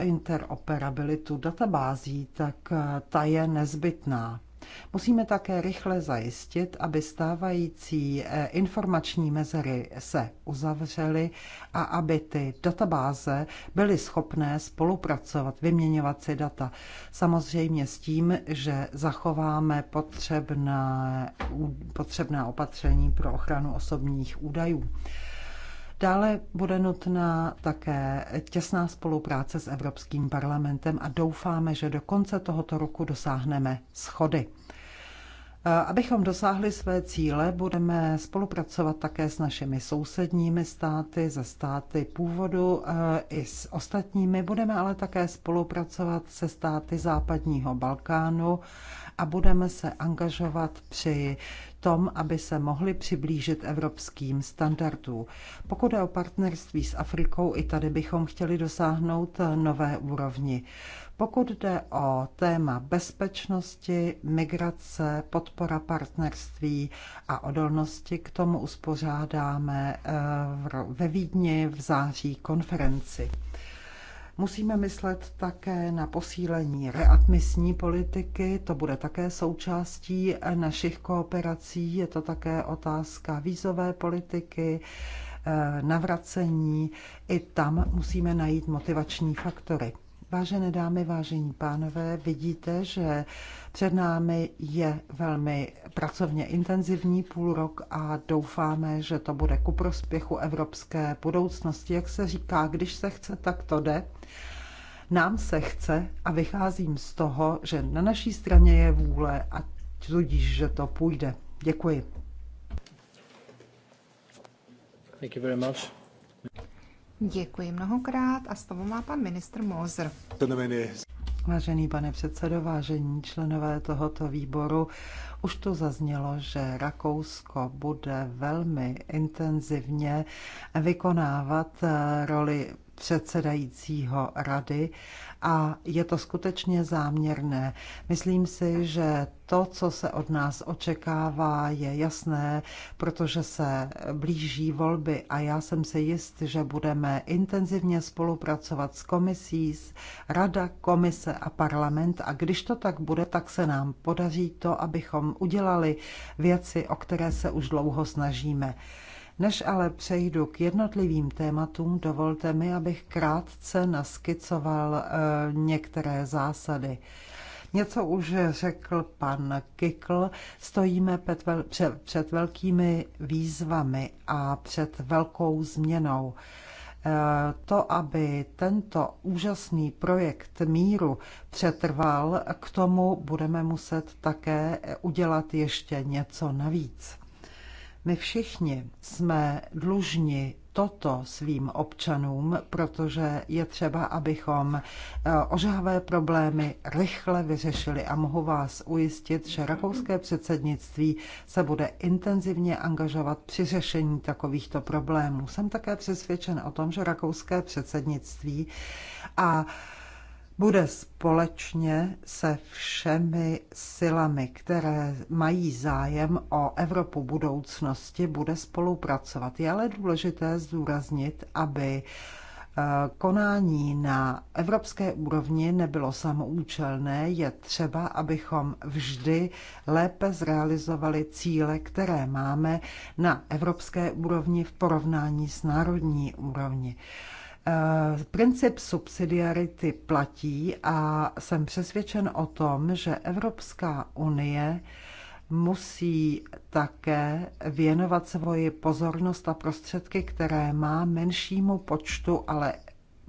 interoperabilitu databází, tak ta je nezbytná. Musíme také rychle zajistit, aby stávající eh, informační mezery se uzavřely a aby ty databáze byly schopné spolupracovat, vyměňovat si data. Samozřejmě s tím, že zachováme potřebné, potřebná opatření pro ochranu osobních údajů. Dále bude nutná také těsná spolupráce s Evropským parlamentem a doufáme, že do konce tohoto roku dosáhneme schody. Eh, abychom dosáhli své cíle, budeme spolupracovat také s našimi sousedními státy, ze státy původu eh, i s ostatními. Budeme ale také spolupracovat se státy západního Balkánu a budeme se angažovat při tom, aby se mohli přiblížit evropským standardům. Pokud je o partnerství s Afrikou, i tady bychom chtěli dosáhnout nové úrovni. Pokud jde o téma bezpečnosti, migrace, podpora partnerství a odolnosti, k tomu uspořádáme eh, ve Vídni v září konferenci. Musíme myslet také na posílení readmisní politiky, to bude také součástí našich kooperací, je to také otázka vízové politiky, eh, navracení. I tam musíme najít motivační faktory. Vážené dámy, vážení pánové, vidíte, že před námi je velmi pracovně intenzivní půl rok a doufáme, že to bude ku prospěchu evropské budoucnosti. Jak se říká, když se chce, tak to jde. Nám se chce a vycházím z toho, že na naší straně je vůle a tudíž, že to půjde. Děkuji. Thank you very much. Děkuji mnohokrát a slovo má pan ministr Mozr. Vážený pane předsedo, vážení členové tohoto výboru, už to zaznělo, že Rakousko bude velmi intenzivně vykonávat eh, roli předsedajícího rady a je to skutečně záměrné. Myslím si, že to, co se od nás očekává, je jasné, protože se blíží volby a já jsem si jist, že budeme intenzivně spolupracovat s komisí, s rada, komise a parlament a když to tak bude, tak se nám podaří to, abychom udělali věci, o které se už dlouho snažíme. Než ale přejdu k jednotlivým tématům, dovolte mi, abych krátce naskicoval eh, některé zásady. Něco už řekl pan Kikl, stojíme před velkými výzvami a před velkou změnou eh, to, aby tento úžasný projekt míru přetrval, k tomu budeme muset také udělat ještě něco navíc. My všichni jsme dlužni toto svým občanům, protože je třeba, abychom eh, ožahavé problémy rychle vyřešili a mohu vás ujistit, že rakouské předsednictví se bude intenzivně angažovat při řešení takovýchto problémů. Jsem také přesvědčen o tom, že rakouské předsednictví a bude společně se všemi silami, které mají zájem o Evropu budoucnosti, bude spolupracovat. Je ale důležité zdůraznit, aby eh, konání na evropské úrovni nebylo samoučelné, je třeba, abychom vždy lépe zrealizovali cíle, které máme na evropské úrovni v porovnání s národní úrovni. Eh, princip subsidiarity platí a jsem přesvědčen o tom, že Evropská unie musí také věnovat svoji pozornost a prostředky, které má menšímu počtu, ale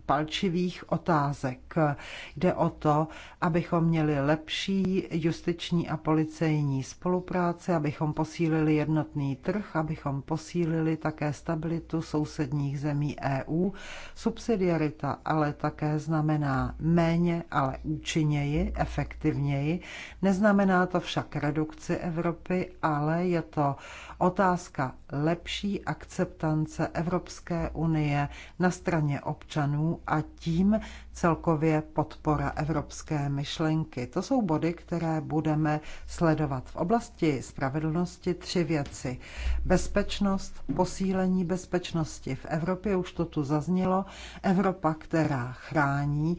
palčivých otázek. Eh, jde o to, abychom měli lepší justiční a policejní spolupráci, abychom posílili jednotný trh, abychom posílili také stabilitu sousedních zemí EU. Subsidiarita ale také znamená méně, ale účinněji, efektivněji. Neznamená to však redukci Evropy, ale je to otázka lepší akceptance Evropské unie na straně občanů a tím celkově podpora evropské myšlenky. To jsou body, které budeme sledovat. V oblasti spravedlnosti tři věci. Bezpečnost, posílení bezpečnosti. V Evropě už to tu zaznělo. Evropa, která chrání,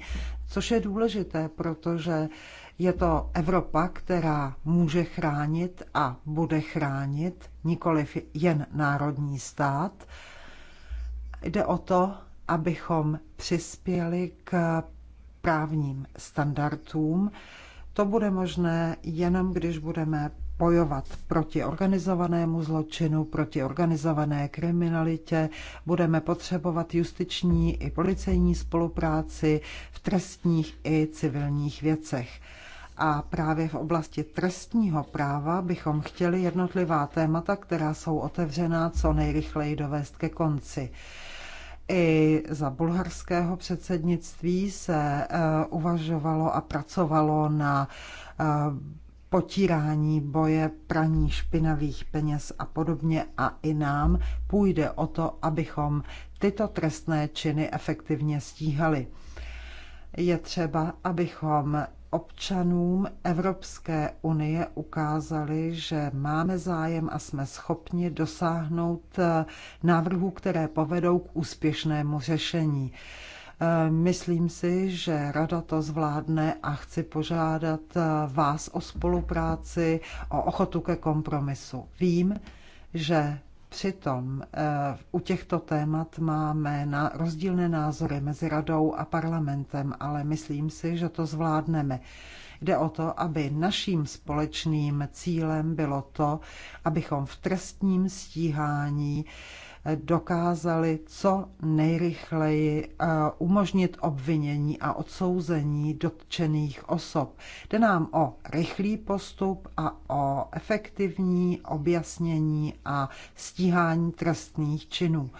což je důležité, protože je to Evropa, která může chránit a bude chránit nikoliv jen národní stát. Jde o to, abychom přispěli k právním standardům. To bude možné jenom, když budeme bojovat proti organizovanému zločinu, proti organizované kriminalitě. Budeme potřebovat justiční i policejní spolupráci v trestních i civilních věcech. A právě v oblasti trestního práva bychom chtěli jednotlivá témata, která jsou otevřená, co nejrychleji dovést ke konci i za bulharského předsednictví se eh, uvažovalo a pracovalo na eh, potírání boje, praní špinavých peněz a podobně a i nám půjde o to, abychom tyto trestné činy efektivně stíhali. Je třeba, abychom občanům Evropské unie ukázali, že máme zájem a jsme schopni dosáhnout eh, návrhů, které povedou k úspěšnému řešení. Eh, myslím si, že rada to zvládne a chci požádat eh, vás o spolupráci, o ochotu ke kompromisu. Vím, že Přitom eh, u těchto témat máme na rozdílné názory mezi radou a parlamentem, ale myslím si, že to zvládneme. Jde o to, aby naším společným cílem bylo to, abychom v trestním stíhání dokázali co nejrychleji eh, umožnit obvinění a odsouzení dotčených osob. Jde nám o rychlý postup a o efektivní objasnění a stíhání trestných činů.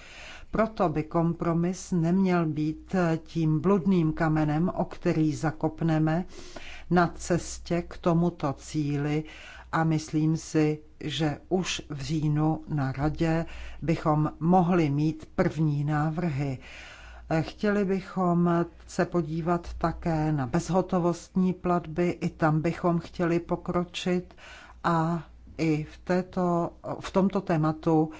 Proto by kompromis neměl být tím bludným kamenem, o který zakopneme na cestě k tomuto cíli, a myslím si, že už v říjnu na radě bychom mohli mít první návrhy. Chtěli bychom se podívat také na bezhotovostní platby, i tam bychom chtěli pokročit a i v, této, v tomto tématu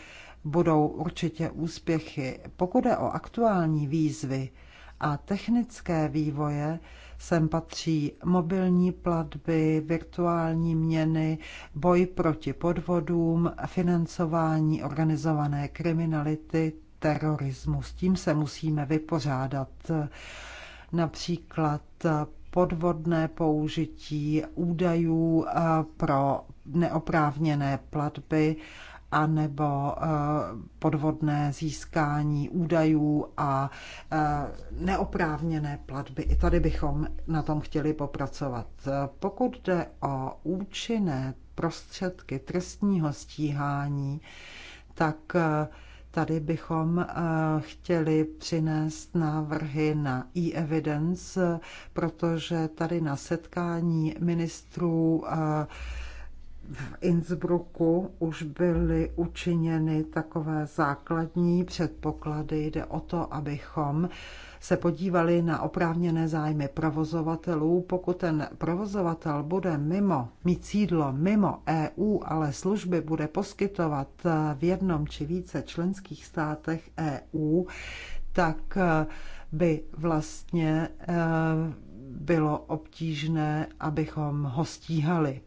budou určitě úspěchy. Pokud je o aktuální výzvy a technické vývoje, Sem patří mobilní platby, virtuální měny, boj proti podvodům, financování organizované kriminality, terorismu. S tím se musíme vypořádat. Například podvodné použití údajů eh, pro neoprávněné platby anebo eh, podvodné získání údajů a eh, neoprávněné platby. I tady bychom na tom chtěli popracovat. Pokud jde o účinné prostředky trestního stíhání, tak eh, Tady bychom chtěli přinést návrhy na e-evidence, protože tady na setkání ministrů v Innsbrucku už byly učiněny takové základní předpoklady. Jde o to, abychom se podívali na oprávněné zájmy provozovatelů. Pokud ten provozovatel bude mimo, mít sídlo mimo EU, ale služby bude poskytovat eh, v jednom či více členských státech EU, tak eh, by vlastně eh, bylo obtížné, abychom ho stíhali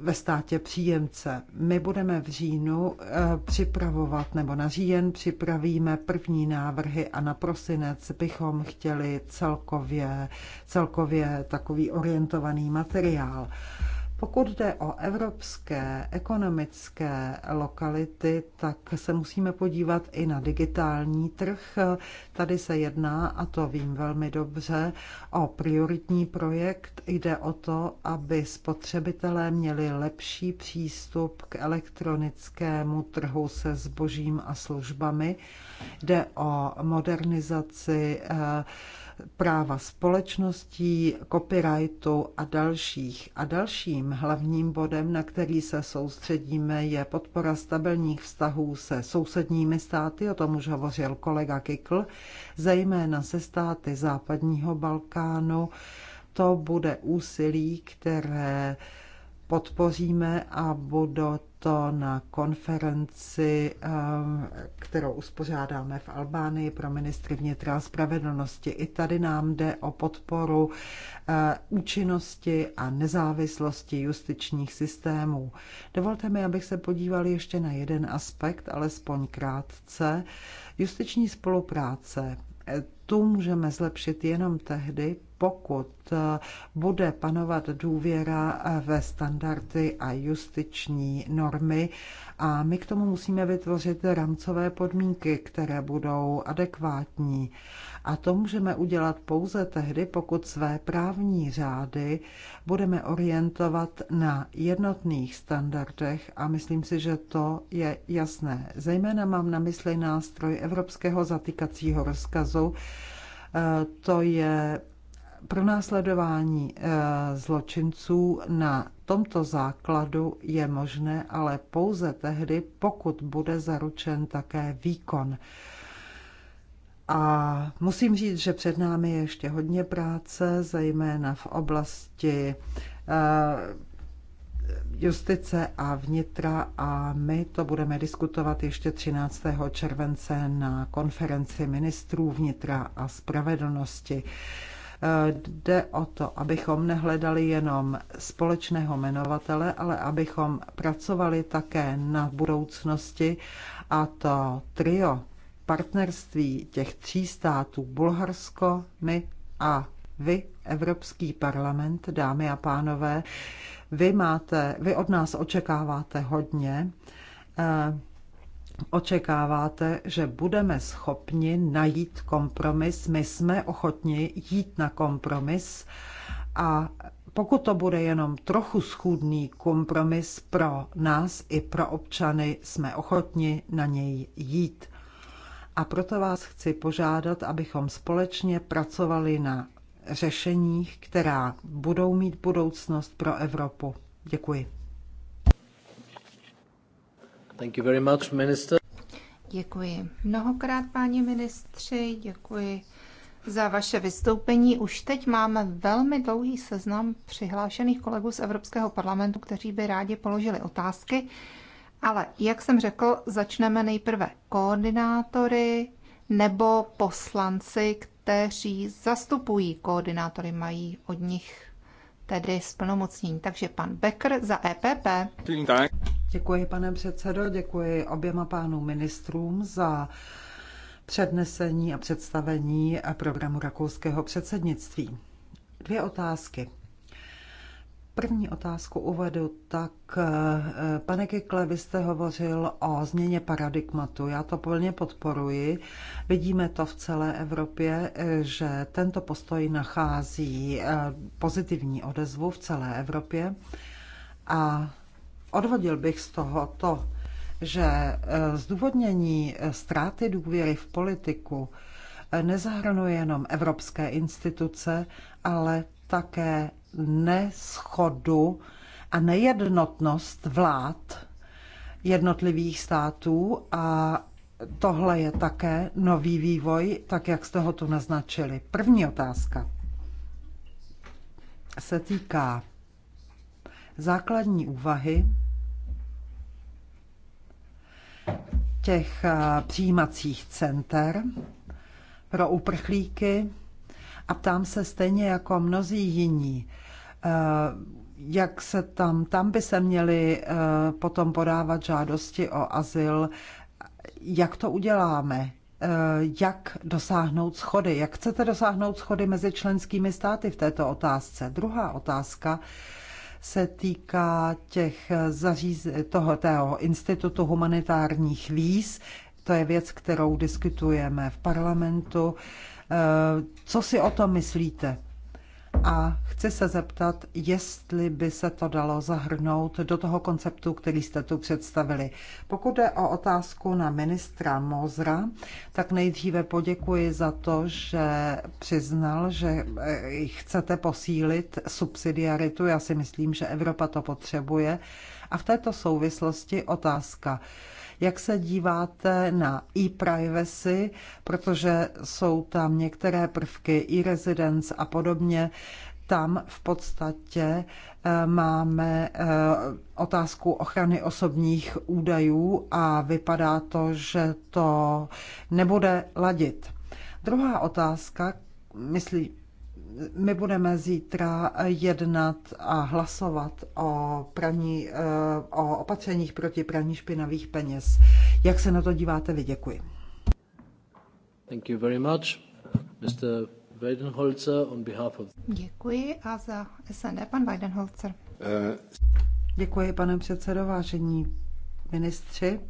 ve státě příjemce. My budeme v říjnu eh, připravovat, nebo na říjen připravíme první návrhy a na prosinec bychom chtěli celkově, celkově takový orientovaný materiál. Pokud jde o evropské ekonomické lokality, tak se musíme podívat i na digitální trh. Tady se jedná, a to vím velmi dobře, o prioritní projekt. Jde o to, aby spotřebitelé měli lepší přístup k elektronickému trhu se zbožím a službami. Jde o modernizaci eh, práva společností, copyrightu a dalších. A dalším hlavním bodem, na který se soustředíme, je podpora stabilních vztahů se sousedními státy, o tom už hovořil kolega Kikl, zejména se státy západního Balkánu. To bude úsilí, které podpoříme a bude to na konferenci, eh, kterou uspořádáme v Albánii pro ministry vnitra a spravedlnosti. I tady nám jde o podporu eh, účinnosti a nezávislosti justičních systémů. Dovolte mi, abych se podíval ještě na jeden aspekt, alespoň krátce. Justiční spolupráce tu můžeme zlepšit jenom tehdy, pokud eh, bude panovat důvěra eh, ve standardy a justiční normy. A my k tomu musíme vytvořit rámcové podmínky, které budou adekvátní. A to můžeme udělat pouze tehdy, pokud své právní řády budeme orientovat na jednotných standardech a myslím si, že to je jasné. Zejména mám na mysli nástroj Evropského zatýkacího rozkazu. E, to je pro následování e, zločinců na tomto základu je možné, ale pouze tehdy, pokud bude zaručen také výkon. A musím říct, že před námi je ještě hodně práce, zejména v oblasti eh, justice a vnitra a my to budeme diskutovat ještě 13. července na konferenci ministrů vnitra a spravedlnosti. Eh, jde o to, abychom nehledali jenom společného jmenovatele, ale abychom pracovali také na budoucnosti a to trio partnerství těch tří států, Bulharsko, my a vy, Evropský parlament, dámy a pánové, vy, máte, vy od nás očekáváte hodně. Eh, očekáváte, že budeme schopni najít kompromis. My jsme ochotni jít na kompromis a pokud to bude jenom trochu schůdný kompromis pro nás i pro občany, jsme ochotni na něj jít a proto vás chci požádat, abychom společně pracovali na řešeních, která budou mít budoucnost pro Evropu. Děkuji. Thank you very much, minister. Děkuji mnohokrát, páni ministři, děkuji za vaše vystoupení. Už teď máme velmi dlouhý seznam přihlášených kolegů z Evropského parlamentu, kteří by rádi položili otázky. Ale jak jsem řekl, začneme nejprve koordinátory nebo poslanci, kteří zastupují koordinátory, mají od nich tedy splnomocnění. Takže pan Becker za EPP. Děkuji, pane předsedo, děkuji oběma pánům ministrům za přednesení a představení programu rakouského předsednictví. Dvě otázky. První otázku uvedu, tak eh, pane Kikle, vy jste hovořil o změně paradigmatu. Já to plně podporuji. Vidíme to v celé Evropě, eh, že tento postoj nachází eh, pozitivní odezvu v celé Evropě. A odvodil bych z toho to, že zdůvodnění ztráty důvěry v politiku nezahrnuje jenom evropské instituce, ale také neschodu a nejednotnost vlád jednotlivých států a tohle je také nový vývoj, tak jak jste ho tu naznačili. První otázka se týká základní úvahy těch eh, přijímacích center pro uprchlíky a ptám se stejně jako mnozí jiní, Eh, jak se tam, tam by se měly eh, potom podávat žádosti o azyl, jak to uděláme, eh, jak dosáhnout schody, jak chcete dosáhnout schody mezi členskými státy v této otázce. Druhá otázka se týká těch zaříz, toho, tého institutu humanitárních víz. To je věc, kterou diskutujeme v parlamentu. Co si o tom myslíte? a chci se zeptat, jestli by se to dalo zahrnout do toho konceptu, který jste tu představili. Pokud jde o otázku na ministra Mozra, tak nejdříve poděkuji za to, že přiznal, že eh, chcete posílit subsidiaritu. Já si myslím, že Evropa to potřebuje. A v této souvislosti otázka. Jak se díváte na e-privacy, protože jsou tam některé prvky e-residence a podobně, tam v podstatě eh, máme eh, otázku ochrany osobních údajů a vypadá to, že to nebude ladit. Druhá otázka, myslím, my budeme zítra jednat a hlasovat o, praní, eh, o opatřeních proti praní špinavých peněz. Jak se na to díváte vy? Děkuji. Thank you very much, Mr. Weidenholzer on behalf of... Děkuji a za SND pan Weidenholzer. Uh... Děkuji, pane předsedo, vážení ministři.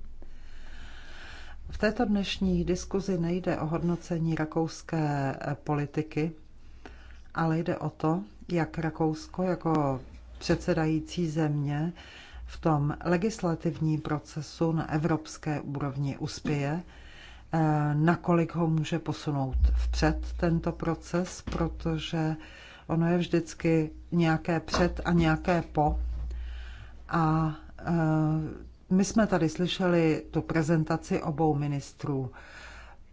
V této dnešní diskuzi nejde o hodnocení rakouské politiky, ale jde o to, jak Rakousko jako předsedající země v tom legislativním procesu na evropské úrovni uspěje, eh, nakolik ho může posunout vpřed tento proces, protože ono je vždycky nějaké před a nějaké po. A eh, my jsme tady slyšeli tu prezentaci obou ministrů.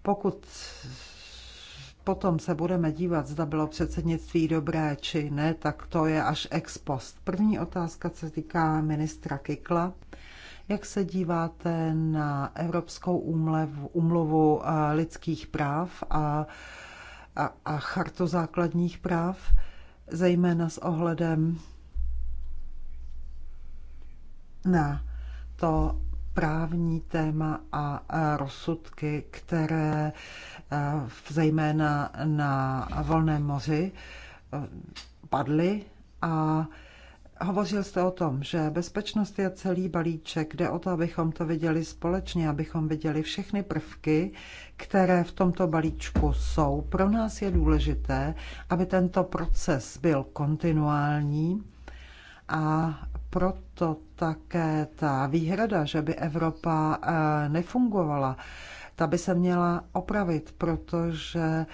Pokud potom se budeme dívat, zda bylo předsednictví dobré či ne, tak to je až ex post. První otázka se týká ministra Kikla. Jak se díváte na Evropskou úmluvu, eh, lidských práv a, a, a chartu základních práv, zejména s ohledem na to, právní téma a e, rozsudky, které e, zejména na volném moři e, padly a Hovořil jste o tom, že bezpečnost je celý balíček. Jde o to, abychom to viděli společně, abychom viděli všechny prvky, které v tomto balíčku jsou. Pro nás je důležité, aby tento proces byl kontinuální a proto také ta výhrada, že by Evropa eh, nefungovala, ta by se měla opravit, protože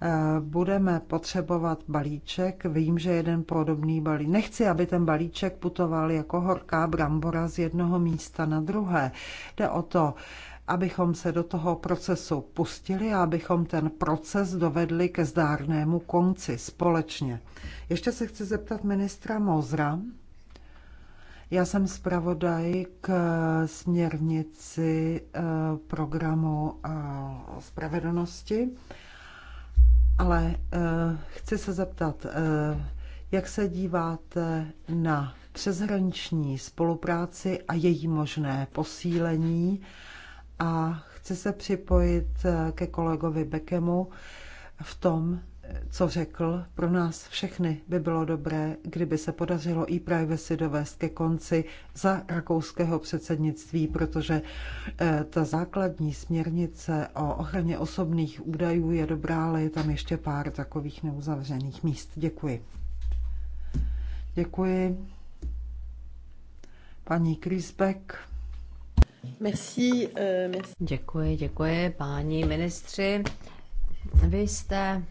eh, budeme potřebovat balíček. Vím, že jeden podobný balíček. Nechci, aby ten balíček putoval jako horká brambora z jednoho místa na druhé. Jde o to, abychom se do toho procesu pustili a abychom ten proces dovedli ke zdárnému konci společně. Ještě se chci zeptat ministra Mozra, já jsem zpravodaj k směrnici eh, programu eh, spravedlnosti, ale eh, chci se zeptat, jak se díváte na přeshraniční spolupráci a její možné posílení? A chci se připojit ke kolegovi Bekemu v tom, co řekl, pro nás všechny by bylo dobré, kdyby se podařilo i privacy dovést ke konci za rakouského předsednictví, protože eh, ta základní směrnice o ochraně osobních údajů je dobrá, ale je tam ještě pár takových neuzavřených míst. Děkuji. Děkuji. Paní Krisbeck. Merci, uh, merci. Děkuji, děkuji, páni ministři. Vy jste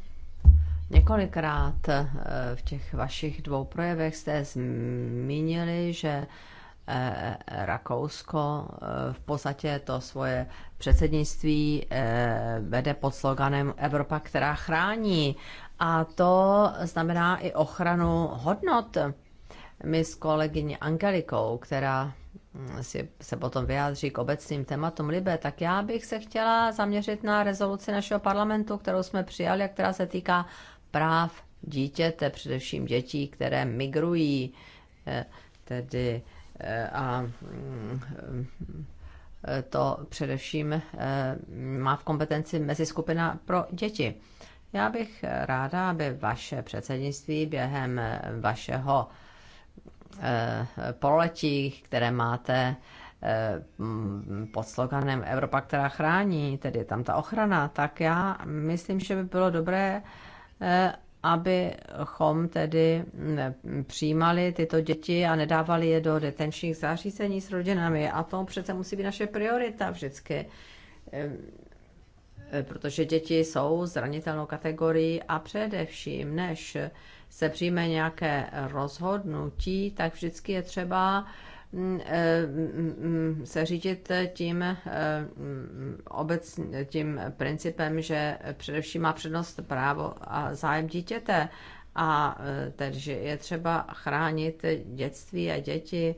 Několikrát eh, v těch vašich dvou projevech jste zmínili, že eh, Rakousko eh, v podstatě to svoje předsednictví vede pod sloganem Evropa, která chrání. A to znamená i ochranu hodnot. My s kolegyní Angelikou, která hm, si se potom vyjádří k obecným tématům Libe, tak já bych se chtěla zaměřit na rezoluci našeho parlamentu, kterou jsme přijali a která se týká práv dítěte, především dětí, které migrují, eh, tedy eh, a mm, to především eh, má v kompetenci meziskupina pro děti. Já bych ráda, aby vaše předsednictví během vašeho poletí, které máte mm, pod sloganem Evropa, která chrání, tedy tam ta ochrana, tak já myslím, že by bylo dobré Eh, abychom tedy mm, eh, přijímali tyto děti a nedávali je do detenčních zařízení s rodinami. A to přece musí být naše priorita vždycky, eh, protože děti jsou zranitelnou kategorií a především, než se přijme nějaké rozhodnutí, tak vždycky je třeba Eh, se řídit tím, eh, obecně, tím principem, že především má přednost právo a zájem dítěte. A eh, takže je třeba chránit dětství a děti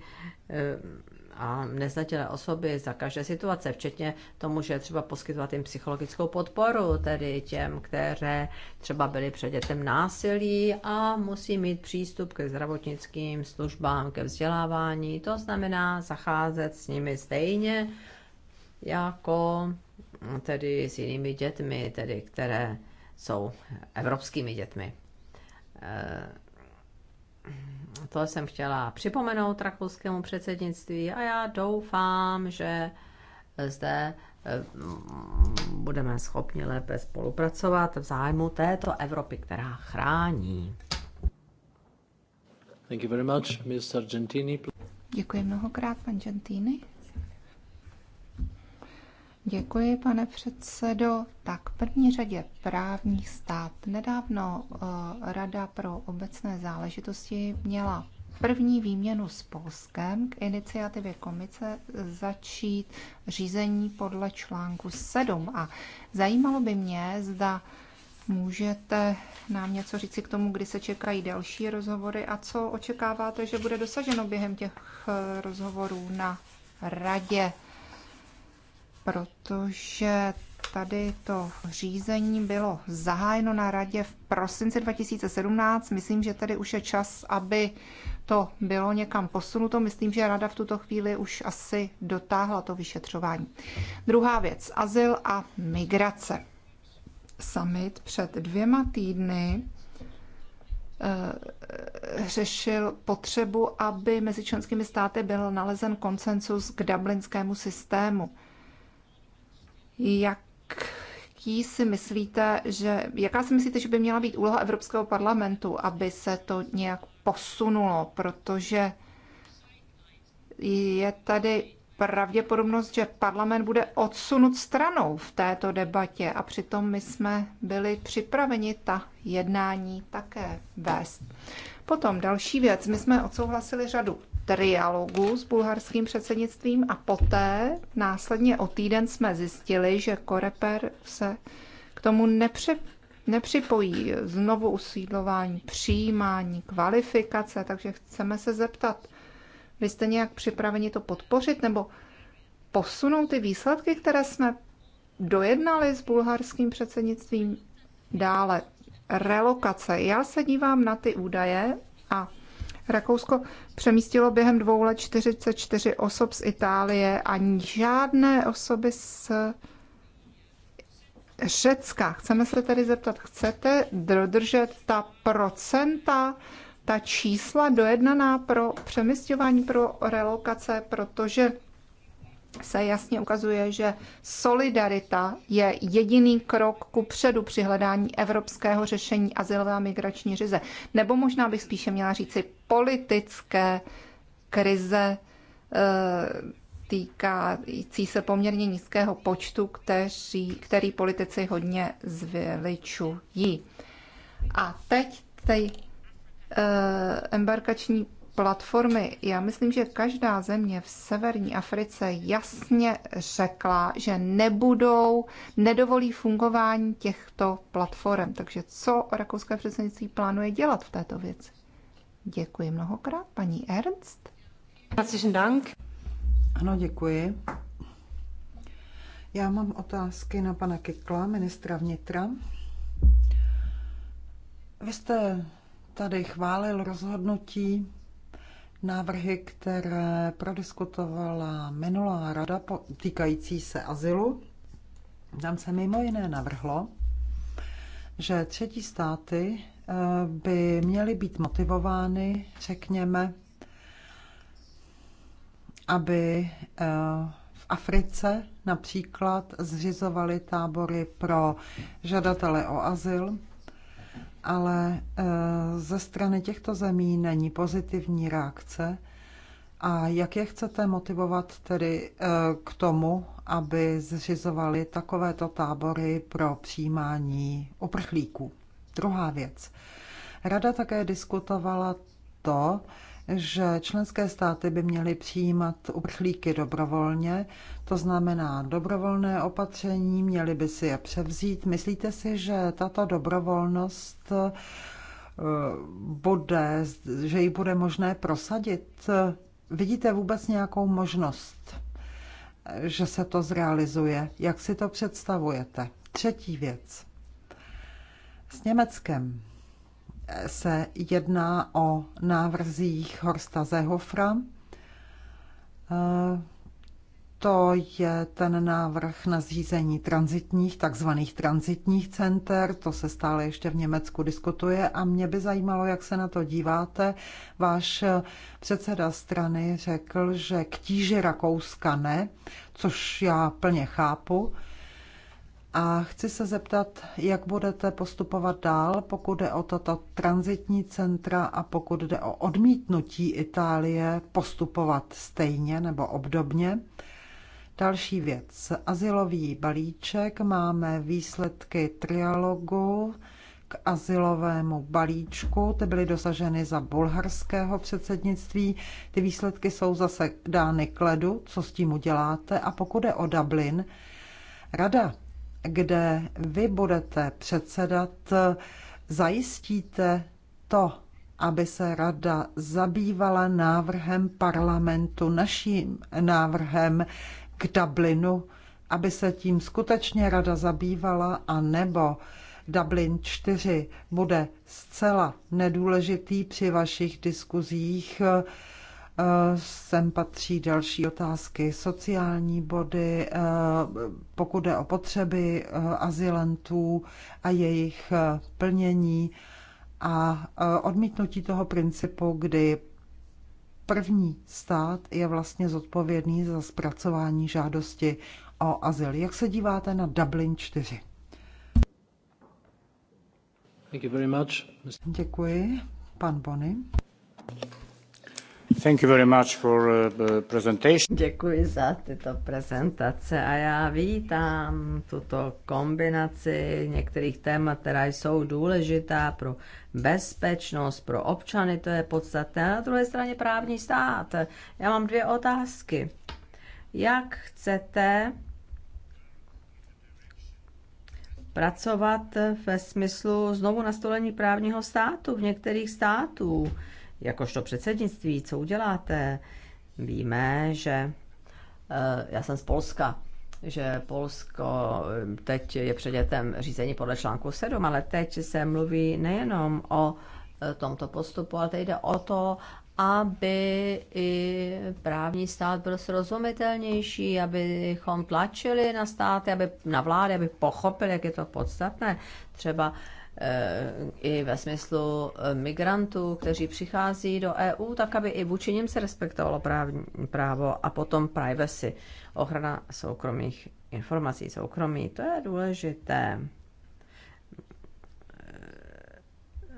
a nezletilé osoby za každé situace, včetně tomu, že třeba poskytovat jim psychologickou podporu, tedy těm, které třeba byly před dětem násilí a musí mít přístup ke zdravotnickým službám, ke vzdělávání. To znamená zacházet s nimi stejně jako tedy s jinými dětmi, tedy které jsou evropskými dětmi. Eh, to jsem chtěla připomenout rakouskému předsednictví a já doufám, že zde eh, mm, budeme schopni lépe spolupracovat v zájmu této Evropy, která chrání. Thank you very much, Ms. Argentini. Děkuji mnohokrát, pan Gentini. Děkuji, pane předsedo. Tak v první řadě právní stát. Nedávno eh, Rada pro obecné záležitosti měla první výměnu s Polskem k iniciativě komice začít řízení podle článku 7. A zajímalo by mě, zda můžete nám něco říci k tomu, kdy se čekají další rozhovory a co očekáváte, že bude dosaženo během těch eh, rozhovorů na radě protože tady to řízení bylo zahájeno na radě v prosinci 2017. Myslím, že tady už je čas, aby to bylo někam posunuto. Myslím, že rada v tuto chvíli už asi dotáhla to vyšetřování. Druhá věc, azyl a migrace. Summit před dvěma týdny eh, řešil potřebu, aby mezi členskými státy byl nalezen konsensus k dublinskému systému. Jak jaký si myslíte, že, jaká si myslíte, že by měla být úloha Evropského parlamentu, aby se to nějak posunulo, protože je tady pravděpodobnost, že parlament bude odsunut stranou v této debatě a přitom my jsme byli připraveni ta jednání také vést. Potom další věc. My jsme odsouhlasili řadu trialogu s bulharským předsednictvím a poté následně o týden jsme zjistili, že Koreper se k tomu nepři, nepřipojí. Znovu usídlování, přijímání, kvalifikace, takže chceme se zeptat, vy jste nějak připraveni to podpořit nebo posunout ty výsledky, které jsme dojednali s bulharským předsednictvím dále? Relokace. Já se dívám na ty údaje a Rakousko přemístilo během dvou let 44 osob z Itálie a žádné osoby z Řecka. Chceme se tedy zeptat, chcete dodržet ta procenta, ta čísla dojednaná pro přemysťování, pro relokace, protože se jasně ukazuje, že solidarita je jediný krok ku předu při hledání evropského řešení azylové a migrační řize. Nebo možná bych spíše měla říci politické krize eh, týkající se poměrně nízkého počtu, kteří, který politici hodně zveličují. A teď ty eh, embarkační platformy. Já myslím, že každá země v severní Africe jasně řekla, že nebudou, nedovolí fungování těchto platform. Takže co rakouské předsednictví plánuje dělat v této věci? Děkuji mnohokrát, paní Ernst. Herzlichen Dank. Ano, děkuji. Já mám otázky na pana Kikla, ministra vnitra. Vy jste tady chválil rozhodnutí návrhy, které prodiskutovala minulá rada týkající se azylu. Tam se mimo jiné navrhlo, že třetí státy by měly být motivovány, řekněme, aby eh, v Africe například zřizovali tábory pro žadatele o azyl, ale eh, ze strany těchto zemí není pozitivní reakce. A jak je chcete motivovat tedy eh, k tomu, aby zřizovali takovéto tábory pro přijímání uprchlíků? Druhá věc. Rada také diskutovala to, že členské státy by měly přijímat uprchlíky dobrovolně, to znamená dobrovolné opatření, měly by si je převzít. Myslíte si, že tato dobrovolnost eh, bude, že ji bude možné prosadit? Vidíte vůbec nějakou možnost, že se to zrealizuje? Jak si to představujete? Třetí věc. S Německem se jedná o návrzích Horsta Zehofra. E, to je ten návrh na zřízení transitních, takzvaných transitních center. To se stále ještě v Německu diskutuje a mě by zajímalo, jak se na to díváte. Váš předseda strany řekl, že k tíži Rakouska ne, což já plně chápu. A chci se zeptat, jak budete postupovat dál, pokud jde o tato transitní centra a pokud jde o odmítnutí Itálie postupovat stejně nebo obdobně. Další věc. Azylový balíček. Máme výsledky trialogu k azylovému balíčku. Ty byly dosaženy za bulharského předsednictví. Ty výsledky jsou zase dány k ledu, co s tím uděláte. A pokud je o Dublin, Rada kde vy budete předsedat, zajistíte to, aby se rada zabývala návrhem parlamentu, naším návrhem k Dublinu, aby se tím skutečně rada zabývala, a nebo Dublin 4 bude zcela nedůležitý při vašich diskuzích Sem patří další otázky, sociální body, eh, pokud jde o potřeby eh, azylentů a jejich eh, plnění a odmítnutí toho principu, kdy první stát je vlastně zodpovědný za zpracování žádosti o azyl. Jak se díváte na Dublin 4? Thank you very much. Děkuji. Pan Bony. Thank you very much for uh, the presentation. Děkuji za tyto prezentace a já vítám tuto kombinaci některých témat, která jsou důležitá pro bezpečnost, pro občany, to je podstatné. A na druhé straně právní stát. Já mám dvě otázky. Jak chcete pracovat ve smyslu znovu nastolení právního státu v některých státech? jakožto předsednictví, co uděláte? Víme, že eh, já jsem z Polska, že Polsko eh, teď je předmětem řízení podle článku 7, ale teď se mluví nejenom o eh, tomto postupu, ale teď jde o to, aby i právní stát byl srozumitelnější, abychom tlačili na státy, aby, na vlády, aby pochopili, jak je to podstatné. Třeba Eh, i ve smyslu eh, migrantů, kteří přichází do EU, tak aby i vůči nim se respektovalo právní, právo a potom privacy, ochrana soukromých informací, soukromí, to je důležité. Eh,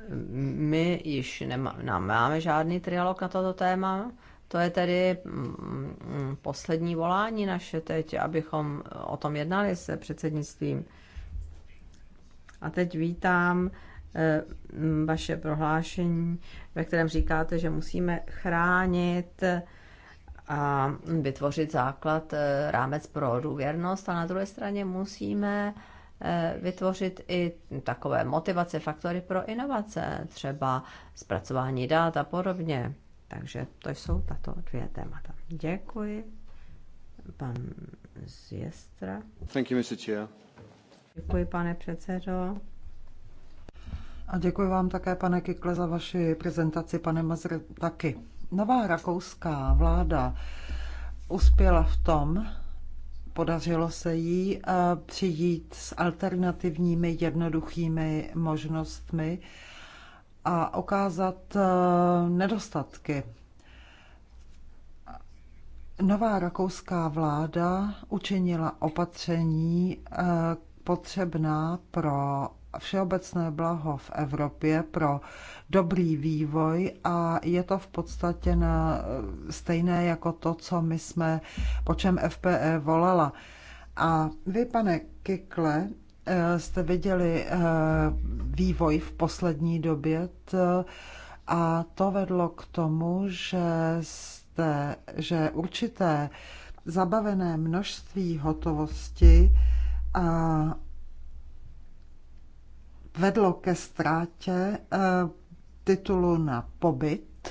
my již nemáme žádný trialog na toto téma, to je tedy mm, mm, poslední volání naše teď, abychom o tom jednali se předsednictvím. A teď vítám eh, vaše prohlášení, ve kterém říkáte, že musíme chránit a vytvořit základ, eh, rámec pro důvěrnost a na druhé straně musíme eh, vytvořit i takové motivace, faktory pro inovace, třeba zpracování dát a podobně. Takže to jsou tato dvě témata. Děkuji. Pan Zjestra. Thank you, Mr. Chair. Děkuji, pane předsedo. A děkuji vám také, pane Kikle, za vaši prezentaci, pane Mazr, taky. Nová rakouská vláda uspěla v tom, podařilo se jí eh, přijít s alternativními jednoduchými možnostmi a okázat eh, nedostatky. Nová rakouská vláda učinila opatření, eh, potřebná pro všeobecné blaho v Evropě, pro dobrý vývoj a je to v podstatě na, stejné jako to, co my jsme, po čem FPE volala. A vy, pane Kikle, eh, jste viděli eh, vývoj v poslední době a to vedlo k tomu, že, jste, že určité zabavené množství hotovosti vedlo ke ztrátě eh, titulu na pobyt.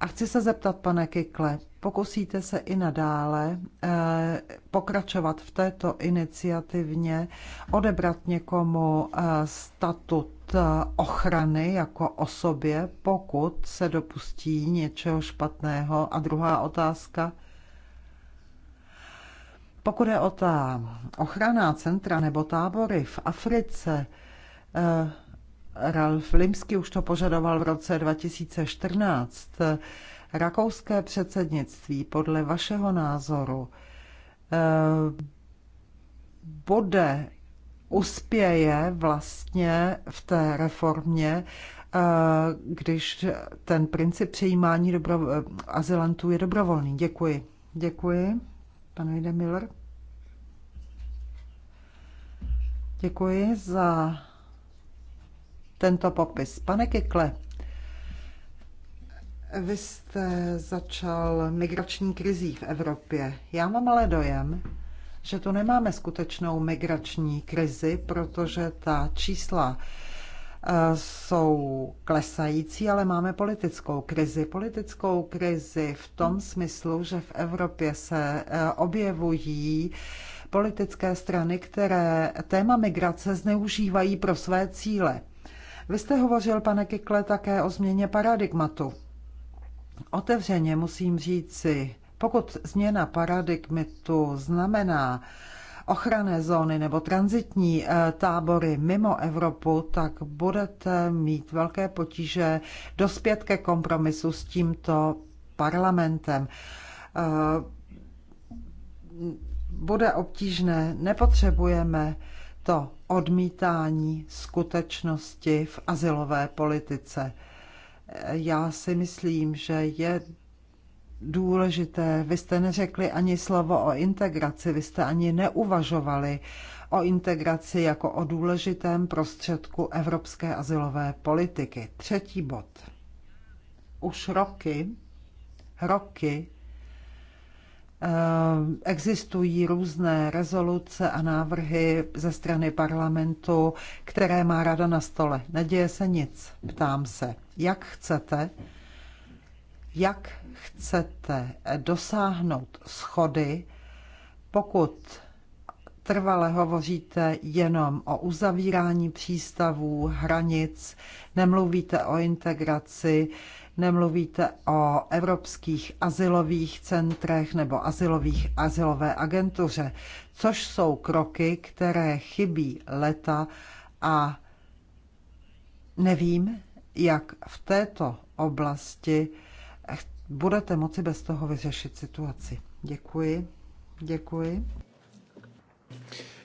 A chci se zeptat, pane Kikle, pokusíte se i nadále eh, pokračovat v této iniciativně, odebrat někomu eh, statut ochrany jako osobě, pokud se dopustí něčeho špatného? A druhá otázka – pokud je o ta ochraná centra nebo tábory v Africe, eh, Ralf Limsky už to požadoval v roce 2014. Rakouské předsednictví podle vašeho názoru eh, bude, uspěje vlastně v té reformě, eh, když ten princip přijímání dobro, azylantů je dobrovolný. Děkuji. Děkuji. Pan Jde Miller. Děkuji za tento popis. Pane Kikle, vy jste začal migrační krizí v Evropě. Já mám ale dojem, že tu nemáme skutečnou migrační krizi, protože ta čísla, jsou klesající, ale máme politickou krizi. Politickou krizi v tom smyslu, že v Evropě se eh, objevují politické strany, které téma migrace zneužívají pro své cíle. Vy jste hovořil, pane Kikle, také o změně paradigmatu. Otevřeně musím říci, pokud změna paradigmatu znamená ochranné zóny nebo transitní eh, tábory mimo Evropu, tak budete mít velké potíže dospět ke kompromisu s tímto parlamentem eh, bude obtížné, nepotřebujeme to odmítání skutečnosti v asilové politice. Eh, já si myslím, že je důležité. Vy jste neřekli ani slovo o integraci, vy jste ani neuvažovali o integraci jako o důležitém prostředku evropské asilové politiky. Třetí bod. Už roky, roky eh, Existují různé rezoluce a návrhy ze strany parlamentu, které má rada na stole. Neděje se nic. Ptám se, jak chcete, jak chcete dosáhnout schody, pokud trvale hovoříte jenom o uzavírání přístavů, hranic, nemluvíte o integraci, nemluvíte o evropských asilových centrech nebo asilových asilové agentuře, což jsou kroky, které chybí leta a nevím, jak v této oblasti budete moci bez toho vyřešit situaci. Děkuji. Děkuji.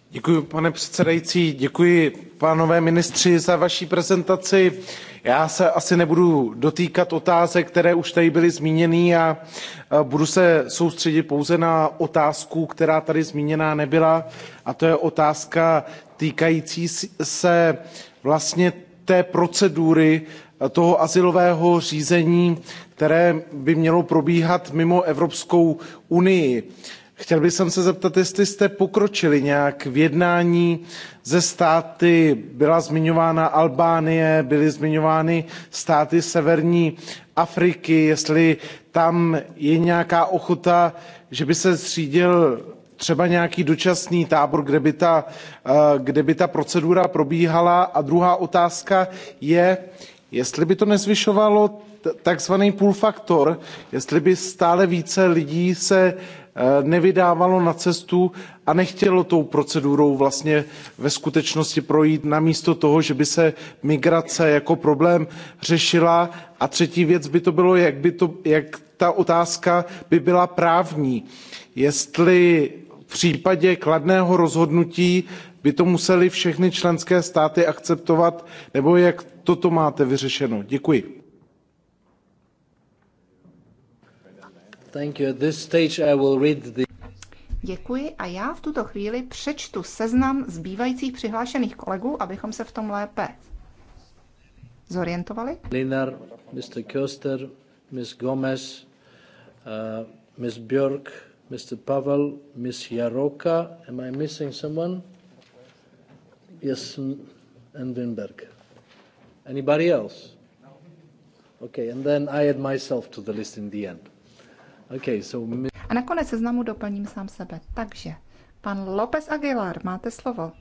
Děkuji, pane předsedající, děkuji pánové ministři za vaši prezentaci. Já se asi nebudu dotýkat otázek, které už tady byly zmíněny a budu se soustředit pouze na otázku, která tady zmíněna nebyla, a to je otázka týkající se vlastně té procedury, toho azylového řízení, které by mělo probíhat mimo Evropskou unii. Chtěl bych se zeptat, jestli jste pokročili nějak v jednání ze státy, byla zmiňována Albánie, byly zmiňovány státy severní Afriky, jestli tam je nějaká ochota, že by se zřídil třeba nějaký dočasný tábor, kde by ta, eh, kde by ta procedura probíhala. A druhá otázka je, jestli by to nezvyšovalo takzvaný pull faktor, jestli by stále více lidí se eh, nevydávalo na cestu a nechtělo tou procedurou vlastně ve skutečnosti projít, namísto toho, že by se migrace jako problém řešila. A třetí věc by to bylo, jak, by to, jak ta otázka by byla právní. Jestli v případě kladného rozhodnutí by to museli všechny členské státy akceptovat, nebo jak toto máte vyřešeno. Děkuji. Děkuji a já v tuto chvíli přečtu seznam zbývajících přihlášených kolegů, abychom se v tom lépe zorientovali. Linar, Mr. Köster, Ms. Gomez, uh, Ms. Björk, Mr. Pavel, Ms. Jaroka. Am I missing someone? Yes, and Winberg. Anybody else? Okay, and then I add myself to the list in the end. Okay, so... A nakonec seznamu doplním sám sebe. Takže, pan López Aguilar, máte slovo.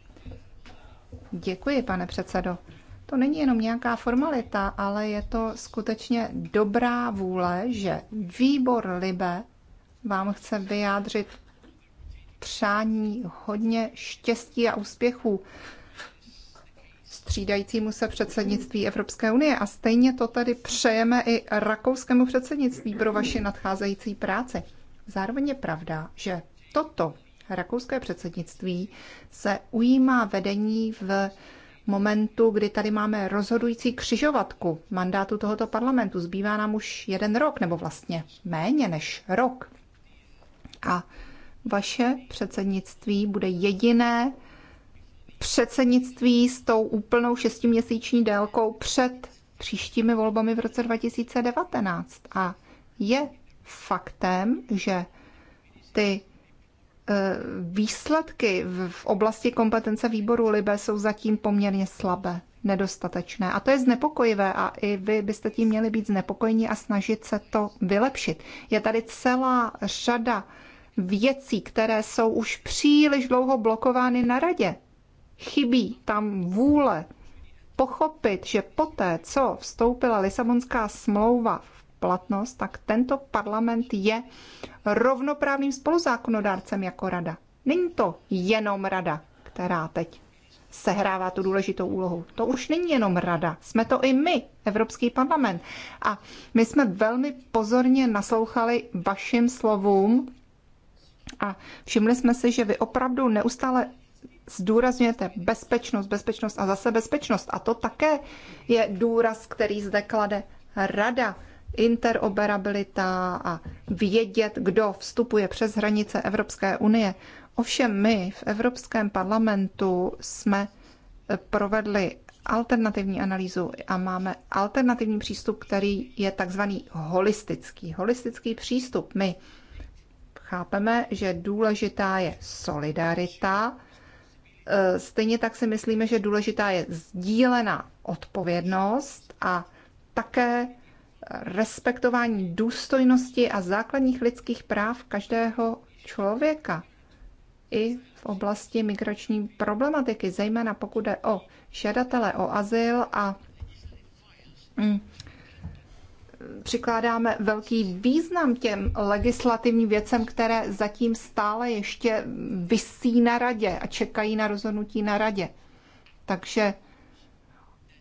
Děkuji, pane předsedo. To není jenom nějaká formalita, ale je to skutečně dobrá vůle, že výbor Libe vám chce vyjádřit přání hodně štěstí a úspěchů střídajícímu se předsednictví Evropské unie. A stejně to tedy přejeme i rakouskému předsednictví pro vaši nadcházející práci. Zároveň je pravda, že toto rakouské předsednictví se ujímá vedení v momentu, kdy tady máme rozhodující křižovatku mandátu tohoto parlamentu. Zbývá nám už jeden rok, nebo vlastně méně než rok. A vaše předsednictví bude jediné předsednictví s tou úplnou šestiměsíční délkou před příštími volbami v roce 2019. A je faktem, že ty e, výsledky v oblasti kompetence výboru Libe jsou zatím poměrně slabé, nedostatečné. A to je znepokojivé a i vy byste tím měli být znepokojeni a snažit se to vylepšit. Je tady celá řada věcí, které jsou už příliš dlouho blokovány na radě. Chybí tam vůle pochopit, že poté, co vstoupila Lisabonská smlouva v platnost, tak tento parlament je rovnoprávným spoluzákonodárcem jako rada. Není to jenom rada, která teď sehrává tu důležitou úlohu. To už není jenom rada, jsme to i my, Evropský parlament. A my jsme velmi pozorně naslouchali vašim slovům a všimli jsme si, že vy opravdu neustále zdůrazňujete bezpečnost, bezpečnost a zase bezpečnost. A to také je důraz, který zde klade rada. Interoperabilita a vědět, kdo vstupuje přes hranice Evropské unie. Ovšem my v Evropském parlamentu jsme eh, provedli alternativní analýzu a máme alternativní přístup, který je takzvaný holistický. Holistický přístup. My chápeme, že důležitá je solidarita, Eh, stejně tak si myslíme, že důležitá je sdílená odpovědnost a také eh, respektování důstojnosti a základních lidských práv každého člověka i v oblasti migrační problematiky, zejména pokud jde o žadatele o azyl a mm, přikládáme velký význam těm legislativním věcem, které zatím stále ještě vysí na radě a čekají na rozhodnutí na radě. Takže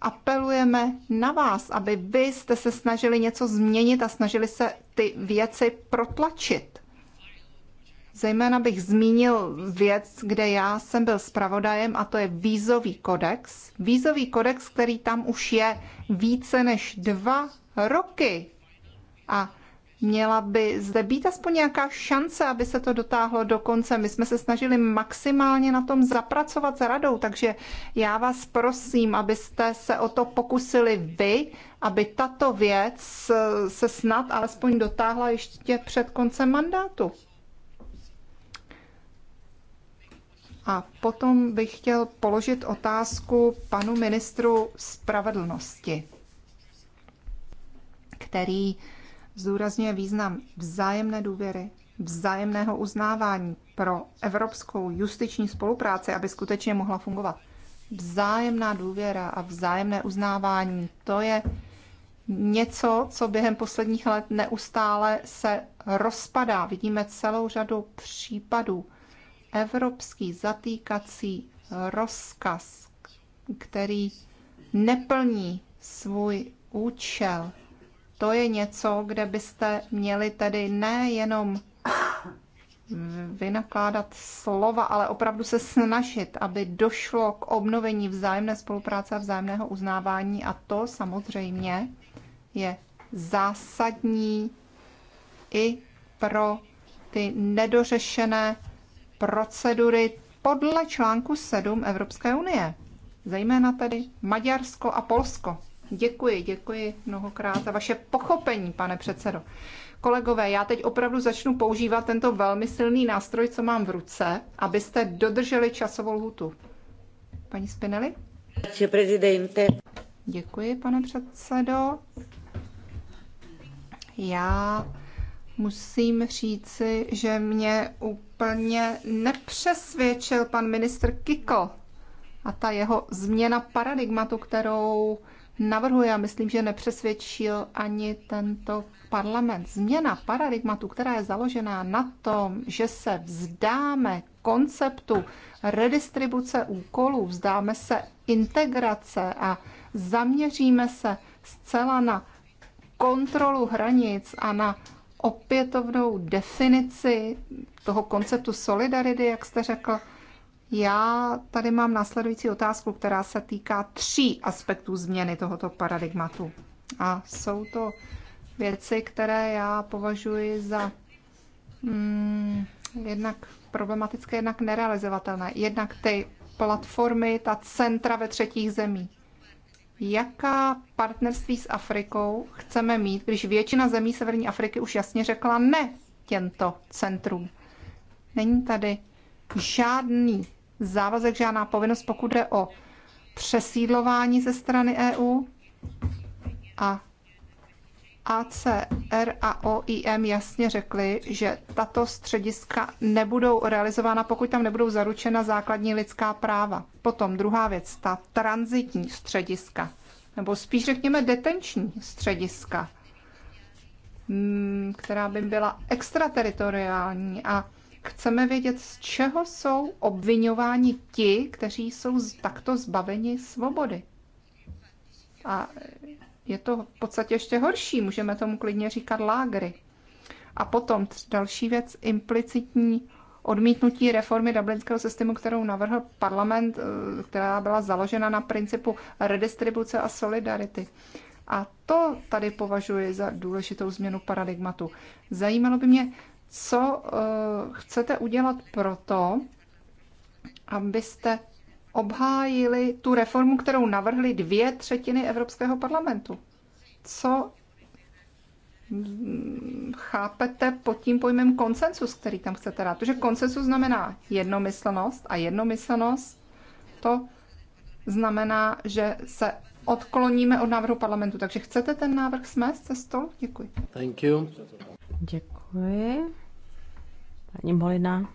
apelujeme na vás, aby vy jste se snažili něco změnit a snažili se ty věci protlačit. Zejména bych zmínil věc, kde já jsem byl zpravodajem, a to je vízový kodex. Vízový kodex, který tam už je více než dva roky. A měla by zde být aspoň nějaká šance, aby se to dotáhlo do konce. My jsme se snažili maximálně na tom zapracovat s radou, takže já vás prosím, abyste se o to pokusili vy, aby tato věc se snad alespoň dotáhla ještě před koncem mandátu. A potom bych chtěl položit otázku panu ministru spravedlnosti který zdůrazňuje význam vzájemné důvěry, vzájemného uznávání pro evropskou justiční spolupráci, aby skutečně mohla fungovat. Vzájemná důvěra a vzájemné uznávání, to je něco, co během posledních let neustále se rozpadá. Vidíme celou řadu případů. Evropský zatýkací rozkaz, který neplní svůj účel, to je něco, kde byste měli tedy nejenom vynakládat slova, ale opravdu se snažit, aby došlo k obnovení vzájemné spolupráce a vzájemného uznávání. A to samozřejmě je zásadní i pro ty nedořešené procedury podle článku 7 Evropské unie, zejména tedy Maďarsko a Polsko. Děkuji, děkuji mnohokrát za vaše pochopení, pane předsedo. Kolegové, já teď opravdu začnu používat tento velmi silný nástroj, co mám v ruce, abyste dodrželi časovou lhutu. Paní Spinelli? Děkuji, pane předsedo. Já musím říci, že mě úplně nepřesvědčil pan ministr Kiko a ta jeho změna paradigmatu, kterou navrhuje a myslím, že nepřesvědčil ani tento parlament. Změna paradigmatu, která je založená na tom, že se vzdáme konceptu redistribuce úkolů, vzdáme se integrace a zaměříme se zcela na kontrolu hranic a na opětovnou definici toho konceptu solidarity, jak jste řekl, já tady mám následující otázku, která se týká tří aspektů změny tohoto paradigmatu. A jsou to věci, které já považuji za mm, jednak problematické, jednak nerealizovatelné. Jednak ty platformy, ta centra ve třetích zemích. Jaká partnerství s Afrikou chceme mít, když většina zemí Severní Afriky už jasně řekla ne těmto centrům? Není tady žádný závazek, žádná povinnost, pokud jde o přesídlování ze strany EU. A ACR a OIM jasně řekli, že tato střediska nebudou realizována, pokud tam nebudou zaručena základní lidská práva. Potom druhá věc, ta transitní střediska, nebo spíš řekněme detenční střediska, která by byla extrateritoriální a Chceme vědět, z čeho jsou obvinováni ti, kteří jsou takto zbaveni svobody. A je to v podstatě ještě horší, můžeme tomu klidně říkat lágry. A potom další věc, implicitní odmítnutí reformy dublinského systému, kterou navrhl parlament, eh, která byla založena na principu redistribuce a solidarity. A to tady považuji za důležitou změnu paradigmatu. Zajímalo by mě, co eh, chcete udělat pro to, abyste obhájili tu reformu, kterou navrhly dvě třetiny Evropského parlamentu. Co mm, chápete pod tím pojmem konsensus, který tam chcete dát? Protože konsensus znamená jednomyslnost a jednomyslnost to znamená, že se odkloníme od návrhu parlamentu. Takže chcete ten návrh smést ze stolu? Děkuji. Thank you. Děkuji. Děkuji. Paní Molina.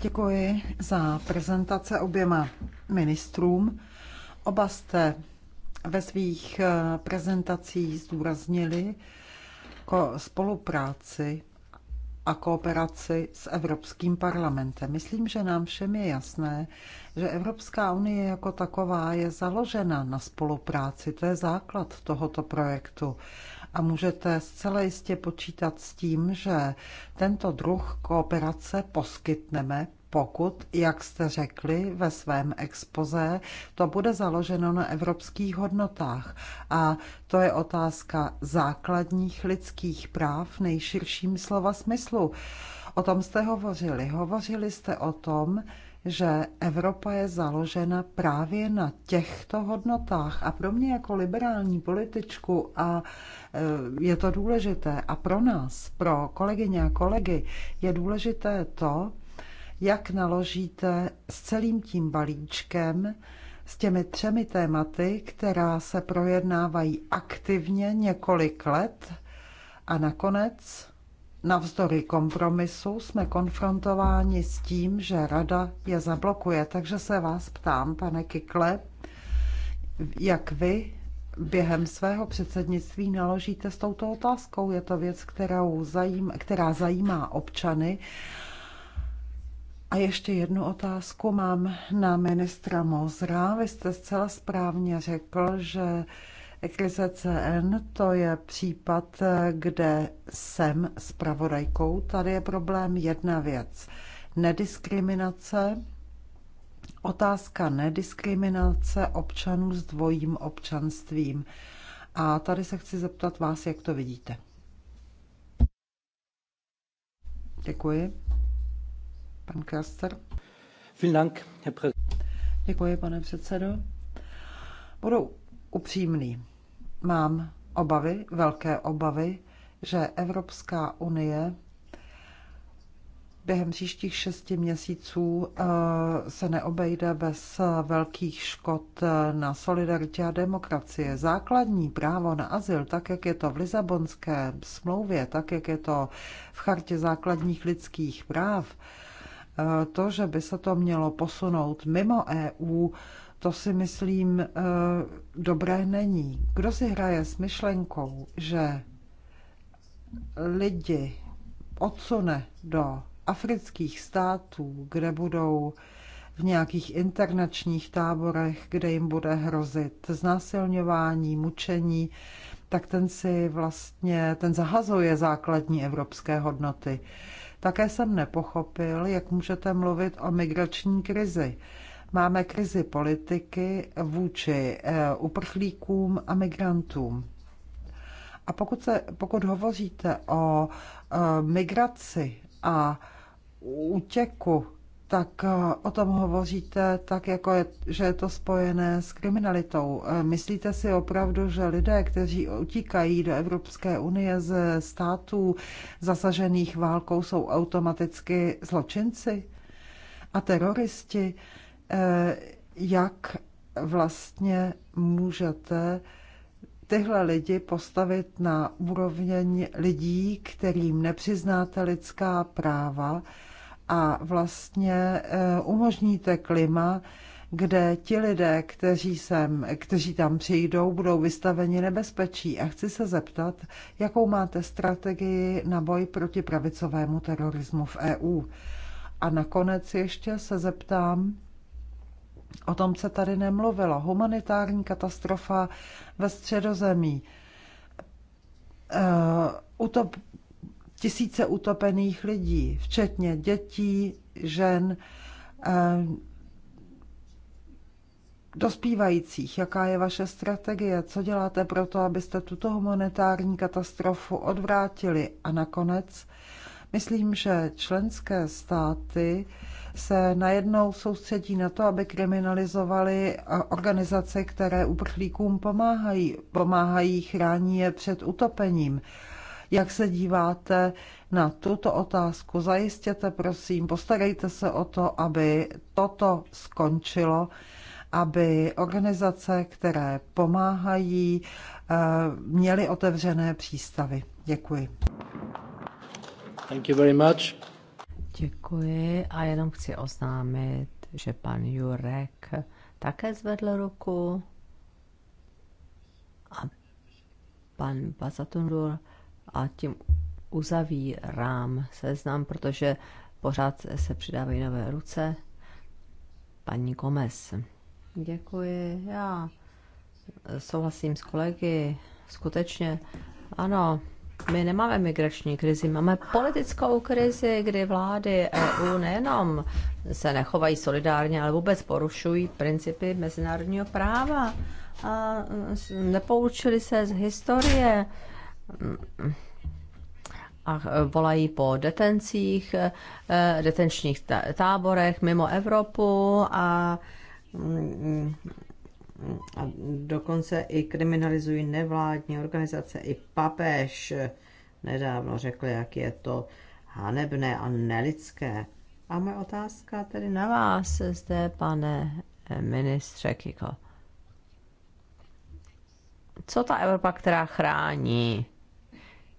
Děkuji za prezentace oběma ministrům. Oba jste ve svých eh, prezentacích zdůraznili spolupráci a kooperaci s Evropským parlamentem. Myslím, že nám všem je jasné, že Evropská unie jako taková je založena na spolupráci. To je základ tohoto projektu a můžete zcela jistě počítat s tím, že tento druh kooperace poskytneme, pokud, jak jste řekli ve svém expoze, to bude založeno na evropských hodnotách. A to je otázka základních lidských práv nejširším slova smyslu. O tom jste hovořili. Hovořili jste o tom, že Evropa je založena právě na těchto hodnotách. A pro mě jako liberální političku a e, je to důležité a pro nás, pro kolegyně a kolegy, je důležité to, jak naložíte s celým tím balíčkem, s těmi třemi tématy, která se projednávají aktivně několik let a nakonec Navzdory kompromisu jsme konfrontováni s tím, že rada je zablokuje. Takže se vás ptám, pane Kikle, jak vy během svého předsednictví naložíte s touto otázkou. Je to věc, kterou zajím, která zajímá občany. A ještě jednu otázku mám na ministra Mozra. Vy jste zcela správně řekl, že Eklise CN, to je případ, kde jsem s pravodajkou. Tady je problém jedna věc. Nediskriminace, otázka nediskriminace občanů s dvojím občanstvím. A tady se chci zeptat vás, jak to vidíte. Děkuji. Pan Kaster. Děkuji, pane předsedo. Budu upřímný mám obavy, velké obavy, že Evropská unie během příštích šesti měsíců eh, se neobejde bez velkých škod na solidaritě a demokracie. Základní právo na azyl, tak jak je to v Lisabonské smlouvě, tak jak je to v chartě základních lidských práv, eh, to, že by se to mělo posunout mimo EU, to si myslím eh, dobré není. Kdo si hraje s myšlenkou, že lidi odsune do afrických států, kde budou v nějakých internačních táborech, kde jim bude hrozit znásilňování, mučení, tak ten si vlastně, ten zahazuje základní evropské hodnoty. Také jsem nepochopil, jak můžete mluvit o migrační krizi. Máme krizi politiky vůči eh, uprchlíkům a migrantům. A pokud, se, pokud hovoříte o eh, migraci a útěku, tak eh, o tom hovoříte tak, jako je, že je to spojené s kriminalitou. Myslíte si opravdu, že lidé, kteří utíkají do Evropské unie ze států zasažených válkou, jsou automaticky zločinci a teroristi? Eh, jak vlastně můžete tyhle lidi postavit na úroveň lidí, kterým nepřiznáte lidská práva a vlastně eh, umožníte klima, kde ti lidé, kteří, sem, kteří tam přijdou, budou vystaveni nebezpečí. A chci se zeptat, jakou máte strategii na boj proti pravicovému terorismu v EU. A nakonec ještě se zeptám, O tom se tady nemluvilo. Humanitární katastrofa ve středozemí. Uh, utop, tisíce utopených lidí, včetně dětí, žen, uh, dospívajících. Jaká je vaše strategie? Co děláte pro to, abyste tuto humanitární katastrofu odvrátili? A nakonec, myslím, že členské státy uh, se najednou soustředí na to, aby kriminalizovali eh, organizace, které uprchlíkům pomáhají, pomáhají, chrání je před utopením. Jak se díváte na tuto otázku? Zajistěte, prosím, postarejte se o to, aby toto skončilo, aby organizace, které pomáhají, eh, měly otevřené přístavy. Děkuji. Thank you very much. Děkuji a jenom chci oznámit, že pan Jurek také zvedl ruku a pan Bazatundur a tím uzavírám seznam, protože pořád se přidávají nové ruce. Paní Gomez. Děkuji, já souhlasím s kolegy, skutečně, ano, my nemáme migrační krizi, máme politickou krizi, kdy vlády EU nejenom se nechovají solidárně, ale vůbec porušují principy mezinárodního práva a nepoučili se z historie a volají po detencích, detenčních táborech mimo Evropu a a dokonce i kriminalizují nevládní organizace. I papež nedávno řekl, jak je to hanebné a nelidské. A moje otázka tedy na vás zde, pane ministře Kiko. Co ta Evropa, která chrání,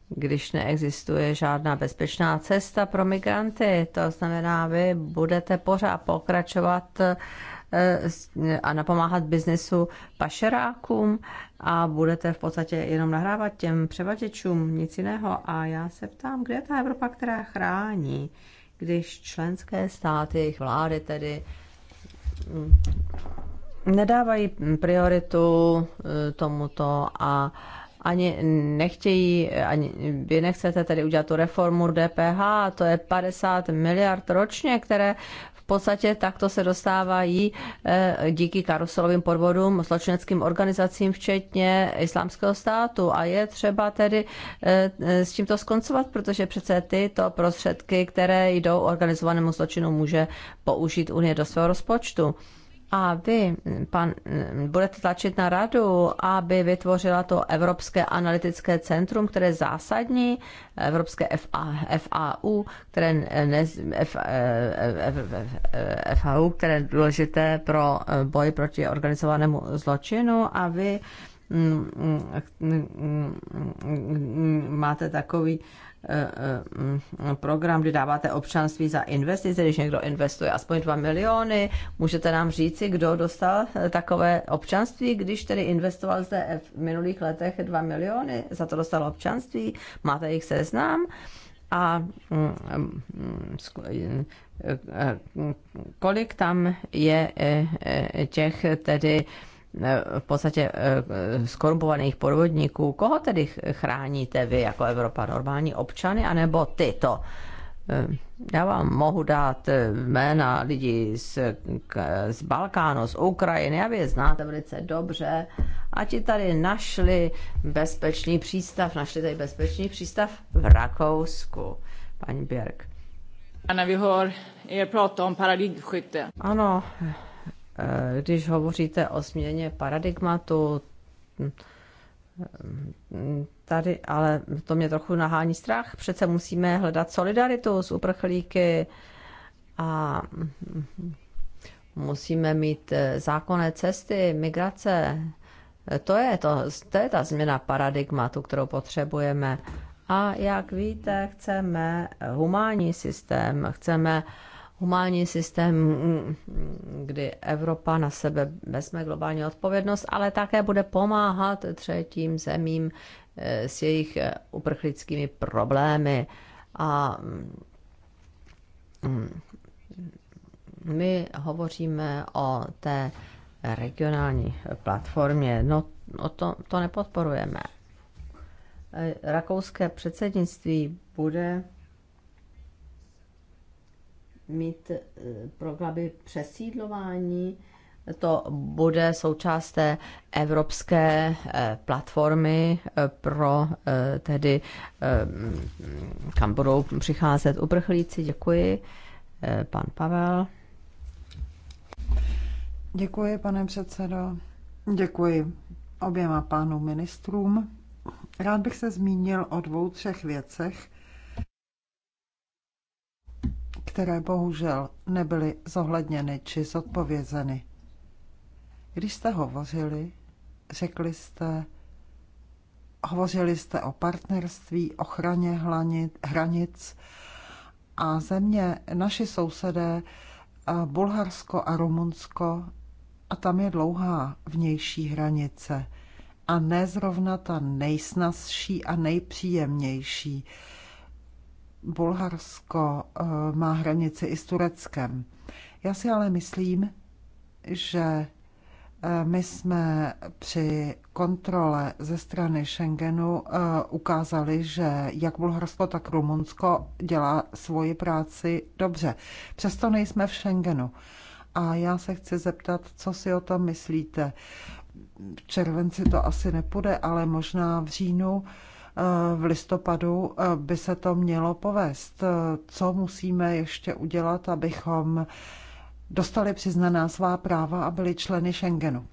když neexistuje žádná bezpečná cesta pro migranty? To znamená, vy budete pořád pokračovat Eh, a napomáhat biznesu pašerákům a budete v podstatě jenom nahrávat těm převaděčům, nic jiného. A já se ptám, kde je ta Evropa, která chrání, když členské státy, jejich vlády tedy mm, nedávají prioritu eh, tomuto a ani nechtějí, ani vy nechcete tedy udělat tu reformu DPH, to je 50 miliard ročně, které podstatě takto se dostávají eh, díky karuselovým podvodům zločineckým organizacím, včetně islámského státu. A je třeba tedy eh, s tímto skoncovat, protože přece tyto prostředky, které jdou organizovanému zločinu, může použít Unie do svého rozpočtu a vy pan, budete tlačit na radu, aby vytvořila to Evropské analytické centrum, které je zásadní, Evropské FA, FAU, které ne, eh, F, F, F, FAU, které je důležité pro eh, boj proti organizovanému zločinu a vy mm, mm, mm, máte takový Eh, eh, program, kdy dáváte občanství za investice, když někdo investuje aspoň 2 miliony, můžete nám říci, kdo dostal eh, takové občanství, když tedy investoval zde v minulých letech 2 miliony, za to dostal občanství, máte jich seznam a mm, mm, mm, kolik tam je těch tedy v podstatě eh, eh, skorumpovaných podvodníků. Koho tedy chráníte vy jako Evropa? Normální občany anebo tyto? Eh, já vám mohu dát jména lidí z, z Balkánu, z Ukrajiny, a vy je znáte velice dobře. A ti tady našli bezpečný přístav, našli tady bezpečný přístav v Rakousku, paní Běrk. Ano. vi hör er prata om Ano, Eh, když hovoříte o změně paradigmatu, hm, hm, tady, ale to mě trochu nahání strach. Přece musíme hledat solidaritu s uprchlíky a hm, musíme mít eh, zákonné cesty, migrace. Eh, to je, to, to je ta změna paradigmatu, kterou potřebujeme. A jak víte, chceme humánní systém, chceme uh, humánní systém, kdy Evropa na sebe vezme globální odpovědnost, ale také bude pomáhat třetím zemím eh, s jejich eh, uprchlickými problémy. A mm, my hovoříme o té regionální platformě. No, o to, to nepodporujeme. Eh, rakouské předsednictví bude mít eh, programy přesídlování. To bude součást té evropské eh, platformy eh, pro tedy, kam budou přicházet uprchlíci. Děkuji, pan Pavel. Děkuji, pane předsedo. Děkuji oběma pánům ministrům. Rád bych se zmínil o dvou, třech věcech, které bohužel nebyly zohledněny či zodpovězeny. Když jste hovořili, řekli jste, hovořili jste o partnerství, ochraně hranic a země, naši sousedé, eh, Bulharsko a Rumunsko, a tam je dlouhá vnější hranice a ne zrovna ta nejsnazší a nejpříjemnější. Bulharsko eh, má hranici i s Tureckem. Já si ale myslím, že eh, my jsme při kontrole ze strany Schengenu eh, ukázali, že jak Bulharsko, tak Rumunsko dělá svoji práci dobře. Přesto nejsme v Schengenu. A já se chci zeptat, co si o tom myslíte. V červenci to asi nepůjde, ale možná v říjnu v listopadu eh, by se to mělo povést. Co musíme ještě udělat, abychom dostali přiznaná svá práva a byli členy Schengenu?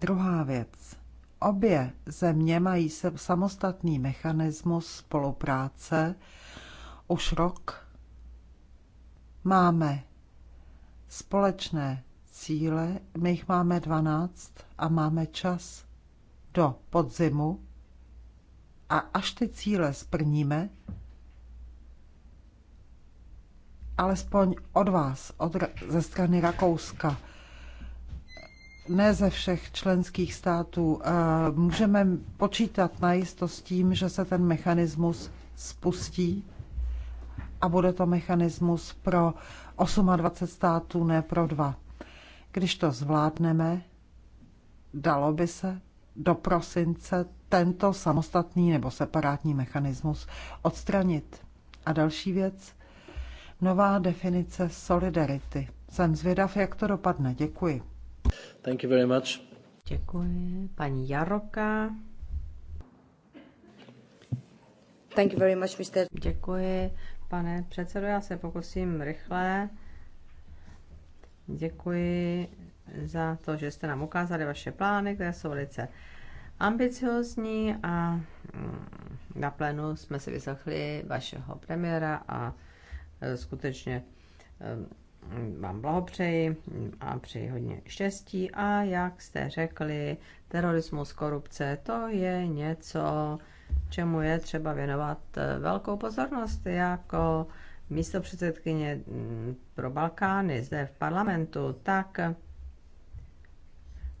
Druhá věc. Obě země mají se samostatný mechanismus spolupráce. Už rok máme společné cíle, my jich máme 12 a máme čas do podzimu a až ty cíle splníme, alespoň od vás, od, ze strany Rakouska, ne ze všech členských států, eh, můžeme počítat najisto s tím, že se ten mechanismus spustí a bude to mechanismus pro 28 států, ne pro dva. Když to zvládneme, dalo by se do prosince tento samostatný nebo separátní mechanismus odstranit. A další věc, nová definice solidarity. Jsem zvědav, jak to dopadne. Děkuji. Thank you very much. Děkuji. Paní Jaroka. Thank you very much, Mr. Děkuji, pane předsedo. Já se pokusím rychle. Děkuji za to, že jste nám ukázali vaše plány, které jsou velice ambiciozní a mm, na plénu jsme si vyslechli vašeho premiéra a e, skutečně e, vám blahopřeji a přeji hodně štěstí. A jak jste řekli, terorismus, korupce, to je něco, čemu je třeba věnovat e, velkou pozornost jako místo předsedkyně mm, pro Balkány zde v parlamentu, tak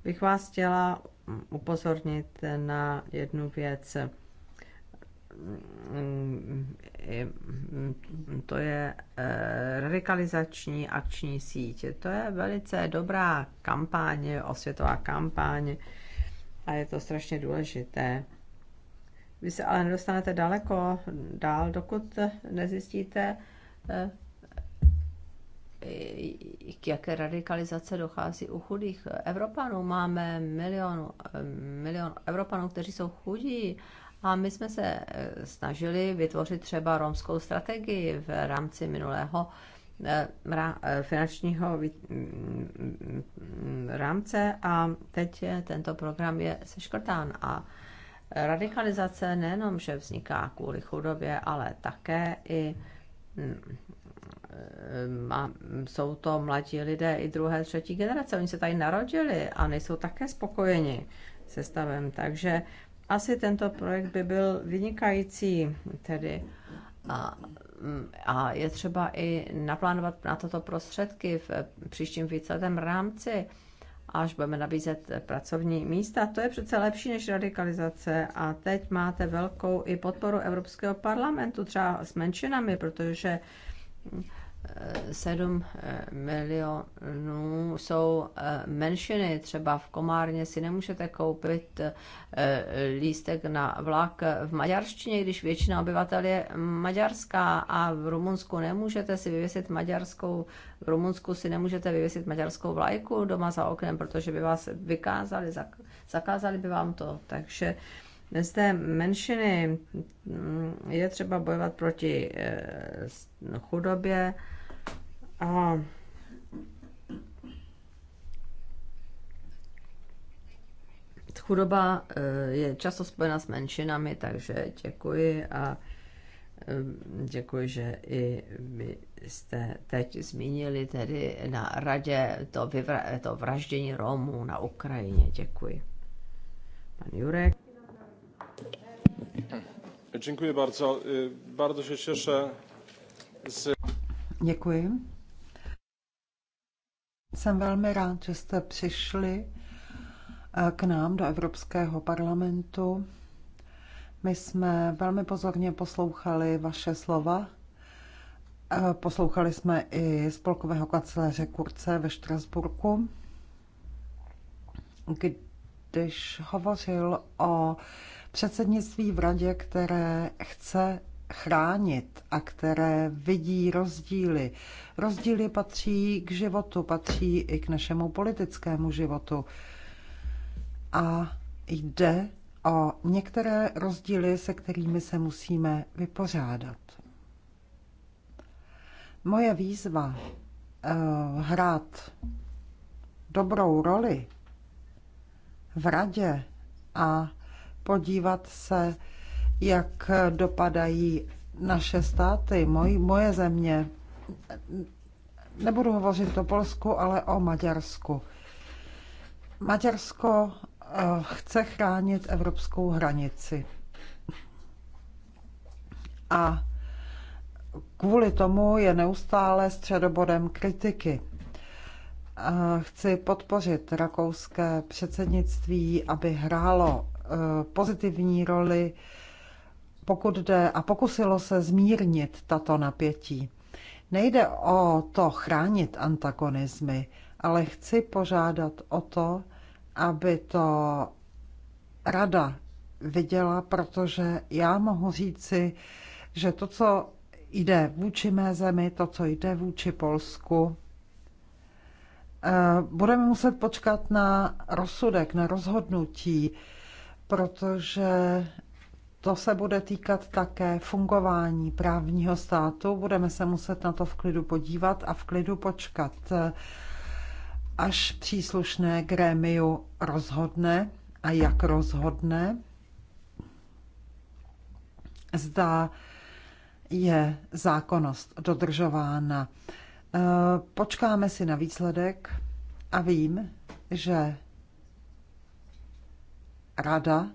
bych vás chtěla upozornit na jednu věc. To je eh, radikalizační akční síť. To je velice dobrá kampaň, osvětová kampaň a je to strašně důležité. Vy se ale nedostanete daleko dál, dokud nezjistíte, eh, k jaké radikalizace dochází u chudých Evropanů. Máme milion, milion Evropanů, kteří jsou chudí a my jsme se eh, snažili vytvořit třeba romskou strategii v rámci minulého eh, eh, finančního mm, rámce a teď tento program je seškrtán a radikalizace nejenom, že vzniká kvůli chudobě, ale také i mm, jsou to mladí lidé i druhé, třetí generace. Oni se tady narodili a nejsou také spokojeni se stavem. Takže asi tento projekt by byl vynikající tedy. A, a je třeba i naplánovat na toto prostředky v příštím víceletém rámci, až budeme nabízet pracovní místa. To je přece lepší než radikalizace a teď máte velkou i podporu Evropského parlamentu, třeba s menšinami, protože 7 eh, milionů jsou eh, menšiny. Třeba v Komárně si nemůžete koupit eh, lístek na vlak v maďarštině, když většina obyvatel je maďarská a v Rumunsku nemůžete si vyvěsit maďarskou, v Rumunsku si nemůžete vyvěsit maďarskou vlajku doma za oknem, protože by vás vykázali, zakázali by vám to. Takže z té menšiny mm, je třeba bojovat proti chudobě, a chudoba eh, je často spojena s menšinami, takže děkuji a eh, děkuji, že i vy jste teď zmínili tedy na radě to, vyvra- to vraždění Romů na Ukrajině. Děkuji. Pan Jurek. Děkuji bardzo. Bardzo się cieszę z... Děkuji. Jsem velmi rád, že jste přišli eh, k nám do Evropského parlamentu. My jsme velmi pozorně poslouchali vaše slova. Eh, poslouchali jsme i spolkového kanceláře Kurce ve Štrasburku, když hovořil o předsednictví v radě, které chce chránit a které vidí rozdíly. Rozdíly patří k životu, patří i k našemu politickému životu. A jde o některé rozdíly, se kterými se musíme vypořádat. Moje výzva eh, hrát dobrou roli v radě a podívat se jak dopadají naše státy, moj, moje země. Nebudu hovořit o Polsku, ale o Maďarsku. Maďarsko eh, chce chránit evropskou hranici. A kvůli tomu je neustále středobodem kritiky. Eh, chci podpořit rakouské předsednictví, aby hrálo eh, pozitivní roli pokud jde a pokusilo se zmírnit tato napětí. Nejde o to chránit antagonizmy, ale chci požádat o to, aby to rada viděla, protože já mohu říci, že to, co jde vůči mé zemi, to, co jde vůči Polsku, eh, budeme muset počkat na rozsudek, na rozhodnutí, protože to se bude týkat také fungování právního státu. Budeme se muset na to v klidu podívat a v klidu počkat, až příslušné grémiu rozhodne a jak rozhodne. Zda je zákonnost dodržována. Počkáme si na výsledek a vím, že Rada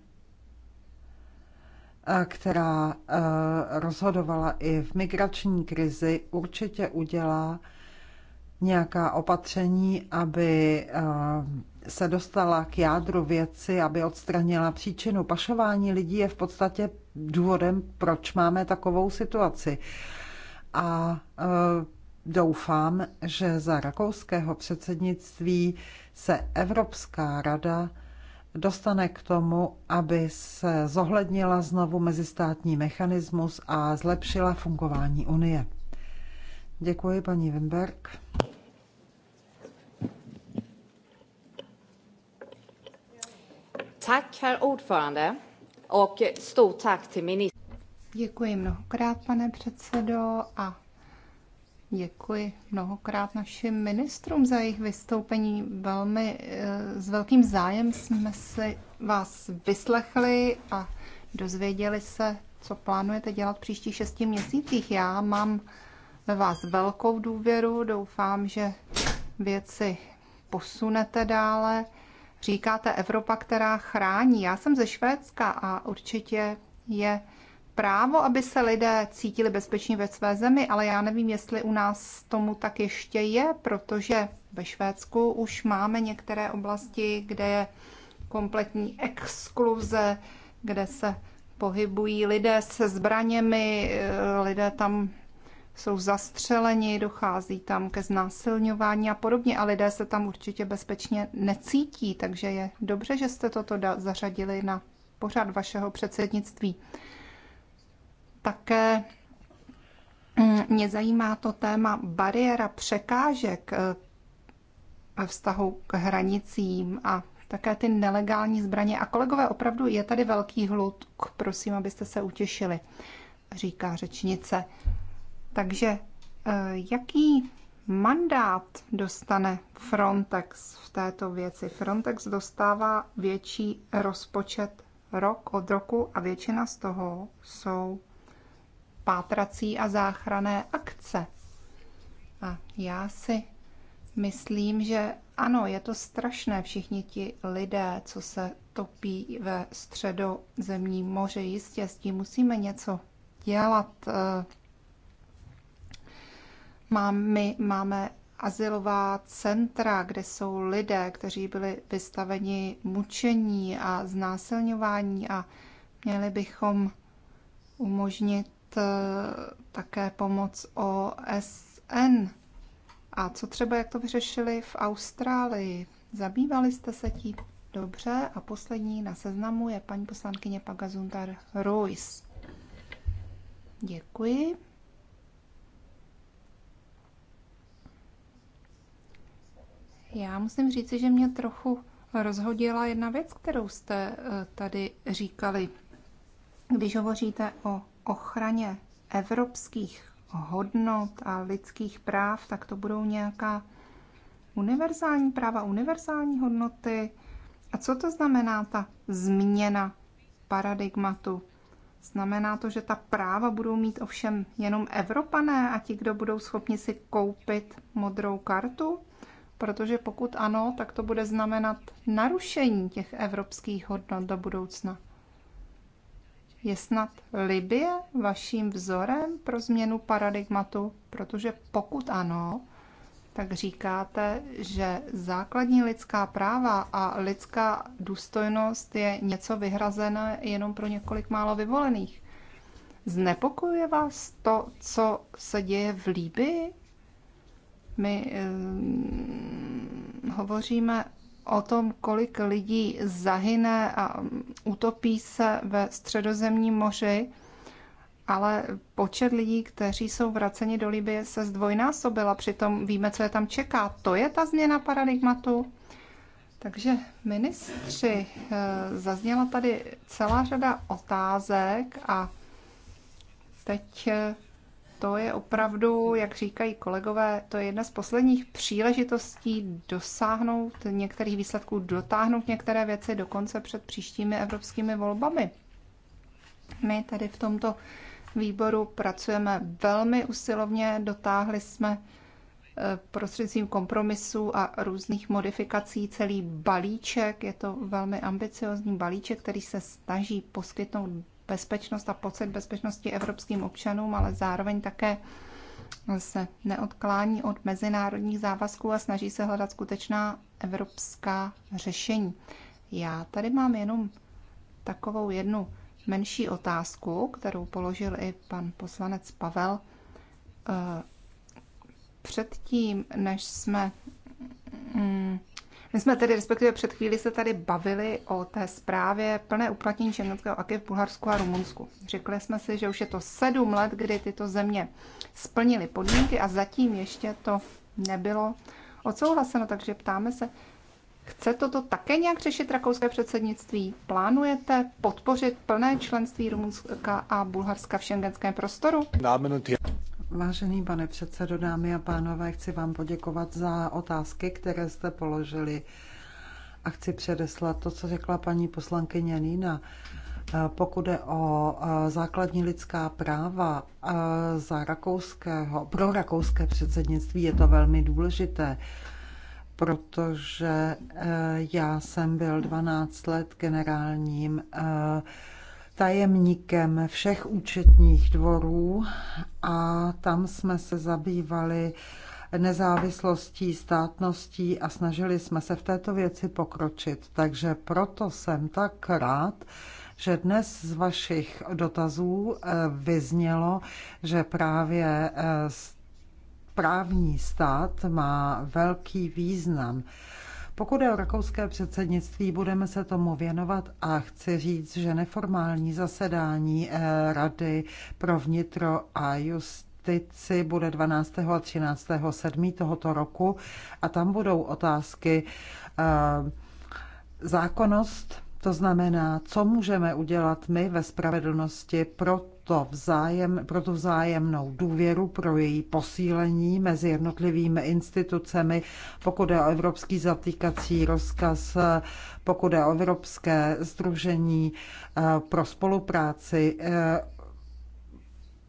která eh, rozhodovala i v migrační krizi, určitě udělá nějaká opatření, aby eh, se dostala k jádru věci, aby odstranila příčinu. Pašování lidí je v podstatě důvodem, proč máme takovou situaci. A eh, doufám, že za rakouského předsednictví se Evropská rada dostane k tomu, aby se zohlednila znovu mezistátní mechanismus a zlepšila fungování Unie. Děkuji, paní Wimberg. Tack, herr ordförande, stort tack till Děkuji mnohokrát, pane předsedo, a Děkuji mnohokrát našim ministrům za jejich vystoupení. Velmi eh, s velkým zájem jsme si vás vyslechli a dozvěděli se, co plánujete dělat v příštích šesti měsících. Já mám ve vás velkou důvěru, doufám, že věci posunete dále. Říkáte Evropa, která chrání. Já jsem ze Švédska a určitě je právo, aby se lidé cítili bezpečně ve své zemi, ale já nevím, jestli u nás tomu tak ještě je, protože ve Švédsku už máme některé oblasti, kde je kompletní exkluze, kde se pohybují lidé se zbraněmi, eh, lidé tam jsou zastřeleni, dochází tam ke znásilňování a podobně a lidé se tam určitě bezpečně necítí, takže je dobře, že jste toto zařadili na pořad vašeho předsednictví. Také mm, mě zajímá to téma bariéra překážek eh, ve vztahu k hranicím a také ty nelegální zbraně. A kolegové, opravdu je tady velký hluk, prosím, abyste se utěšili, říká řečnice. Takže eh, jaký mandát dostane Frontex v této věci? Frontex dostává větší rozpočet rok od roku a většina z toho jsou pátrací a záchrané akce. A já si myslím, že ano, je to strašné, všichni ti lidé, co se topí ve středozemním moře, Jistě s tím musíme něco dělat. Eh, Mám, my máme asilová centra, kde jsou lidé, kteří byli vystaveni mučení a znásilňování a měli bychom umožnit Eh, také pomoc OSN. A co třeba, jak to vyřešili v Austrálii? Zabývali jste se tím? Dobře, a poslední na seznamu je paní poslankyně Pagazuntar Royce. Děkuji. Já musím říci, že mě trochu rozhodila jedna věc, kterou jste eh, tady říkali. Když hovoříte o ochraně evropských hodnot a lidských práv, tak to budou nějaká univerzální práva, univerzální hodnoty. A co to znamená ta změna paradigmatu? Znamená to, že ta práva budou mít ovšem jenom Evropané a ti, kdo budou schopni si koupit modrou kartu? Protože pokud ano, tak to bude znamenat narušení těch evropských hodnot do budoucna. Je snad Libie vaším vzorem pro změnu paradigmatu? Protože pokud ano, tak říkáte, že základní lidská práva a lidská důstojnost je něco vyhrazené jenom pro několik málo vyvolených. Znepokojuje vás to, co se děje v Líbii? My um, hovoříme o tom, kolik lidí zahyne a utopí se ve středozemním moři, ale počet lidí, kteří jsou vraceni do Libie, se zdvojnásobil a přitom víme, co je tam čeká. To je ta změna paradigmatu. Takže ministři, eh, zazněla tady celá řada otázek a teď eh, to je opravdu, jak říkají kolegové, to je jedna z posledních příležitostí dosáhnout některých výsledků, dotáhnout některé věci dokonce před příštími evropskými volbami. My tady v tomto výboru pracujeme velmi usilovně, dotáhli jsme eh, prostřednictvím kompromisů a různých modifikací celý balíček. Je to velmi ambiciozní balíček, který se snaží poskytnout bezpečnost a pocit bezpečnosti evropským občanům, ale zároveň také se neodklání od mezinárodních závazků a snaží se hledat skutečná evropská řešení. Já tady mám jenom takovou jednu menší otázku, kterou položil i pan poslanec Pavel. Eh, předtím, než jsme mm, my jsme tedy, respektive před chvíli se tady bavili o té zprávě plné uplatnění šengenského aky v Bulharsku a Rumunsku. Řekli jsme si, že už je to sedm let, kdy tyto země splnily podmínky a zatím ještě to nebylo odsouhlaseno, takže ptáme se, chce toto také nějak řešit rakouské předsednictví? Plánujete podpořit plné členství Rumunska a Bulharska v šengenském prostoru? Vážený pane předsedo, dámy a pánové, chci vám poděkovat za otázky, které jste položili a chci předeslat to, co řekla paní poslankyně Nina. Pokud je o e, základní lidská práva e, za rakouského, pro rakouské předsednictví je to velmi důležité, protože e, já jsem byl 12 let generálním tajemníkem všech účetních dvorů a tam jsme se zabývali nezávislostí, státností a snažili jsme se v této věci pokročit. Takže proto jsem tak rád, že dnes z vašich dotazů eh, vyznělo, že právě eh, právní stát má velký význam. Pokud je o rakouské předsednictví, budeme se tomu věnovat a chci říct, že neformální zasedání eh, Rady pro vnitro a just Justici bude 12. a 13. 7. tohoto roku a tam budou otázky eh, zákonnost, to znamená, co můžeme udělat my ve spravedlnosti pro to vzájem, pro tu vzájemnou důvěru, pro její posílení mezi jednotlivými institucemi, pokud je o evropský zatýkací rozkaz, pokud je o evropské združení eh, pro spolupráci. Eh,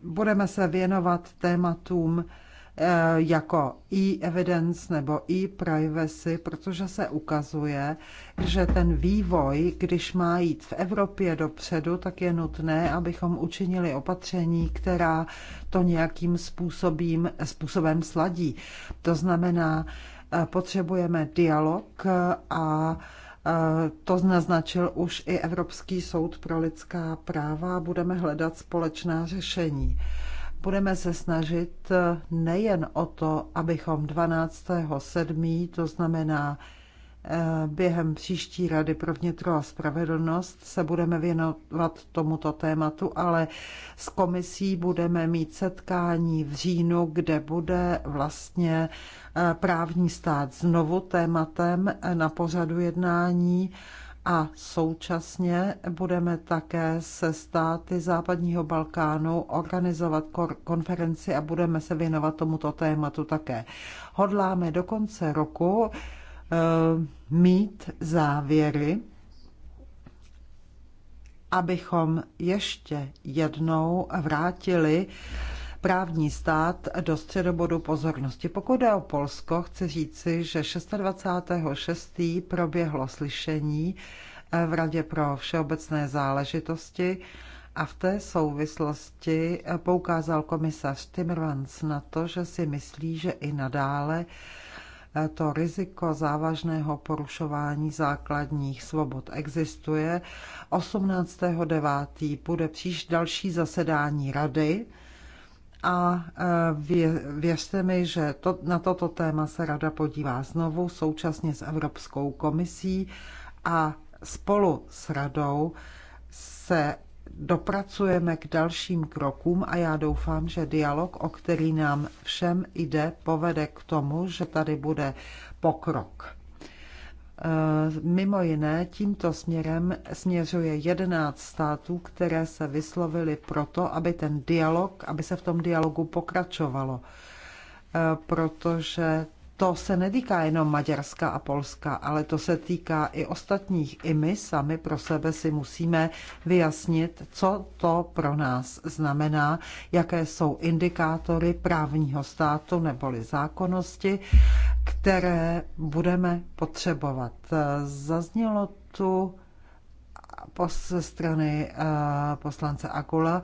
budeme se věnovat tématům, Eh, jako e-evidence nebo e-privacy, protože se ukazuje, že ten vývoj, když má jít v Evropě dopředu, tak je nutné, abychom učinili opatření, která to nějakým způsobem, způsobem sladí. To znamená, eh, potřebujeme dialog a eh, to naznačil už i Evropský soud pro lidská práva. Budeme hledat společná řešení budeme se snažit eh, nejen o to, abychom 12.7., to znamená eh, během příští Rady pro vnitro a spravedlnost se budeme věnovat tomuto tématu, ale s komisí budeme mít setkání v říjnu, kde bude vlastně eh, právní stát znovu tématem na pořadu jednání a současně budeme také se státy západního Balkánu organizovat konferenci a budeme se věnovat tomuto tématu také. Hodláme do konce roku eh, mít závěry, abychom ještě jednou vrátili právní stát do středobodu pozornosti. Pokud jde o Polsko, chci říci, že 26.6. proběhlo slyšení eh, v Radě pro všeobecné záležitosti a v té souvislosti eh, poukázal komisař Timmermans na to, že si myslí, že i nadále eh, to riziko závažného porušování základních svobod existuje. 18.9. bude příští další zasedání rady a e, věřte mi, že to, na toto téma se rada podívá znovu současně s Evropskou komisí a spolu s radou se dopracujeme k dalším krokům a já doufám, že dialog, o který nám všem jde, povede k tomu, že tady bude pokrok. Eh, mimo jiné tímto směrem směřuje 11 států, které se vyslovily proto, aby ten dialog, aby se v tom dialogu pokračovalo, eh, protože to se netýká jenom Maďarska a Polska, ale to se týká i ostatních. I my sami pro sebe si musíme vyjasnit, co to pro nás znamená, jaké jsou indikátory právního státu neboli zákonnosti, které budeme potřebovat. Zaznělo tu ze strany eh, poslance Akula,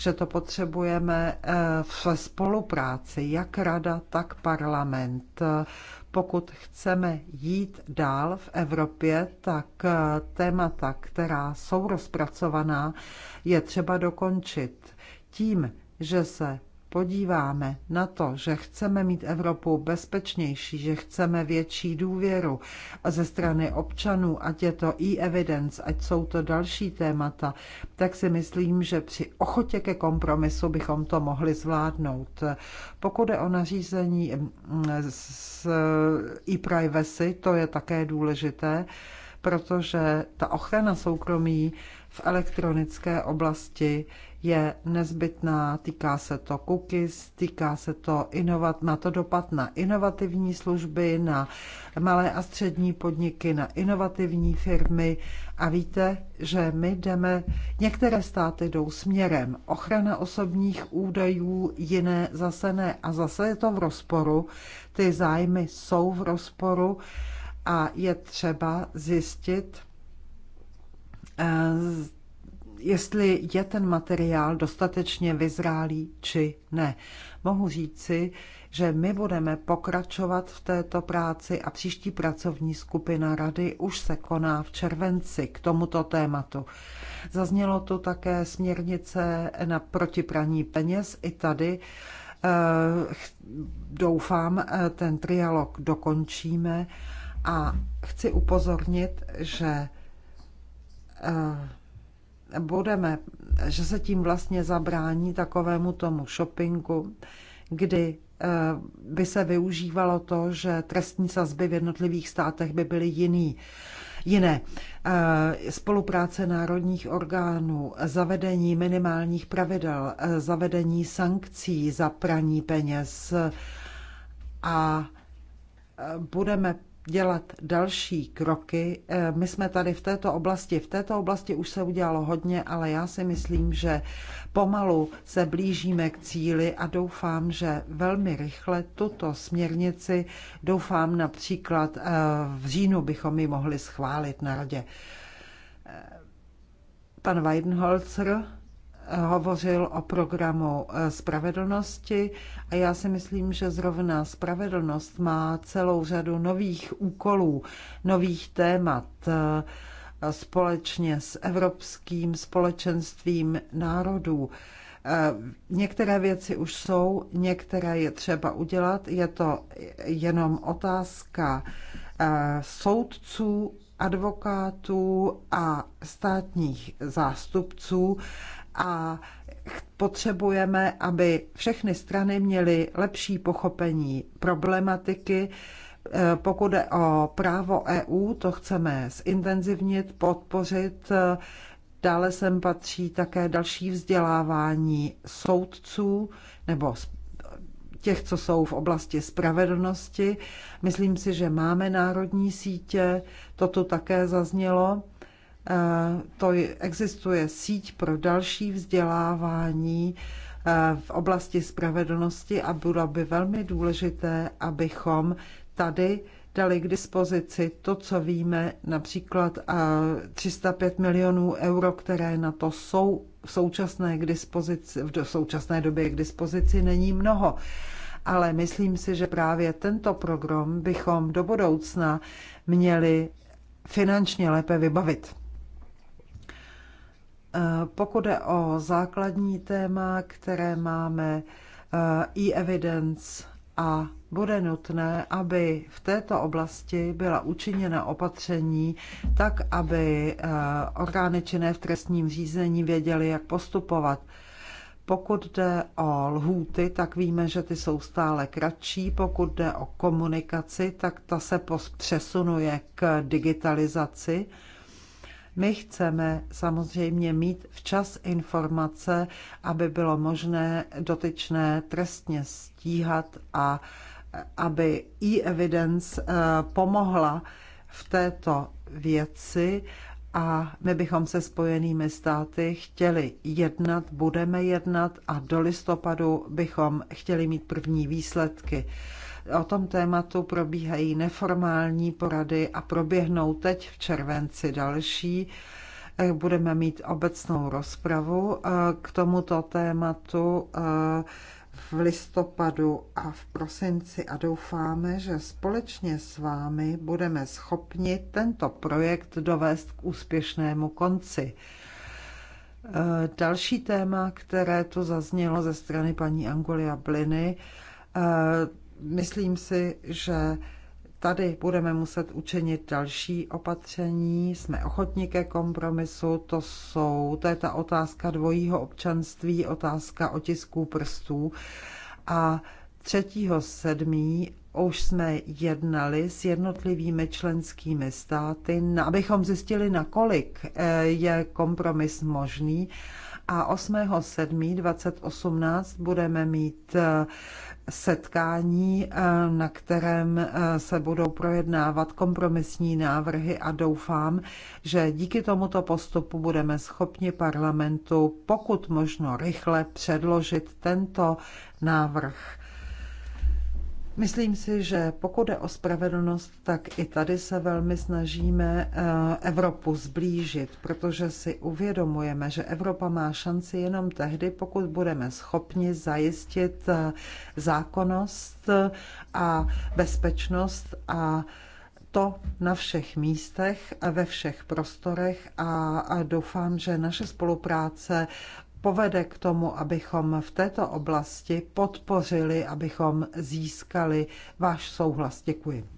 že to potřebujeme eh, v spolupráci, jak rada, tak parlament. Pokud chceme jít dál v Evropě, tak eh, témata, která jsou rozpracovaná, je třeba dokončit tím, že se podíváme na to, že chceme mít Evropu bezpečnější, že chceme větší důvěru ze strany občanů, ať je to e-evidence, ať jsou to další témata, tak si myslím, že při ochotě ke kompromisu bychom to mohli zvládnout. Pokud je o nařízení z mm, e-, e-privacy, to je také důležité, protože ta ochrana soukromí v elektronické oblasti je nezbytná, týká se to cookies, týká se to inovat, má to dopad na inovativní služby, na malé a střední podniky, na inovativní firmy a víte, že my jdeme, některé státy jdou směrem ochrana osobních údajů, jiné zase ne a zase je to v rozporu, ty zájmy jsou v rozporu a je třeba zjistit, eh, jestli je ten materiál dostatečně vyzrálý či ne. Mohu říci, že my budeme pokračovat v této práci a příští pracovní skupina rady už se koná v červenci k tomuto tématu. Zaznělo tu také směrnice na protipraní peněz i tady. Eh, doufám, eh, ten trialog dokončíme a chci upozornit, že eh, budeme, že se tím vlastně zabrání takovému tomu shoppingu, kdy eh, by se využívalo to, že trestní sazby v jednotlivých státech by byly jiný. Jiné eh, spolupráce národních orgánů, zavedení minimálních pravidel, eh, zavedení sankcí za praní peněz a budeme dělat další kroky. Eh, my jsme tady v této oblasti, v této oblasti už se udělalo hodně, ale já si myslím, že pomalu se blížíme k cíli a doufám, že velmi rychle tuto směrnici, doufám například eh, v říjnu bychom ji mohli schválit na radě. Eh, pan Weidenholzer, hovořil o programu eh, spravedlnosti a já si myslím, že zrovna spravedlnost má celou řadu nových úkolů, nových témat eh, společně s Evropským společenstvím národů. Eh, některé věci už jsou, některé je třeba udělat. Je to jenom otázka soudců, advokátů a státních zástupců a potřebujeme, aby všechny strany měly lepší pochopení problematiky. Eh, pokud jde o právo EU, to chceme zintenzivnit, podpořit. Eh, dále sem patří také další vzdělávání soudců nebo těch, co jsou v oblasti spravedlnosti. Myslím si, že máme národní sítě, to tu také zaznělo. Eh, to existuje síť pro další vzdělávání eh, v oblasti spravedlnosti a bylo by velmi důležité, abychom tady dali k dispozici to, co víme, například 305 eh, milionů euro, které na to jsou v současné, k dispozici, v současné době k dispozici, není mnoho. Ale myslím si, že právě tento program bychom do budoucna měli finančně lépe vybavit. Eh, pokud je o základní téma, které máme, eh, e-evidence a bude nutné, aby v této oblasti byla učiněna opatření tak, aby eh, orgány činné v trestním řízení věděly, jak postupovat. Pokud jde o lhůty, tak víme, že ty jsou stále kratší. Pokud jde o komunikaci, tak ta se přesunuje k digitalizaci. My chceme samozřejmě mít včas informace, aby bylo možné dotyčné trestně stíhat a aby e-evidence eh, pomohla v této věci a my bychom se spojenými státy chtěli jednat, budeme jednat a do listopadu bychom chtěli mít první výsledky. O tom tématu probíhají neformální porady a proběhnou teď v červenci další. Eh, budeme mít obecnou rozpravu eh, k tomuto tématu eh, v listopadu a v prosinci a doufáme, že společně s vámi budeme schopni tento projekt dovést k úspěšnému konci. Další téma, které tu zaznělo ze strany paní Angolia Bliny, myslím si, že tady budeme muset učinit další opatření. Jsme ochotní ke kompromisu. To, jsou, to je ta otázka dvojího občanství, otázka otisků prstů. A třetího 7. už jsme jednali s jednotlivými členskými státy, abychom zjistili, nakolik eh, je kompromis možný a 8.7.2018 budeme mít eh, setkání, eh, na kterém eh, se budou projednávat kompromisní návrhy a doufám, že díky tomuto postupu budeme schopni parlamentu pokud možno rychle předložit tento návrh Myslím si, že pokud je o spravedlnost, tak i tady se velmi snažíme eh, Evropu zblížit, protože si uvědomujeme, že Evropa má šanci jenom tehdy, pokud budeme schopni zajistit eh, zákonnost eh, a bezpečnost a to na všech místech, ve všech prostorech a, a doufám, že naše spolupráce povede k tomu, abychom v této oblasti podpořili, abychom získali váš souhlas. Děkuji.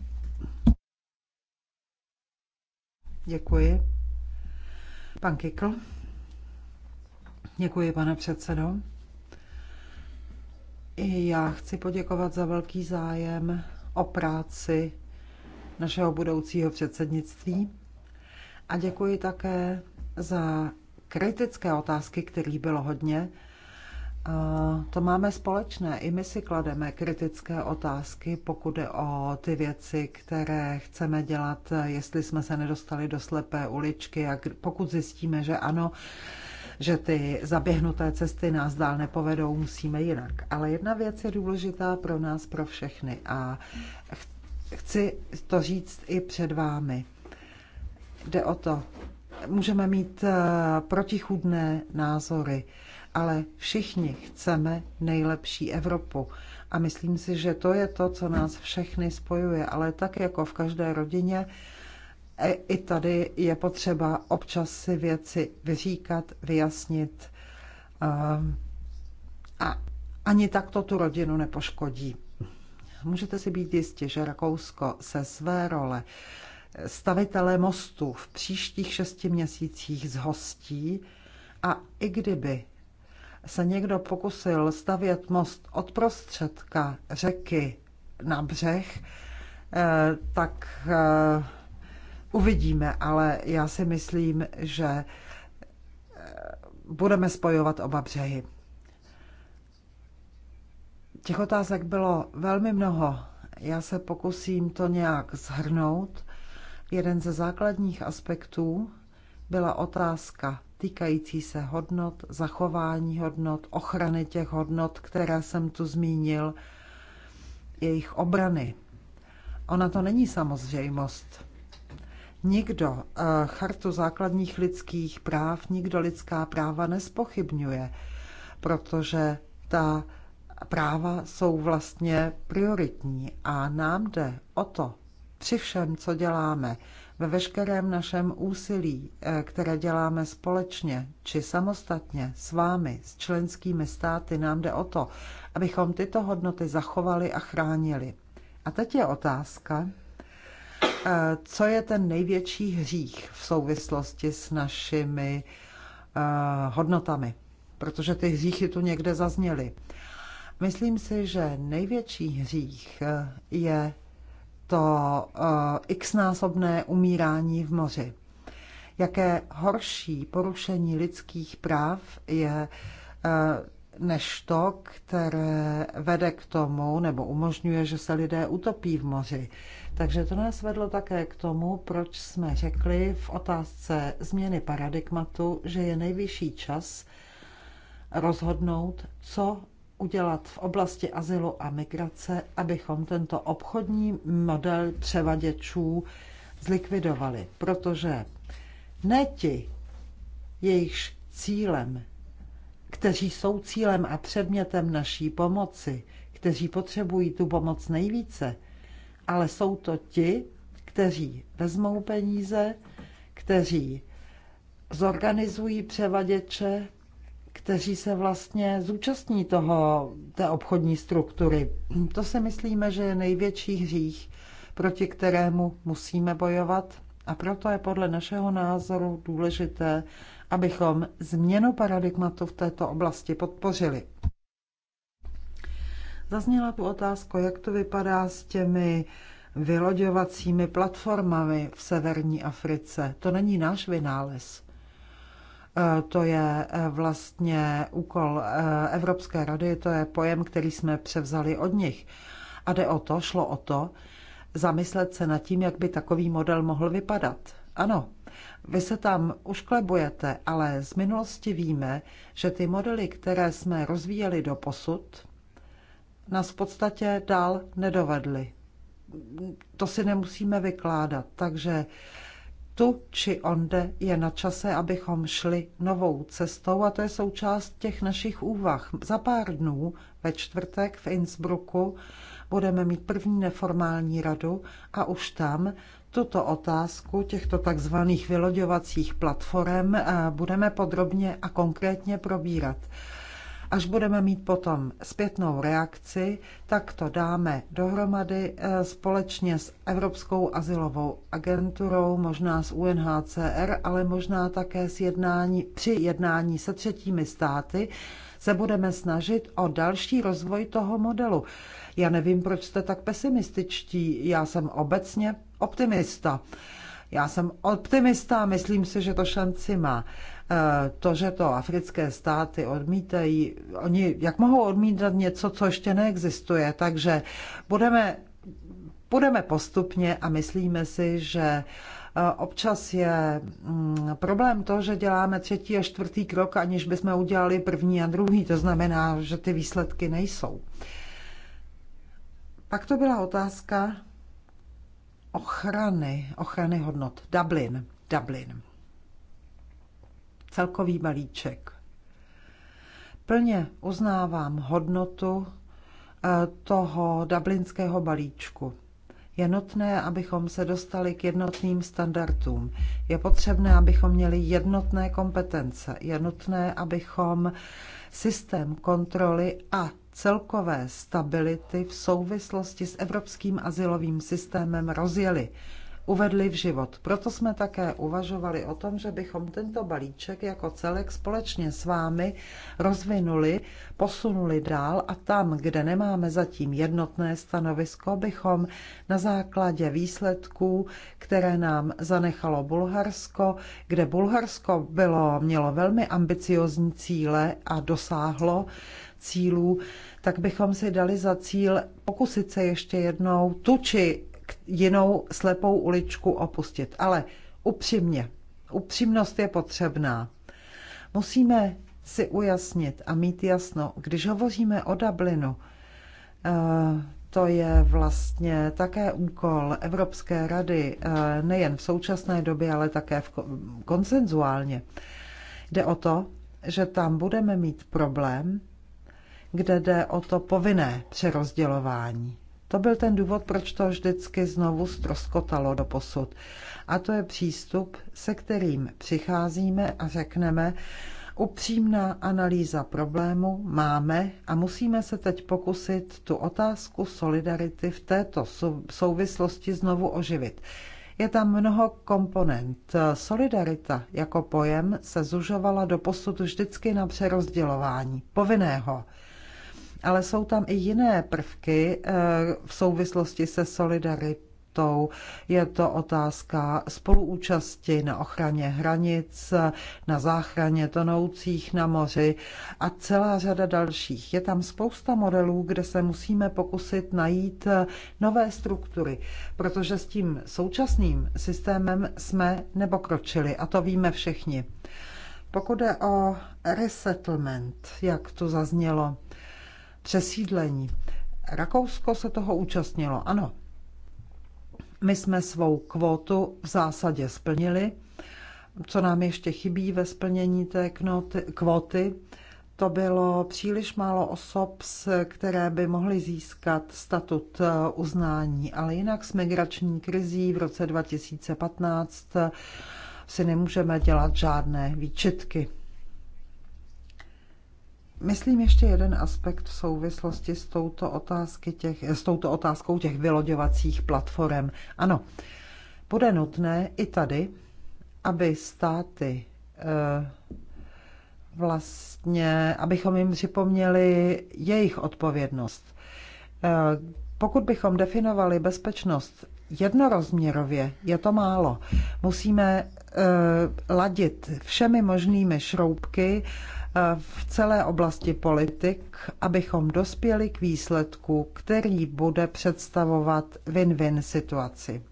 Děkuji. Pan Kikl. Děkuji, pane předsedo. I já chci poděkovat za velký zájem o práci našeho budoucího předsednictví a děkuji také za kritické otázky, kterých bylo hodně. To máme společné. I my si klademe kritické otázky, pokud je o ty věci, které chceme dělat, jestli jsme se nedostali do slepé uličky a pokud zjistíme, že ano, že ty zaběhnuté cesty nás dál nepovedou, musíme jinak. Ale jedna věc je důležitá pro nás, pro všechny a chci to říct i před vámi. Jde o to, můžeme mít eh, protichudné názory, ale všichni chceme nejlepší Evropu. A myslím si, že to je to, co nás všechny spojuje. Ale tak jako v každé rodině, eh, i tady je potřeba občas si věci vyříkat, vyjasnit. Eh, a ani to tu rodinu nepoškodí. Můžete si být jistě, že Rakousko se své role stavitele mostu v příštích šesti měsících zhostí, a i kdyby se někdo pokusil stavět most od prostředka řeky na břeh, eh, tak eh, uvidíme, ale já si myslím, že eh, budeme spojovat oba břehy. Těch otázek bylo velmi mnoho. Já se pokusím to nějak zhrnout. Jeden ze základních aspektů byla otázka týkající se hodnot, zachování hodnot, ochrany těch hodnot, které jsem tu zmínil, jejich obrany. Ona to není samozřejmost. Nikdo eh, chartu základních lidských práv, nikdo lidská práva nespochybňuje, protože ta práva jsou vlastně prioritní a nám jde o to, při všem, co děláme, ve veškerém našem úsilí, eh, které děláme společně či samostatně s vámi, s členskými státy, nám jde o to, abychom tyto hodnoty zachovali a chránili. A teď je otázka, eh, co je ten největší hřích v souvislosti s našimi eh, hodnotami, protože ty hříchy tu někde zazněly. Myslím si, že největší hřích je to eh, xnásobné umírání v moři. Jaké horší porušení lidských práv je eh, než to, které vede k tomu nebo umožňuje, že se lidé utopí v moři. Takže to nás vedlo také k tomu, proč jsme řekli v otázce změny paradigmatu, že je nejvyšší čas rozhodnout, co udělat v oblasti azylu a migrace, abychom tento obchodní model převaděčů zlikvidovali, protože ne ti, jejichž cílem, kteří jsou cílem a předmětem naší pomoci, kteří potřebují tu pomoc nejvíce, ale jsou to ti, kteří vezmou peníze, kteří zorganizují převaděče, kteří se vlastně zúčastní toho, té obchodní struktury. To si myslíme, že je největší hřích, proti kterému musíme bojovat a proto je podle našeho názoru důležité, abychom změnu paradigmatu v této oblasti podpořili. Zazněla tu otázka, jak to vypadá s těmi vyloďovacími platformami v severní Africe. To není náš vynález. E, to je e, vlastně úkol e, Evropské rady, to je pojem, který jsme převzali od nich. A jde o to, šlo o to, zamyslet se nad tím, jak by takový model mohl vypadat. Ano, vy se tam ušklebujete, ale z minulosti víme, že ty modely, které jsme rozvíjeli do posud, nás v podstatě dál nedovedly. To si nemusíme vykládat, takže tu či onde je na čase, abychom šli novou cestou a to je součást těch našich úvah. Za pár dnů ve čtvrtek v Innsbrucku budeme mít první neformální radu a už tam tuto otázku těchto takzvaných vyloďovacích platform budeme podrobně a konkrétně probírat. Až budeme mít potom zpětnou reakci, tak to dáme dohromady eh, společně s Evropskou asilovou agenturou, možná s UNHCR, ale možná také s jednání, při jednání se třetími státy se budeme snažit o další rozvoj toho modelu. Já nevím, proč jste tak pesimističtí. Já jsem obecně optimista. Já jsem optimista a myslím si, že to šanci má. Eh, to, že to africké státy odmítají, oni jak mohou odmítat něco, co ještě neexistuje, takže budeme, budeme postupně a myslíme si, že eh, Občas je mm, problém to, že děláme třetí a čtvrtý krok, aniž bychom udělali první a druhý. To znamená, že ty výsledky nejsou. Pak to byla otázka ochrany, ochrany hodnot. Dublin, Dublin celkový balíček. Plně uznávám hodnotu eh, toho dublinského balíčku. Je nutné, abychom se dostali k jednotným standardům. Je potřebné, abychom měli jednotné kompetence. Je nutné, abychom systém kontroly a celkové stability v souvislosti s evropským asilovým systémem rozjeli uvedli v život. Proto jsme také uvažovali o tom, že bychom tento balíček jako celek společně s vámi rozvinuli, posunuli dál a tam, kde nemáme zatím jednotné stanovisko, bychom na základě výsledků, které nám zanechalo Bulharsko, kde Bulharsko bylo, mělo velmi ambiciozní cíle a dosáhlo cílů, tak bychom si dali za cíl pokusit se ještě jednou tu či jinou slepou uličku opustit. Ale upřímně, upřímnost je potřebná. Musíme si ujasnit a mít jasno, když hovoříme o Dublinu, eh, to je vlastně také úkol Evropské rady, eh, nejen v současné době, ale také v konsenzuálně. Jde o to, že tam budeme mít problém, kde jde o to povinné přerozdělování. To byl ten důvod, proč to vždycky znovu stroskotalo do posud. A to je přístup, se kterým přicházíme a řekneme, upřímná analýza problému máme a musíme se teď pokusit tu otázku solidarity v této souvislosti znovu oživit. Je tam mnoho komponent. Solidarita jako pojem se zužovala do posud vždycky na přerozdělování povinného ale jsou tam i jiné prvky eh, v souvislosti se solidaritou. Je to otázka spoluúčasti na ochraně hranic, na záchraně tonoucích na moři a celá řada dalších. Je tam spousta modelů, kde se musíme pokusit najít eh, nové struktury, protože s tím současným systémem jsme nepokročili a to víme všichni. Pokud je o resettlement, jak to zaznělo, přesídlení. Rakousko se toho účastnilo, ano. My jsme svou kvótu v zásadě splnili. Co nám ještě chybí ve splnění té knoty, kvóty, to bylo příliš málo osob, které by mohly získat statut eh, uznání, ale jinak s migrační krizí v roce 2015 eh, si nemůžeme dělat žádné výčitky. Myslím ještě jeden aspekt v souvislosti s touto, otázky těch, s touto otázkou těch vyloďovacích platform. Ano, bude nutné i tady, aby státy eh, vlastně, abychom jim připomněli jejich odpovědnost. Eh, pokud bychom definovali bezpečnost jednorozměrově, je to málo. Musíme eh, ladit všemi možnými šroubky, v celé oblasti politik, abychom dospěli k výsledku, který bude představovat win-win situaci.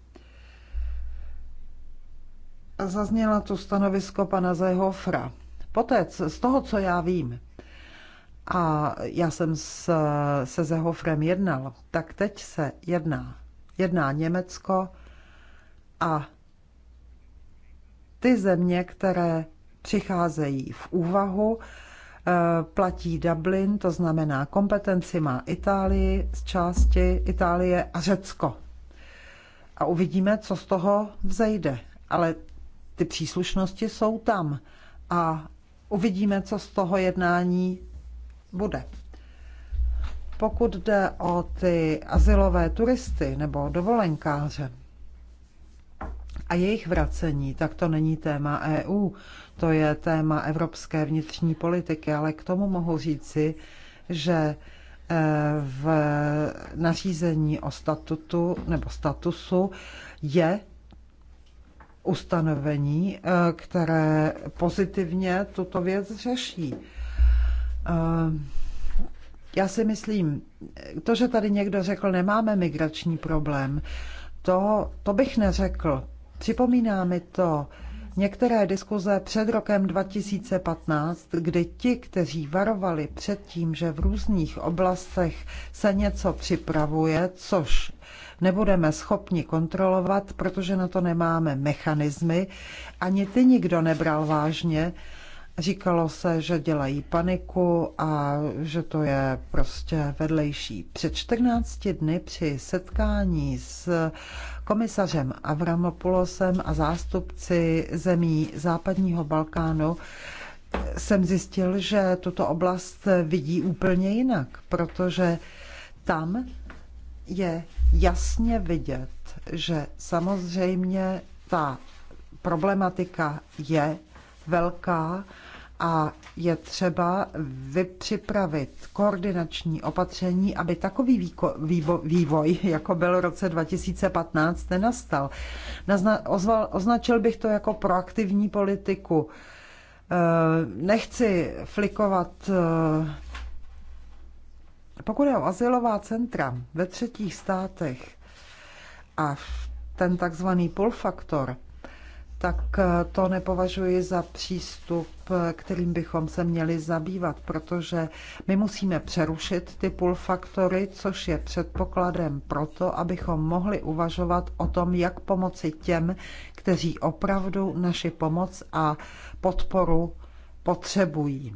Zazněla tu stanovisko pana Zehofra. Poté, z toho, co já vím, a já jsem s, se Zehofrem jednal, tak teď se jedná. Jedná Německo a ty země, které přicházejí v úvahu. Eh, platí Dublin, to znamená kompetenci má Itálii z části Itálie a Řecko. A uvidíme, co z toho vzejde. Ale ty příslušnosti jsou tam. A uvidíme, co z toho jednání bude. Pokud jde o ty asilové turisty nebo dovolenkáře, a jejich vracení, tak to není téma EU, to je téma evropské vnitřní politiky, ale k tomu mohu říci, že eh, v nařízení o statutu nebo statusu je ustanovení, eh, které pozitivně tuto věc řeší. Eh, já si myslím, to, že tady někdo řekl, nemáme migrační problém, to, to bych neřekl. Připomíná mi to některé diskuze před rokem 2015, kdy ti, kteří varovali před tím, že v různých oblastech se něco připravuje, což nebudeme schopni kontrolovat, protože na to nemáme mechanismy, ani ty nikdo nebral vážně, Říkalo se, že dělají paniku a že to je prostě vedlejší. Před 14 dny při setkání s komisařem Avramopulosem a zástupci zemí západního Balkánu jsem zjistil, že tuto oblast vidí úplně jinak, protože tam je jasně vidět, že samozřejmě ta problematika je velká a je třeba vypřipravit koordinační opatření, aby takový výko, vývo, vývoj, jako byl v roce 2015, nenastal. Nazna, ozval, označil bych to jako proaktivní politiku. E, nechci flikovat. E, pokud je o asilová centra ve třetích státech a ten takzvaný pull faktor, tak eh, to nepovažuji za přístup, eh, kterým bychom se měli zabývat, protože my musíme přerušit ty pull faktory, což je předpokladem pro to, abychom mohli uvažovat o tom, jak pomoci těm, kteří opravdu naši pomoc a podporu potřebují.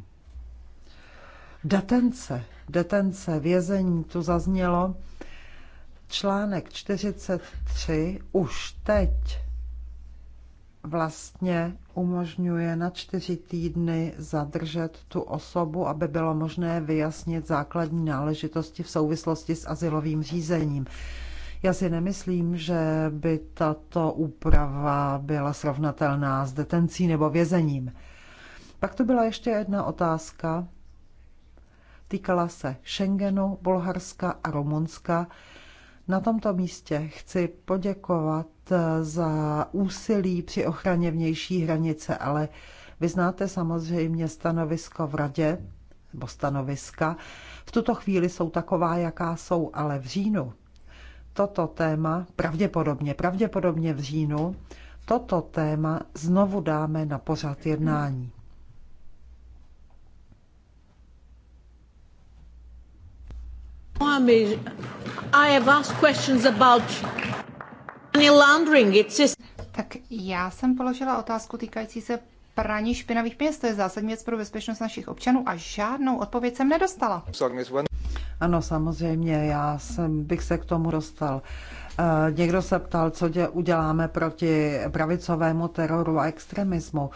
Detence, detence, vězení, tu zaznělo. Článek 43 už teď vlastně umožňuje na čtyři týdny zadržet tu osobu, aby bylo možné vyjasnit základní náležitosti v souvislosti s asilovým řízením. Já si nemyslím, že by tato úprava byla srovnatelná s detencí nebo vězením. Pak to byla ještě jedna otázka. Týkala se Schengenu, Bulharska a Rumunska. Na tomto místě chci poděkovat Eh, za úsilí při ochraně vnější hranice, ale vy znáte samozřejmě stanovisko v radě, nebo stanoviska. V tuto chvíli jsou taková, jaká jsou, ale v říjnu toto téma, pravděpodobně, pravděpodobně v říjnu, toto téma znovu dáme na pořad jednání. I have asked questions about tak já jsem položila otázku týkající se praní špinavých peněz. To je zásadní věc pro bezpečnost našich občanů a žádnou odpověď jsem nedostala. Ano, samozřejmě, já jsem, bych se k tomu dostal. Eh, někdo se ptal, co dě, uděláme proti pravicovému teroru a extremismu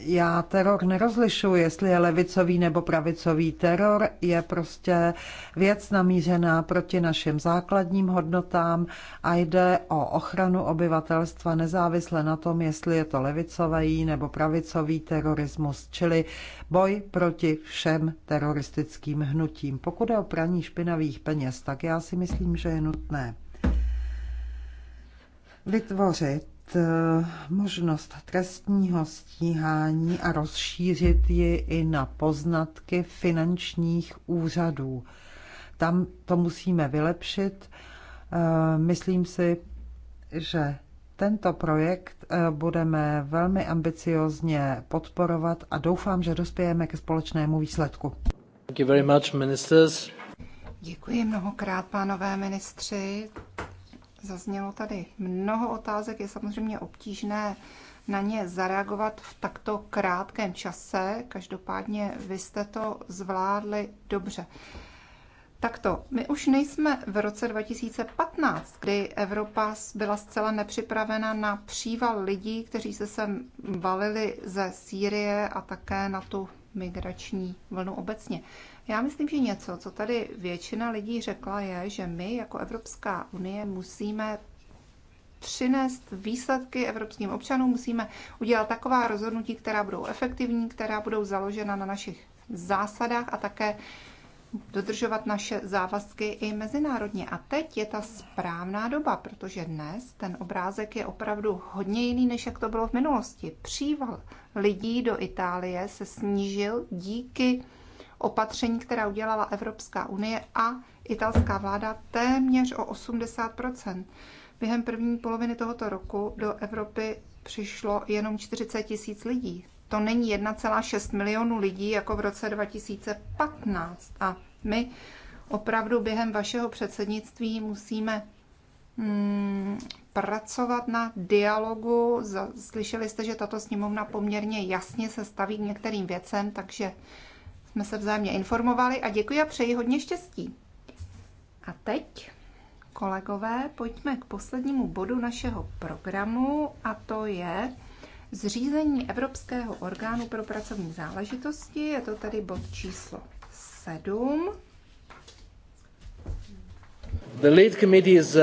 já teror nerozlišuji, jestli je levicový nebo pravicový teror, je prostě věc namířená proti našim základním hodnotám a jde o ochranu obyvatelstva nezávisle na tom, jestli je to levicový nebo pravicový terorismus, čili boj proti všem teroristickým hnutím. Pokud je o praní špinavých peněz, tak já si myslím, že je nutné vytvořit Eh, možnost trestního stíhání a rozšířit ji i na poznatky finančních úřadů. Tam to musíme vylepšit. Eh, myslím si, že tento projekt eh, budeme velmi ambiciozně podporovat a doufám, že dospějeme ke společnému výsledku. Děkuji mnohokrát, pánové ministři. Zaznělo tady mnoho otázek, je samozřejmě obtížné na ně zareagovat v takto krátkém čase. Každopádně vy jste to zvládli dobře. Takto, my už nejsme v roce 2015, kdy Evropa byla zcela nepřipravena na příval lidí, kteří se sem valili ze Sýrie a také na tu migrační vlnu obecně. Já myslím, že něco, co tady většina lidí řekla, je, že my jako Evropská unie musíme přinést výsledky evropským občanům, musíme udělat taková rozhodnutí, která budou efektivní, která budou založena na našich zásadách a také dodržovat naše závazky i mezinárodně. A teď je ta správná doba, protože dnes ten obrázek je opravdu hodně jiný, než jak to bylo v minulosti. Příval lidí do Itálie se snížil díky opatření, která udělala Evropská unie a italská vláda téměř o 80 Během první poloviny tohoto roku do Evropy přišlo jenom 40 tisíc lidí. To není 1,6 milionu lidí jako v roce 2015. A my opravdu během vašeho předsednictví musíme hmm, pracovat na dialogu. Slyšeli jste, že tato sněmovna poměrně jasně se staví k některým věcem, takže jsme se vzájemně informovali a děkuji a přeji hodně štěstí. A teď, kolegové, pojďme k poslednímu bodu našeho programu a to je zřízení Evropského orgánu pro pracovní záležitosti. Je to tady bod číslo 7. The lead committee is, uh...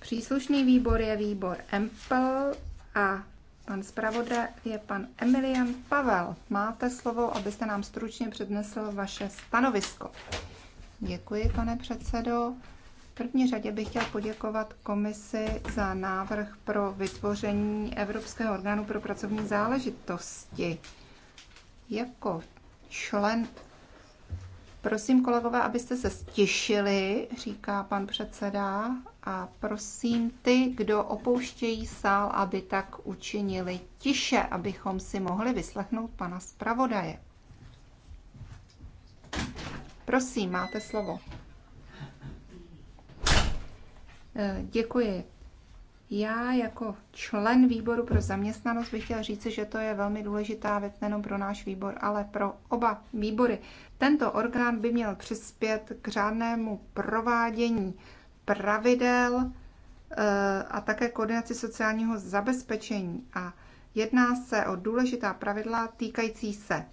Příslušný výbor je výbor EMPL a Pan zpravodaj je pan Emilian Pavel. Máte slovo, abyste nám stručně přednesl vaše stanovisko. Děkuji, pane předsedo. V první řadě bych chtěl poděkovat komisi za návrh pro vytvoření Evropského orgánu pro pracovní záležitosti. Jako člen Prosím, kolegové, abyste se stišili, říká pan předseda, a prosím ty, kdo opouštějí sál, aby tak učinili tiše, abychom si mohli vyslechnout pana zpravodaje. Prosím, máte slovo. E, děkuji. Já jako člen výboru pro zaměstnanost bych chtěl říci, že to je velmi důležitá věc nejen pro náš výbor, ale pro oba výbory. Tento orgán by měl přispět k řádnému provádění pravidel eh, a také koordinaci sociálního zabezpečení. A jedná se o důležitá pravidla týkající se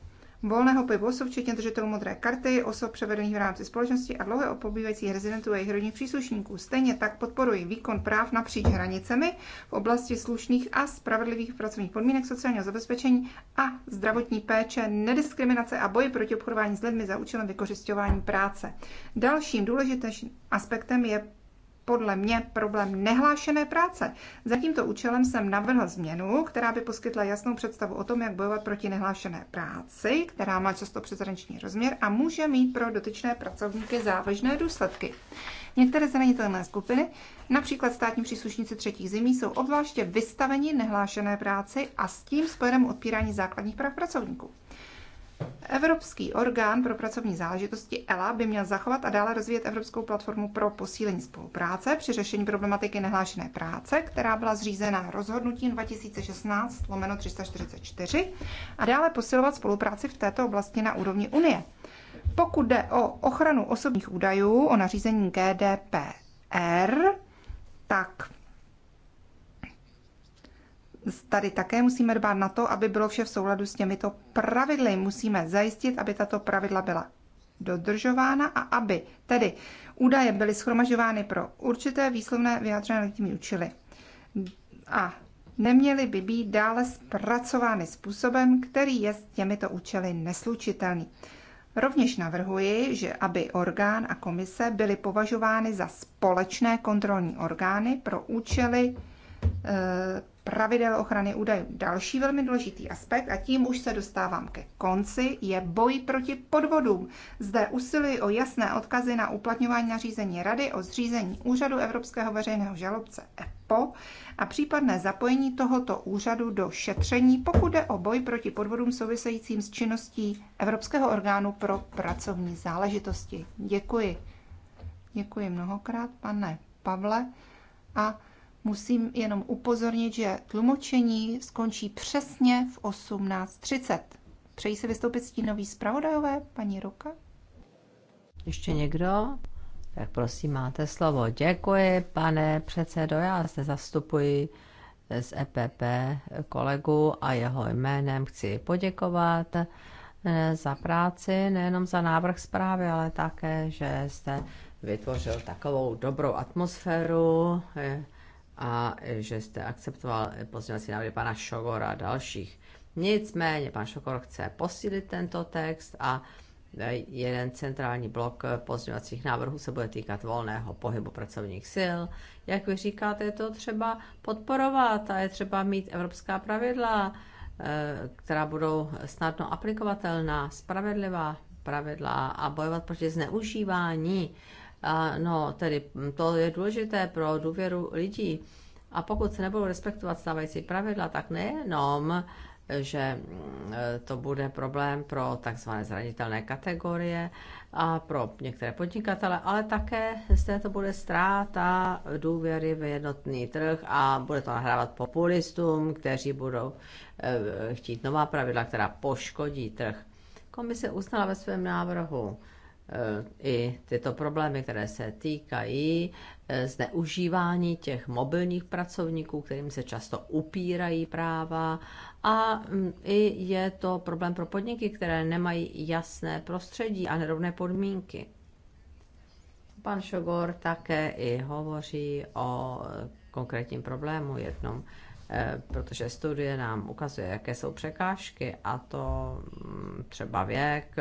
volného pohybu osob, včetně držitelů modré karty, osob převedených v rámci společnosti a dlouhého pobývajících rezidentů a jejich rodinných příslušníků. Stejně tak podporují výkon práv napříč hranicemi v oblasti slušných a spravedlivých pracovních podmínek sociálního zabezpečení a zdravotní péče, nediskriminace a boji proti obchodování s lidmi za účelem vykořišťování práce. Dalším důležitým aspektem je podle mě problém nehlášené práce. Za tímto účelem jsem navrhl změnu, která by poskytla jasnou představu o tom, jak bojovat proti nehlášené práci, která má často přezranční rozměr a může mít pro dotyčné pracovníky závažné důsledky. Některé zranitelné skupiny, například státní příslušníci třetích zemí, jsou obzvláště vystaveni nehlášené práci a s tím spojenému odpírání základních práv pracovníků. Evropský orgán pro pracovní záležitosti ELA by měl zachovat a dále rozvíjet Evropskou platformu pro posílení spolupráce při řešení problematiky nehlášené práce, která byla zřízena rozhodnutím 2016 lomeno 344 a dále posilovat spolupráci v této oblasti na úrovni Unie. Pokud jde o ochranu osobních údajů o nařízení GDPR, tak tady také musíme dbát na to, aby bylo vše v souladu s těmito pravidly. Musíme zajistit, aby tato pravidla byla dodržována a aby tedy údaje byly schromažovány pro určité výslovné vyjádřené legitimní účely. A neměly by být dále zpracovány způsobem, který je s těmito účely neslučitelný. Rovněž navrhuji, že aby orgán a komise byly považovány za společné kontrolní orgány pro účely e, pravidel ochrany údajů. Další velmi důležitý aspekt, a tím už se dostávám ke konci, je boj proti podvodům. Zde usiluji o jasné odkazy na uplatňování nařízení Rady o zřízení Úřadu Evropského veřejného žalobce EPO a případné zapojení tohoto úřadu do šetření, pokud jde o boj proti podvodům souvisejícím s činností Evropského orgánu pro pracovní záležitosti. Děkuji. Děkuji mnohokrát, pane Pavle. A Musím jenom upozornit, že tlumočení skončí přesně v 18.30. Přeji se vystoupit nový zpravodajové, paní Ruka? Ještě někdo? Tak prosím, máte slovo. Děkuji, pane předsedo. Já se zastupuji z EPP kolegu a jeho jménem chci poděkovat eh, za práci, nejenom za návrh zprávy, ale také, že jste vytvořil takovou dobrou atmosféru, eh, a že jste akceptoval pozměňovací návrhy pana Šogora a dalších. Nicméně pan Šokor chce posílit tento text a e, jeden centrální blok pozměňovacích návrhů se bude týkat volného pohybu pracovních sil. Jak vy říkáte, je to třeba podporovat a je třeba mít evropská pravidla, e, která budou snadno aplikovatelná, spravedlivá pravidla a bojovat proti zneužívání a no, tedy mm, to je důležité pro důvěru lidí. A pokud se nebudou respektovat stávající pravidla, tak nejenom, že mm, to bude problém pro takzvané zranitelné kategorie a pro některé podnikatele, ale také z této bude ztráta důvěry v jednotný trh a bude to nahrávat populistům, kteří budou eh, chtít nová pravidla, která poškodí trh. Komise uznala ve svém návrhu Eh, i tyto problémy, které se týkají eh, zneužívání těch mobilních pracovníků, kterým se často upírají práva a mm, i je to problém pro podniky, které nemají jasné prostředí a nerovné podmínky. Pan Šogor také i hovoří o eh, konkrétním problému jednom, protože studie nám ukazuje, jaké jsou překážky a to mm, třeba věk,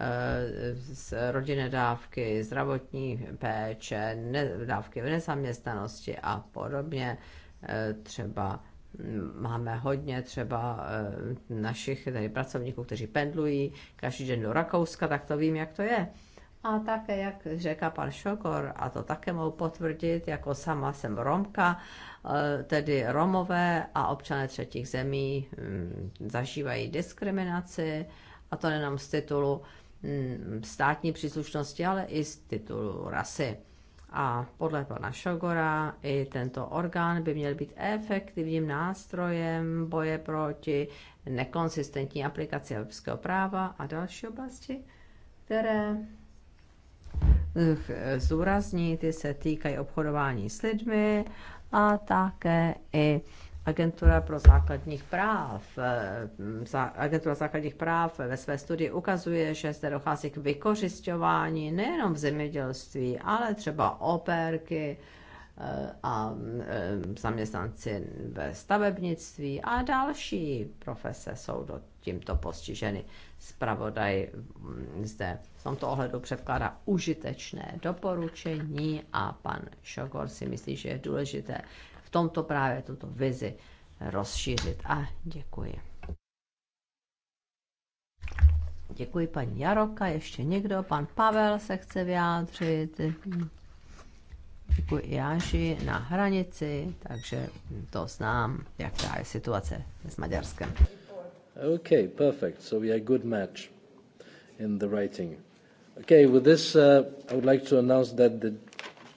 Eh, z rodinné dávky, zdravotní péče, ne, dávky v nezaměstnanosti a podobně. Eh, třeba mm, máme hodně třeba eh, našich tady pracovníků, kteří pendlují každý den do Rakouska, tak to vím, jak to je. A také, jak řeká pan Šokor, a to také mohu potvrdit, jako sama jsem Romka, tedy Romové a občané třetích zemí mm, zažívají diskriminaci, a to nejenom z titulu Mm, státní příslušnosti, ale i z titulu rasy. A podle pana Šogora i tento orgán by měl být efektivním nástrojem boje proti nekonsistentní aplikaci evropského práva a další oblasti, které eh, zúrazní. ty se týkají obchodování s lidmi a také i Agentura pro základních práv, eh, Agentura základních práv ve své studii ukazuje, že zde dochází k vykořišťování nejenom v zemědělství, ale třeba operky eh, a eh, zaměstnanci ve stavebnictví a další profese jsou do tímto postiženy. Spravodaj mm, zde v tomto ohledu předkládá užitečné doporučení a pan Šogor si myslí, že je důležité v tomto právě tuto vizi rozšířit. A děkuji. Děkuji paní Jaroka, ještě někdo, pan Pavel se chce vyjádřit. Děkuji Jáži na hranici, takže to znám, jaká je situace s Maďarskem. Okay, perfect. So we are good match in the writing. Okay, with this, uh, I would like to announce that the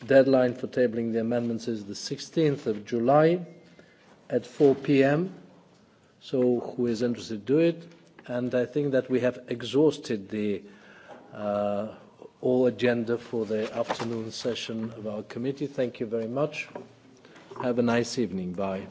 Deadline for tabling the amendments is the 16th of July at 4 p.m. So who is interested, do it. And I think that we have exhausted the uh, all agenda for the afternoon session of our committee. Thank you very much. Have a nice evening. Bye.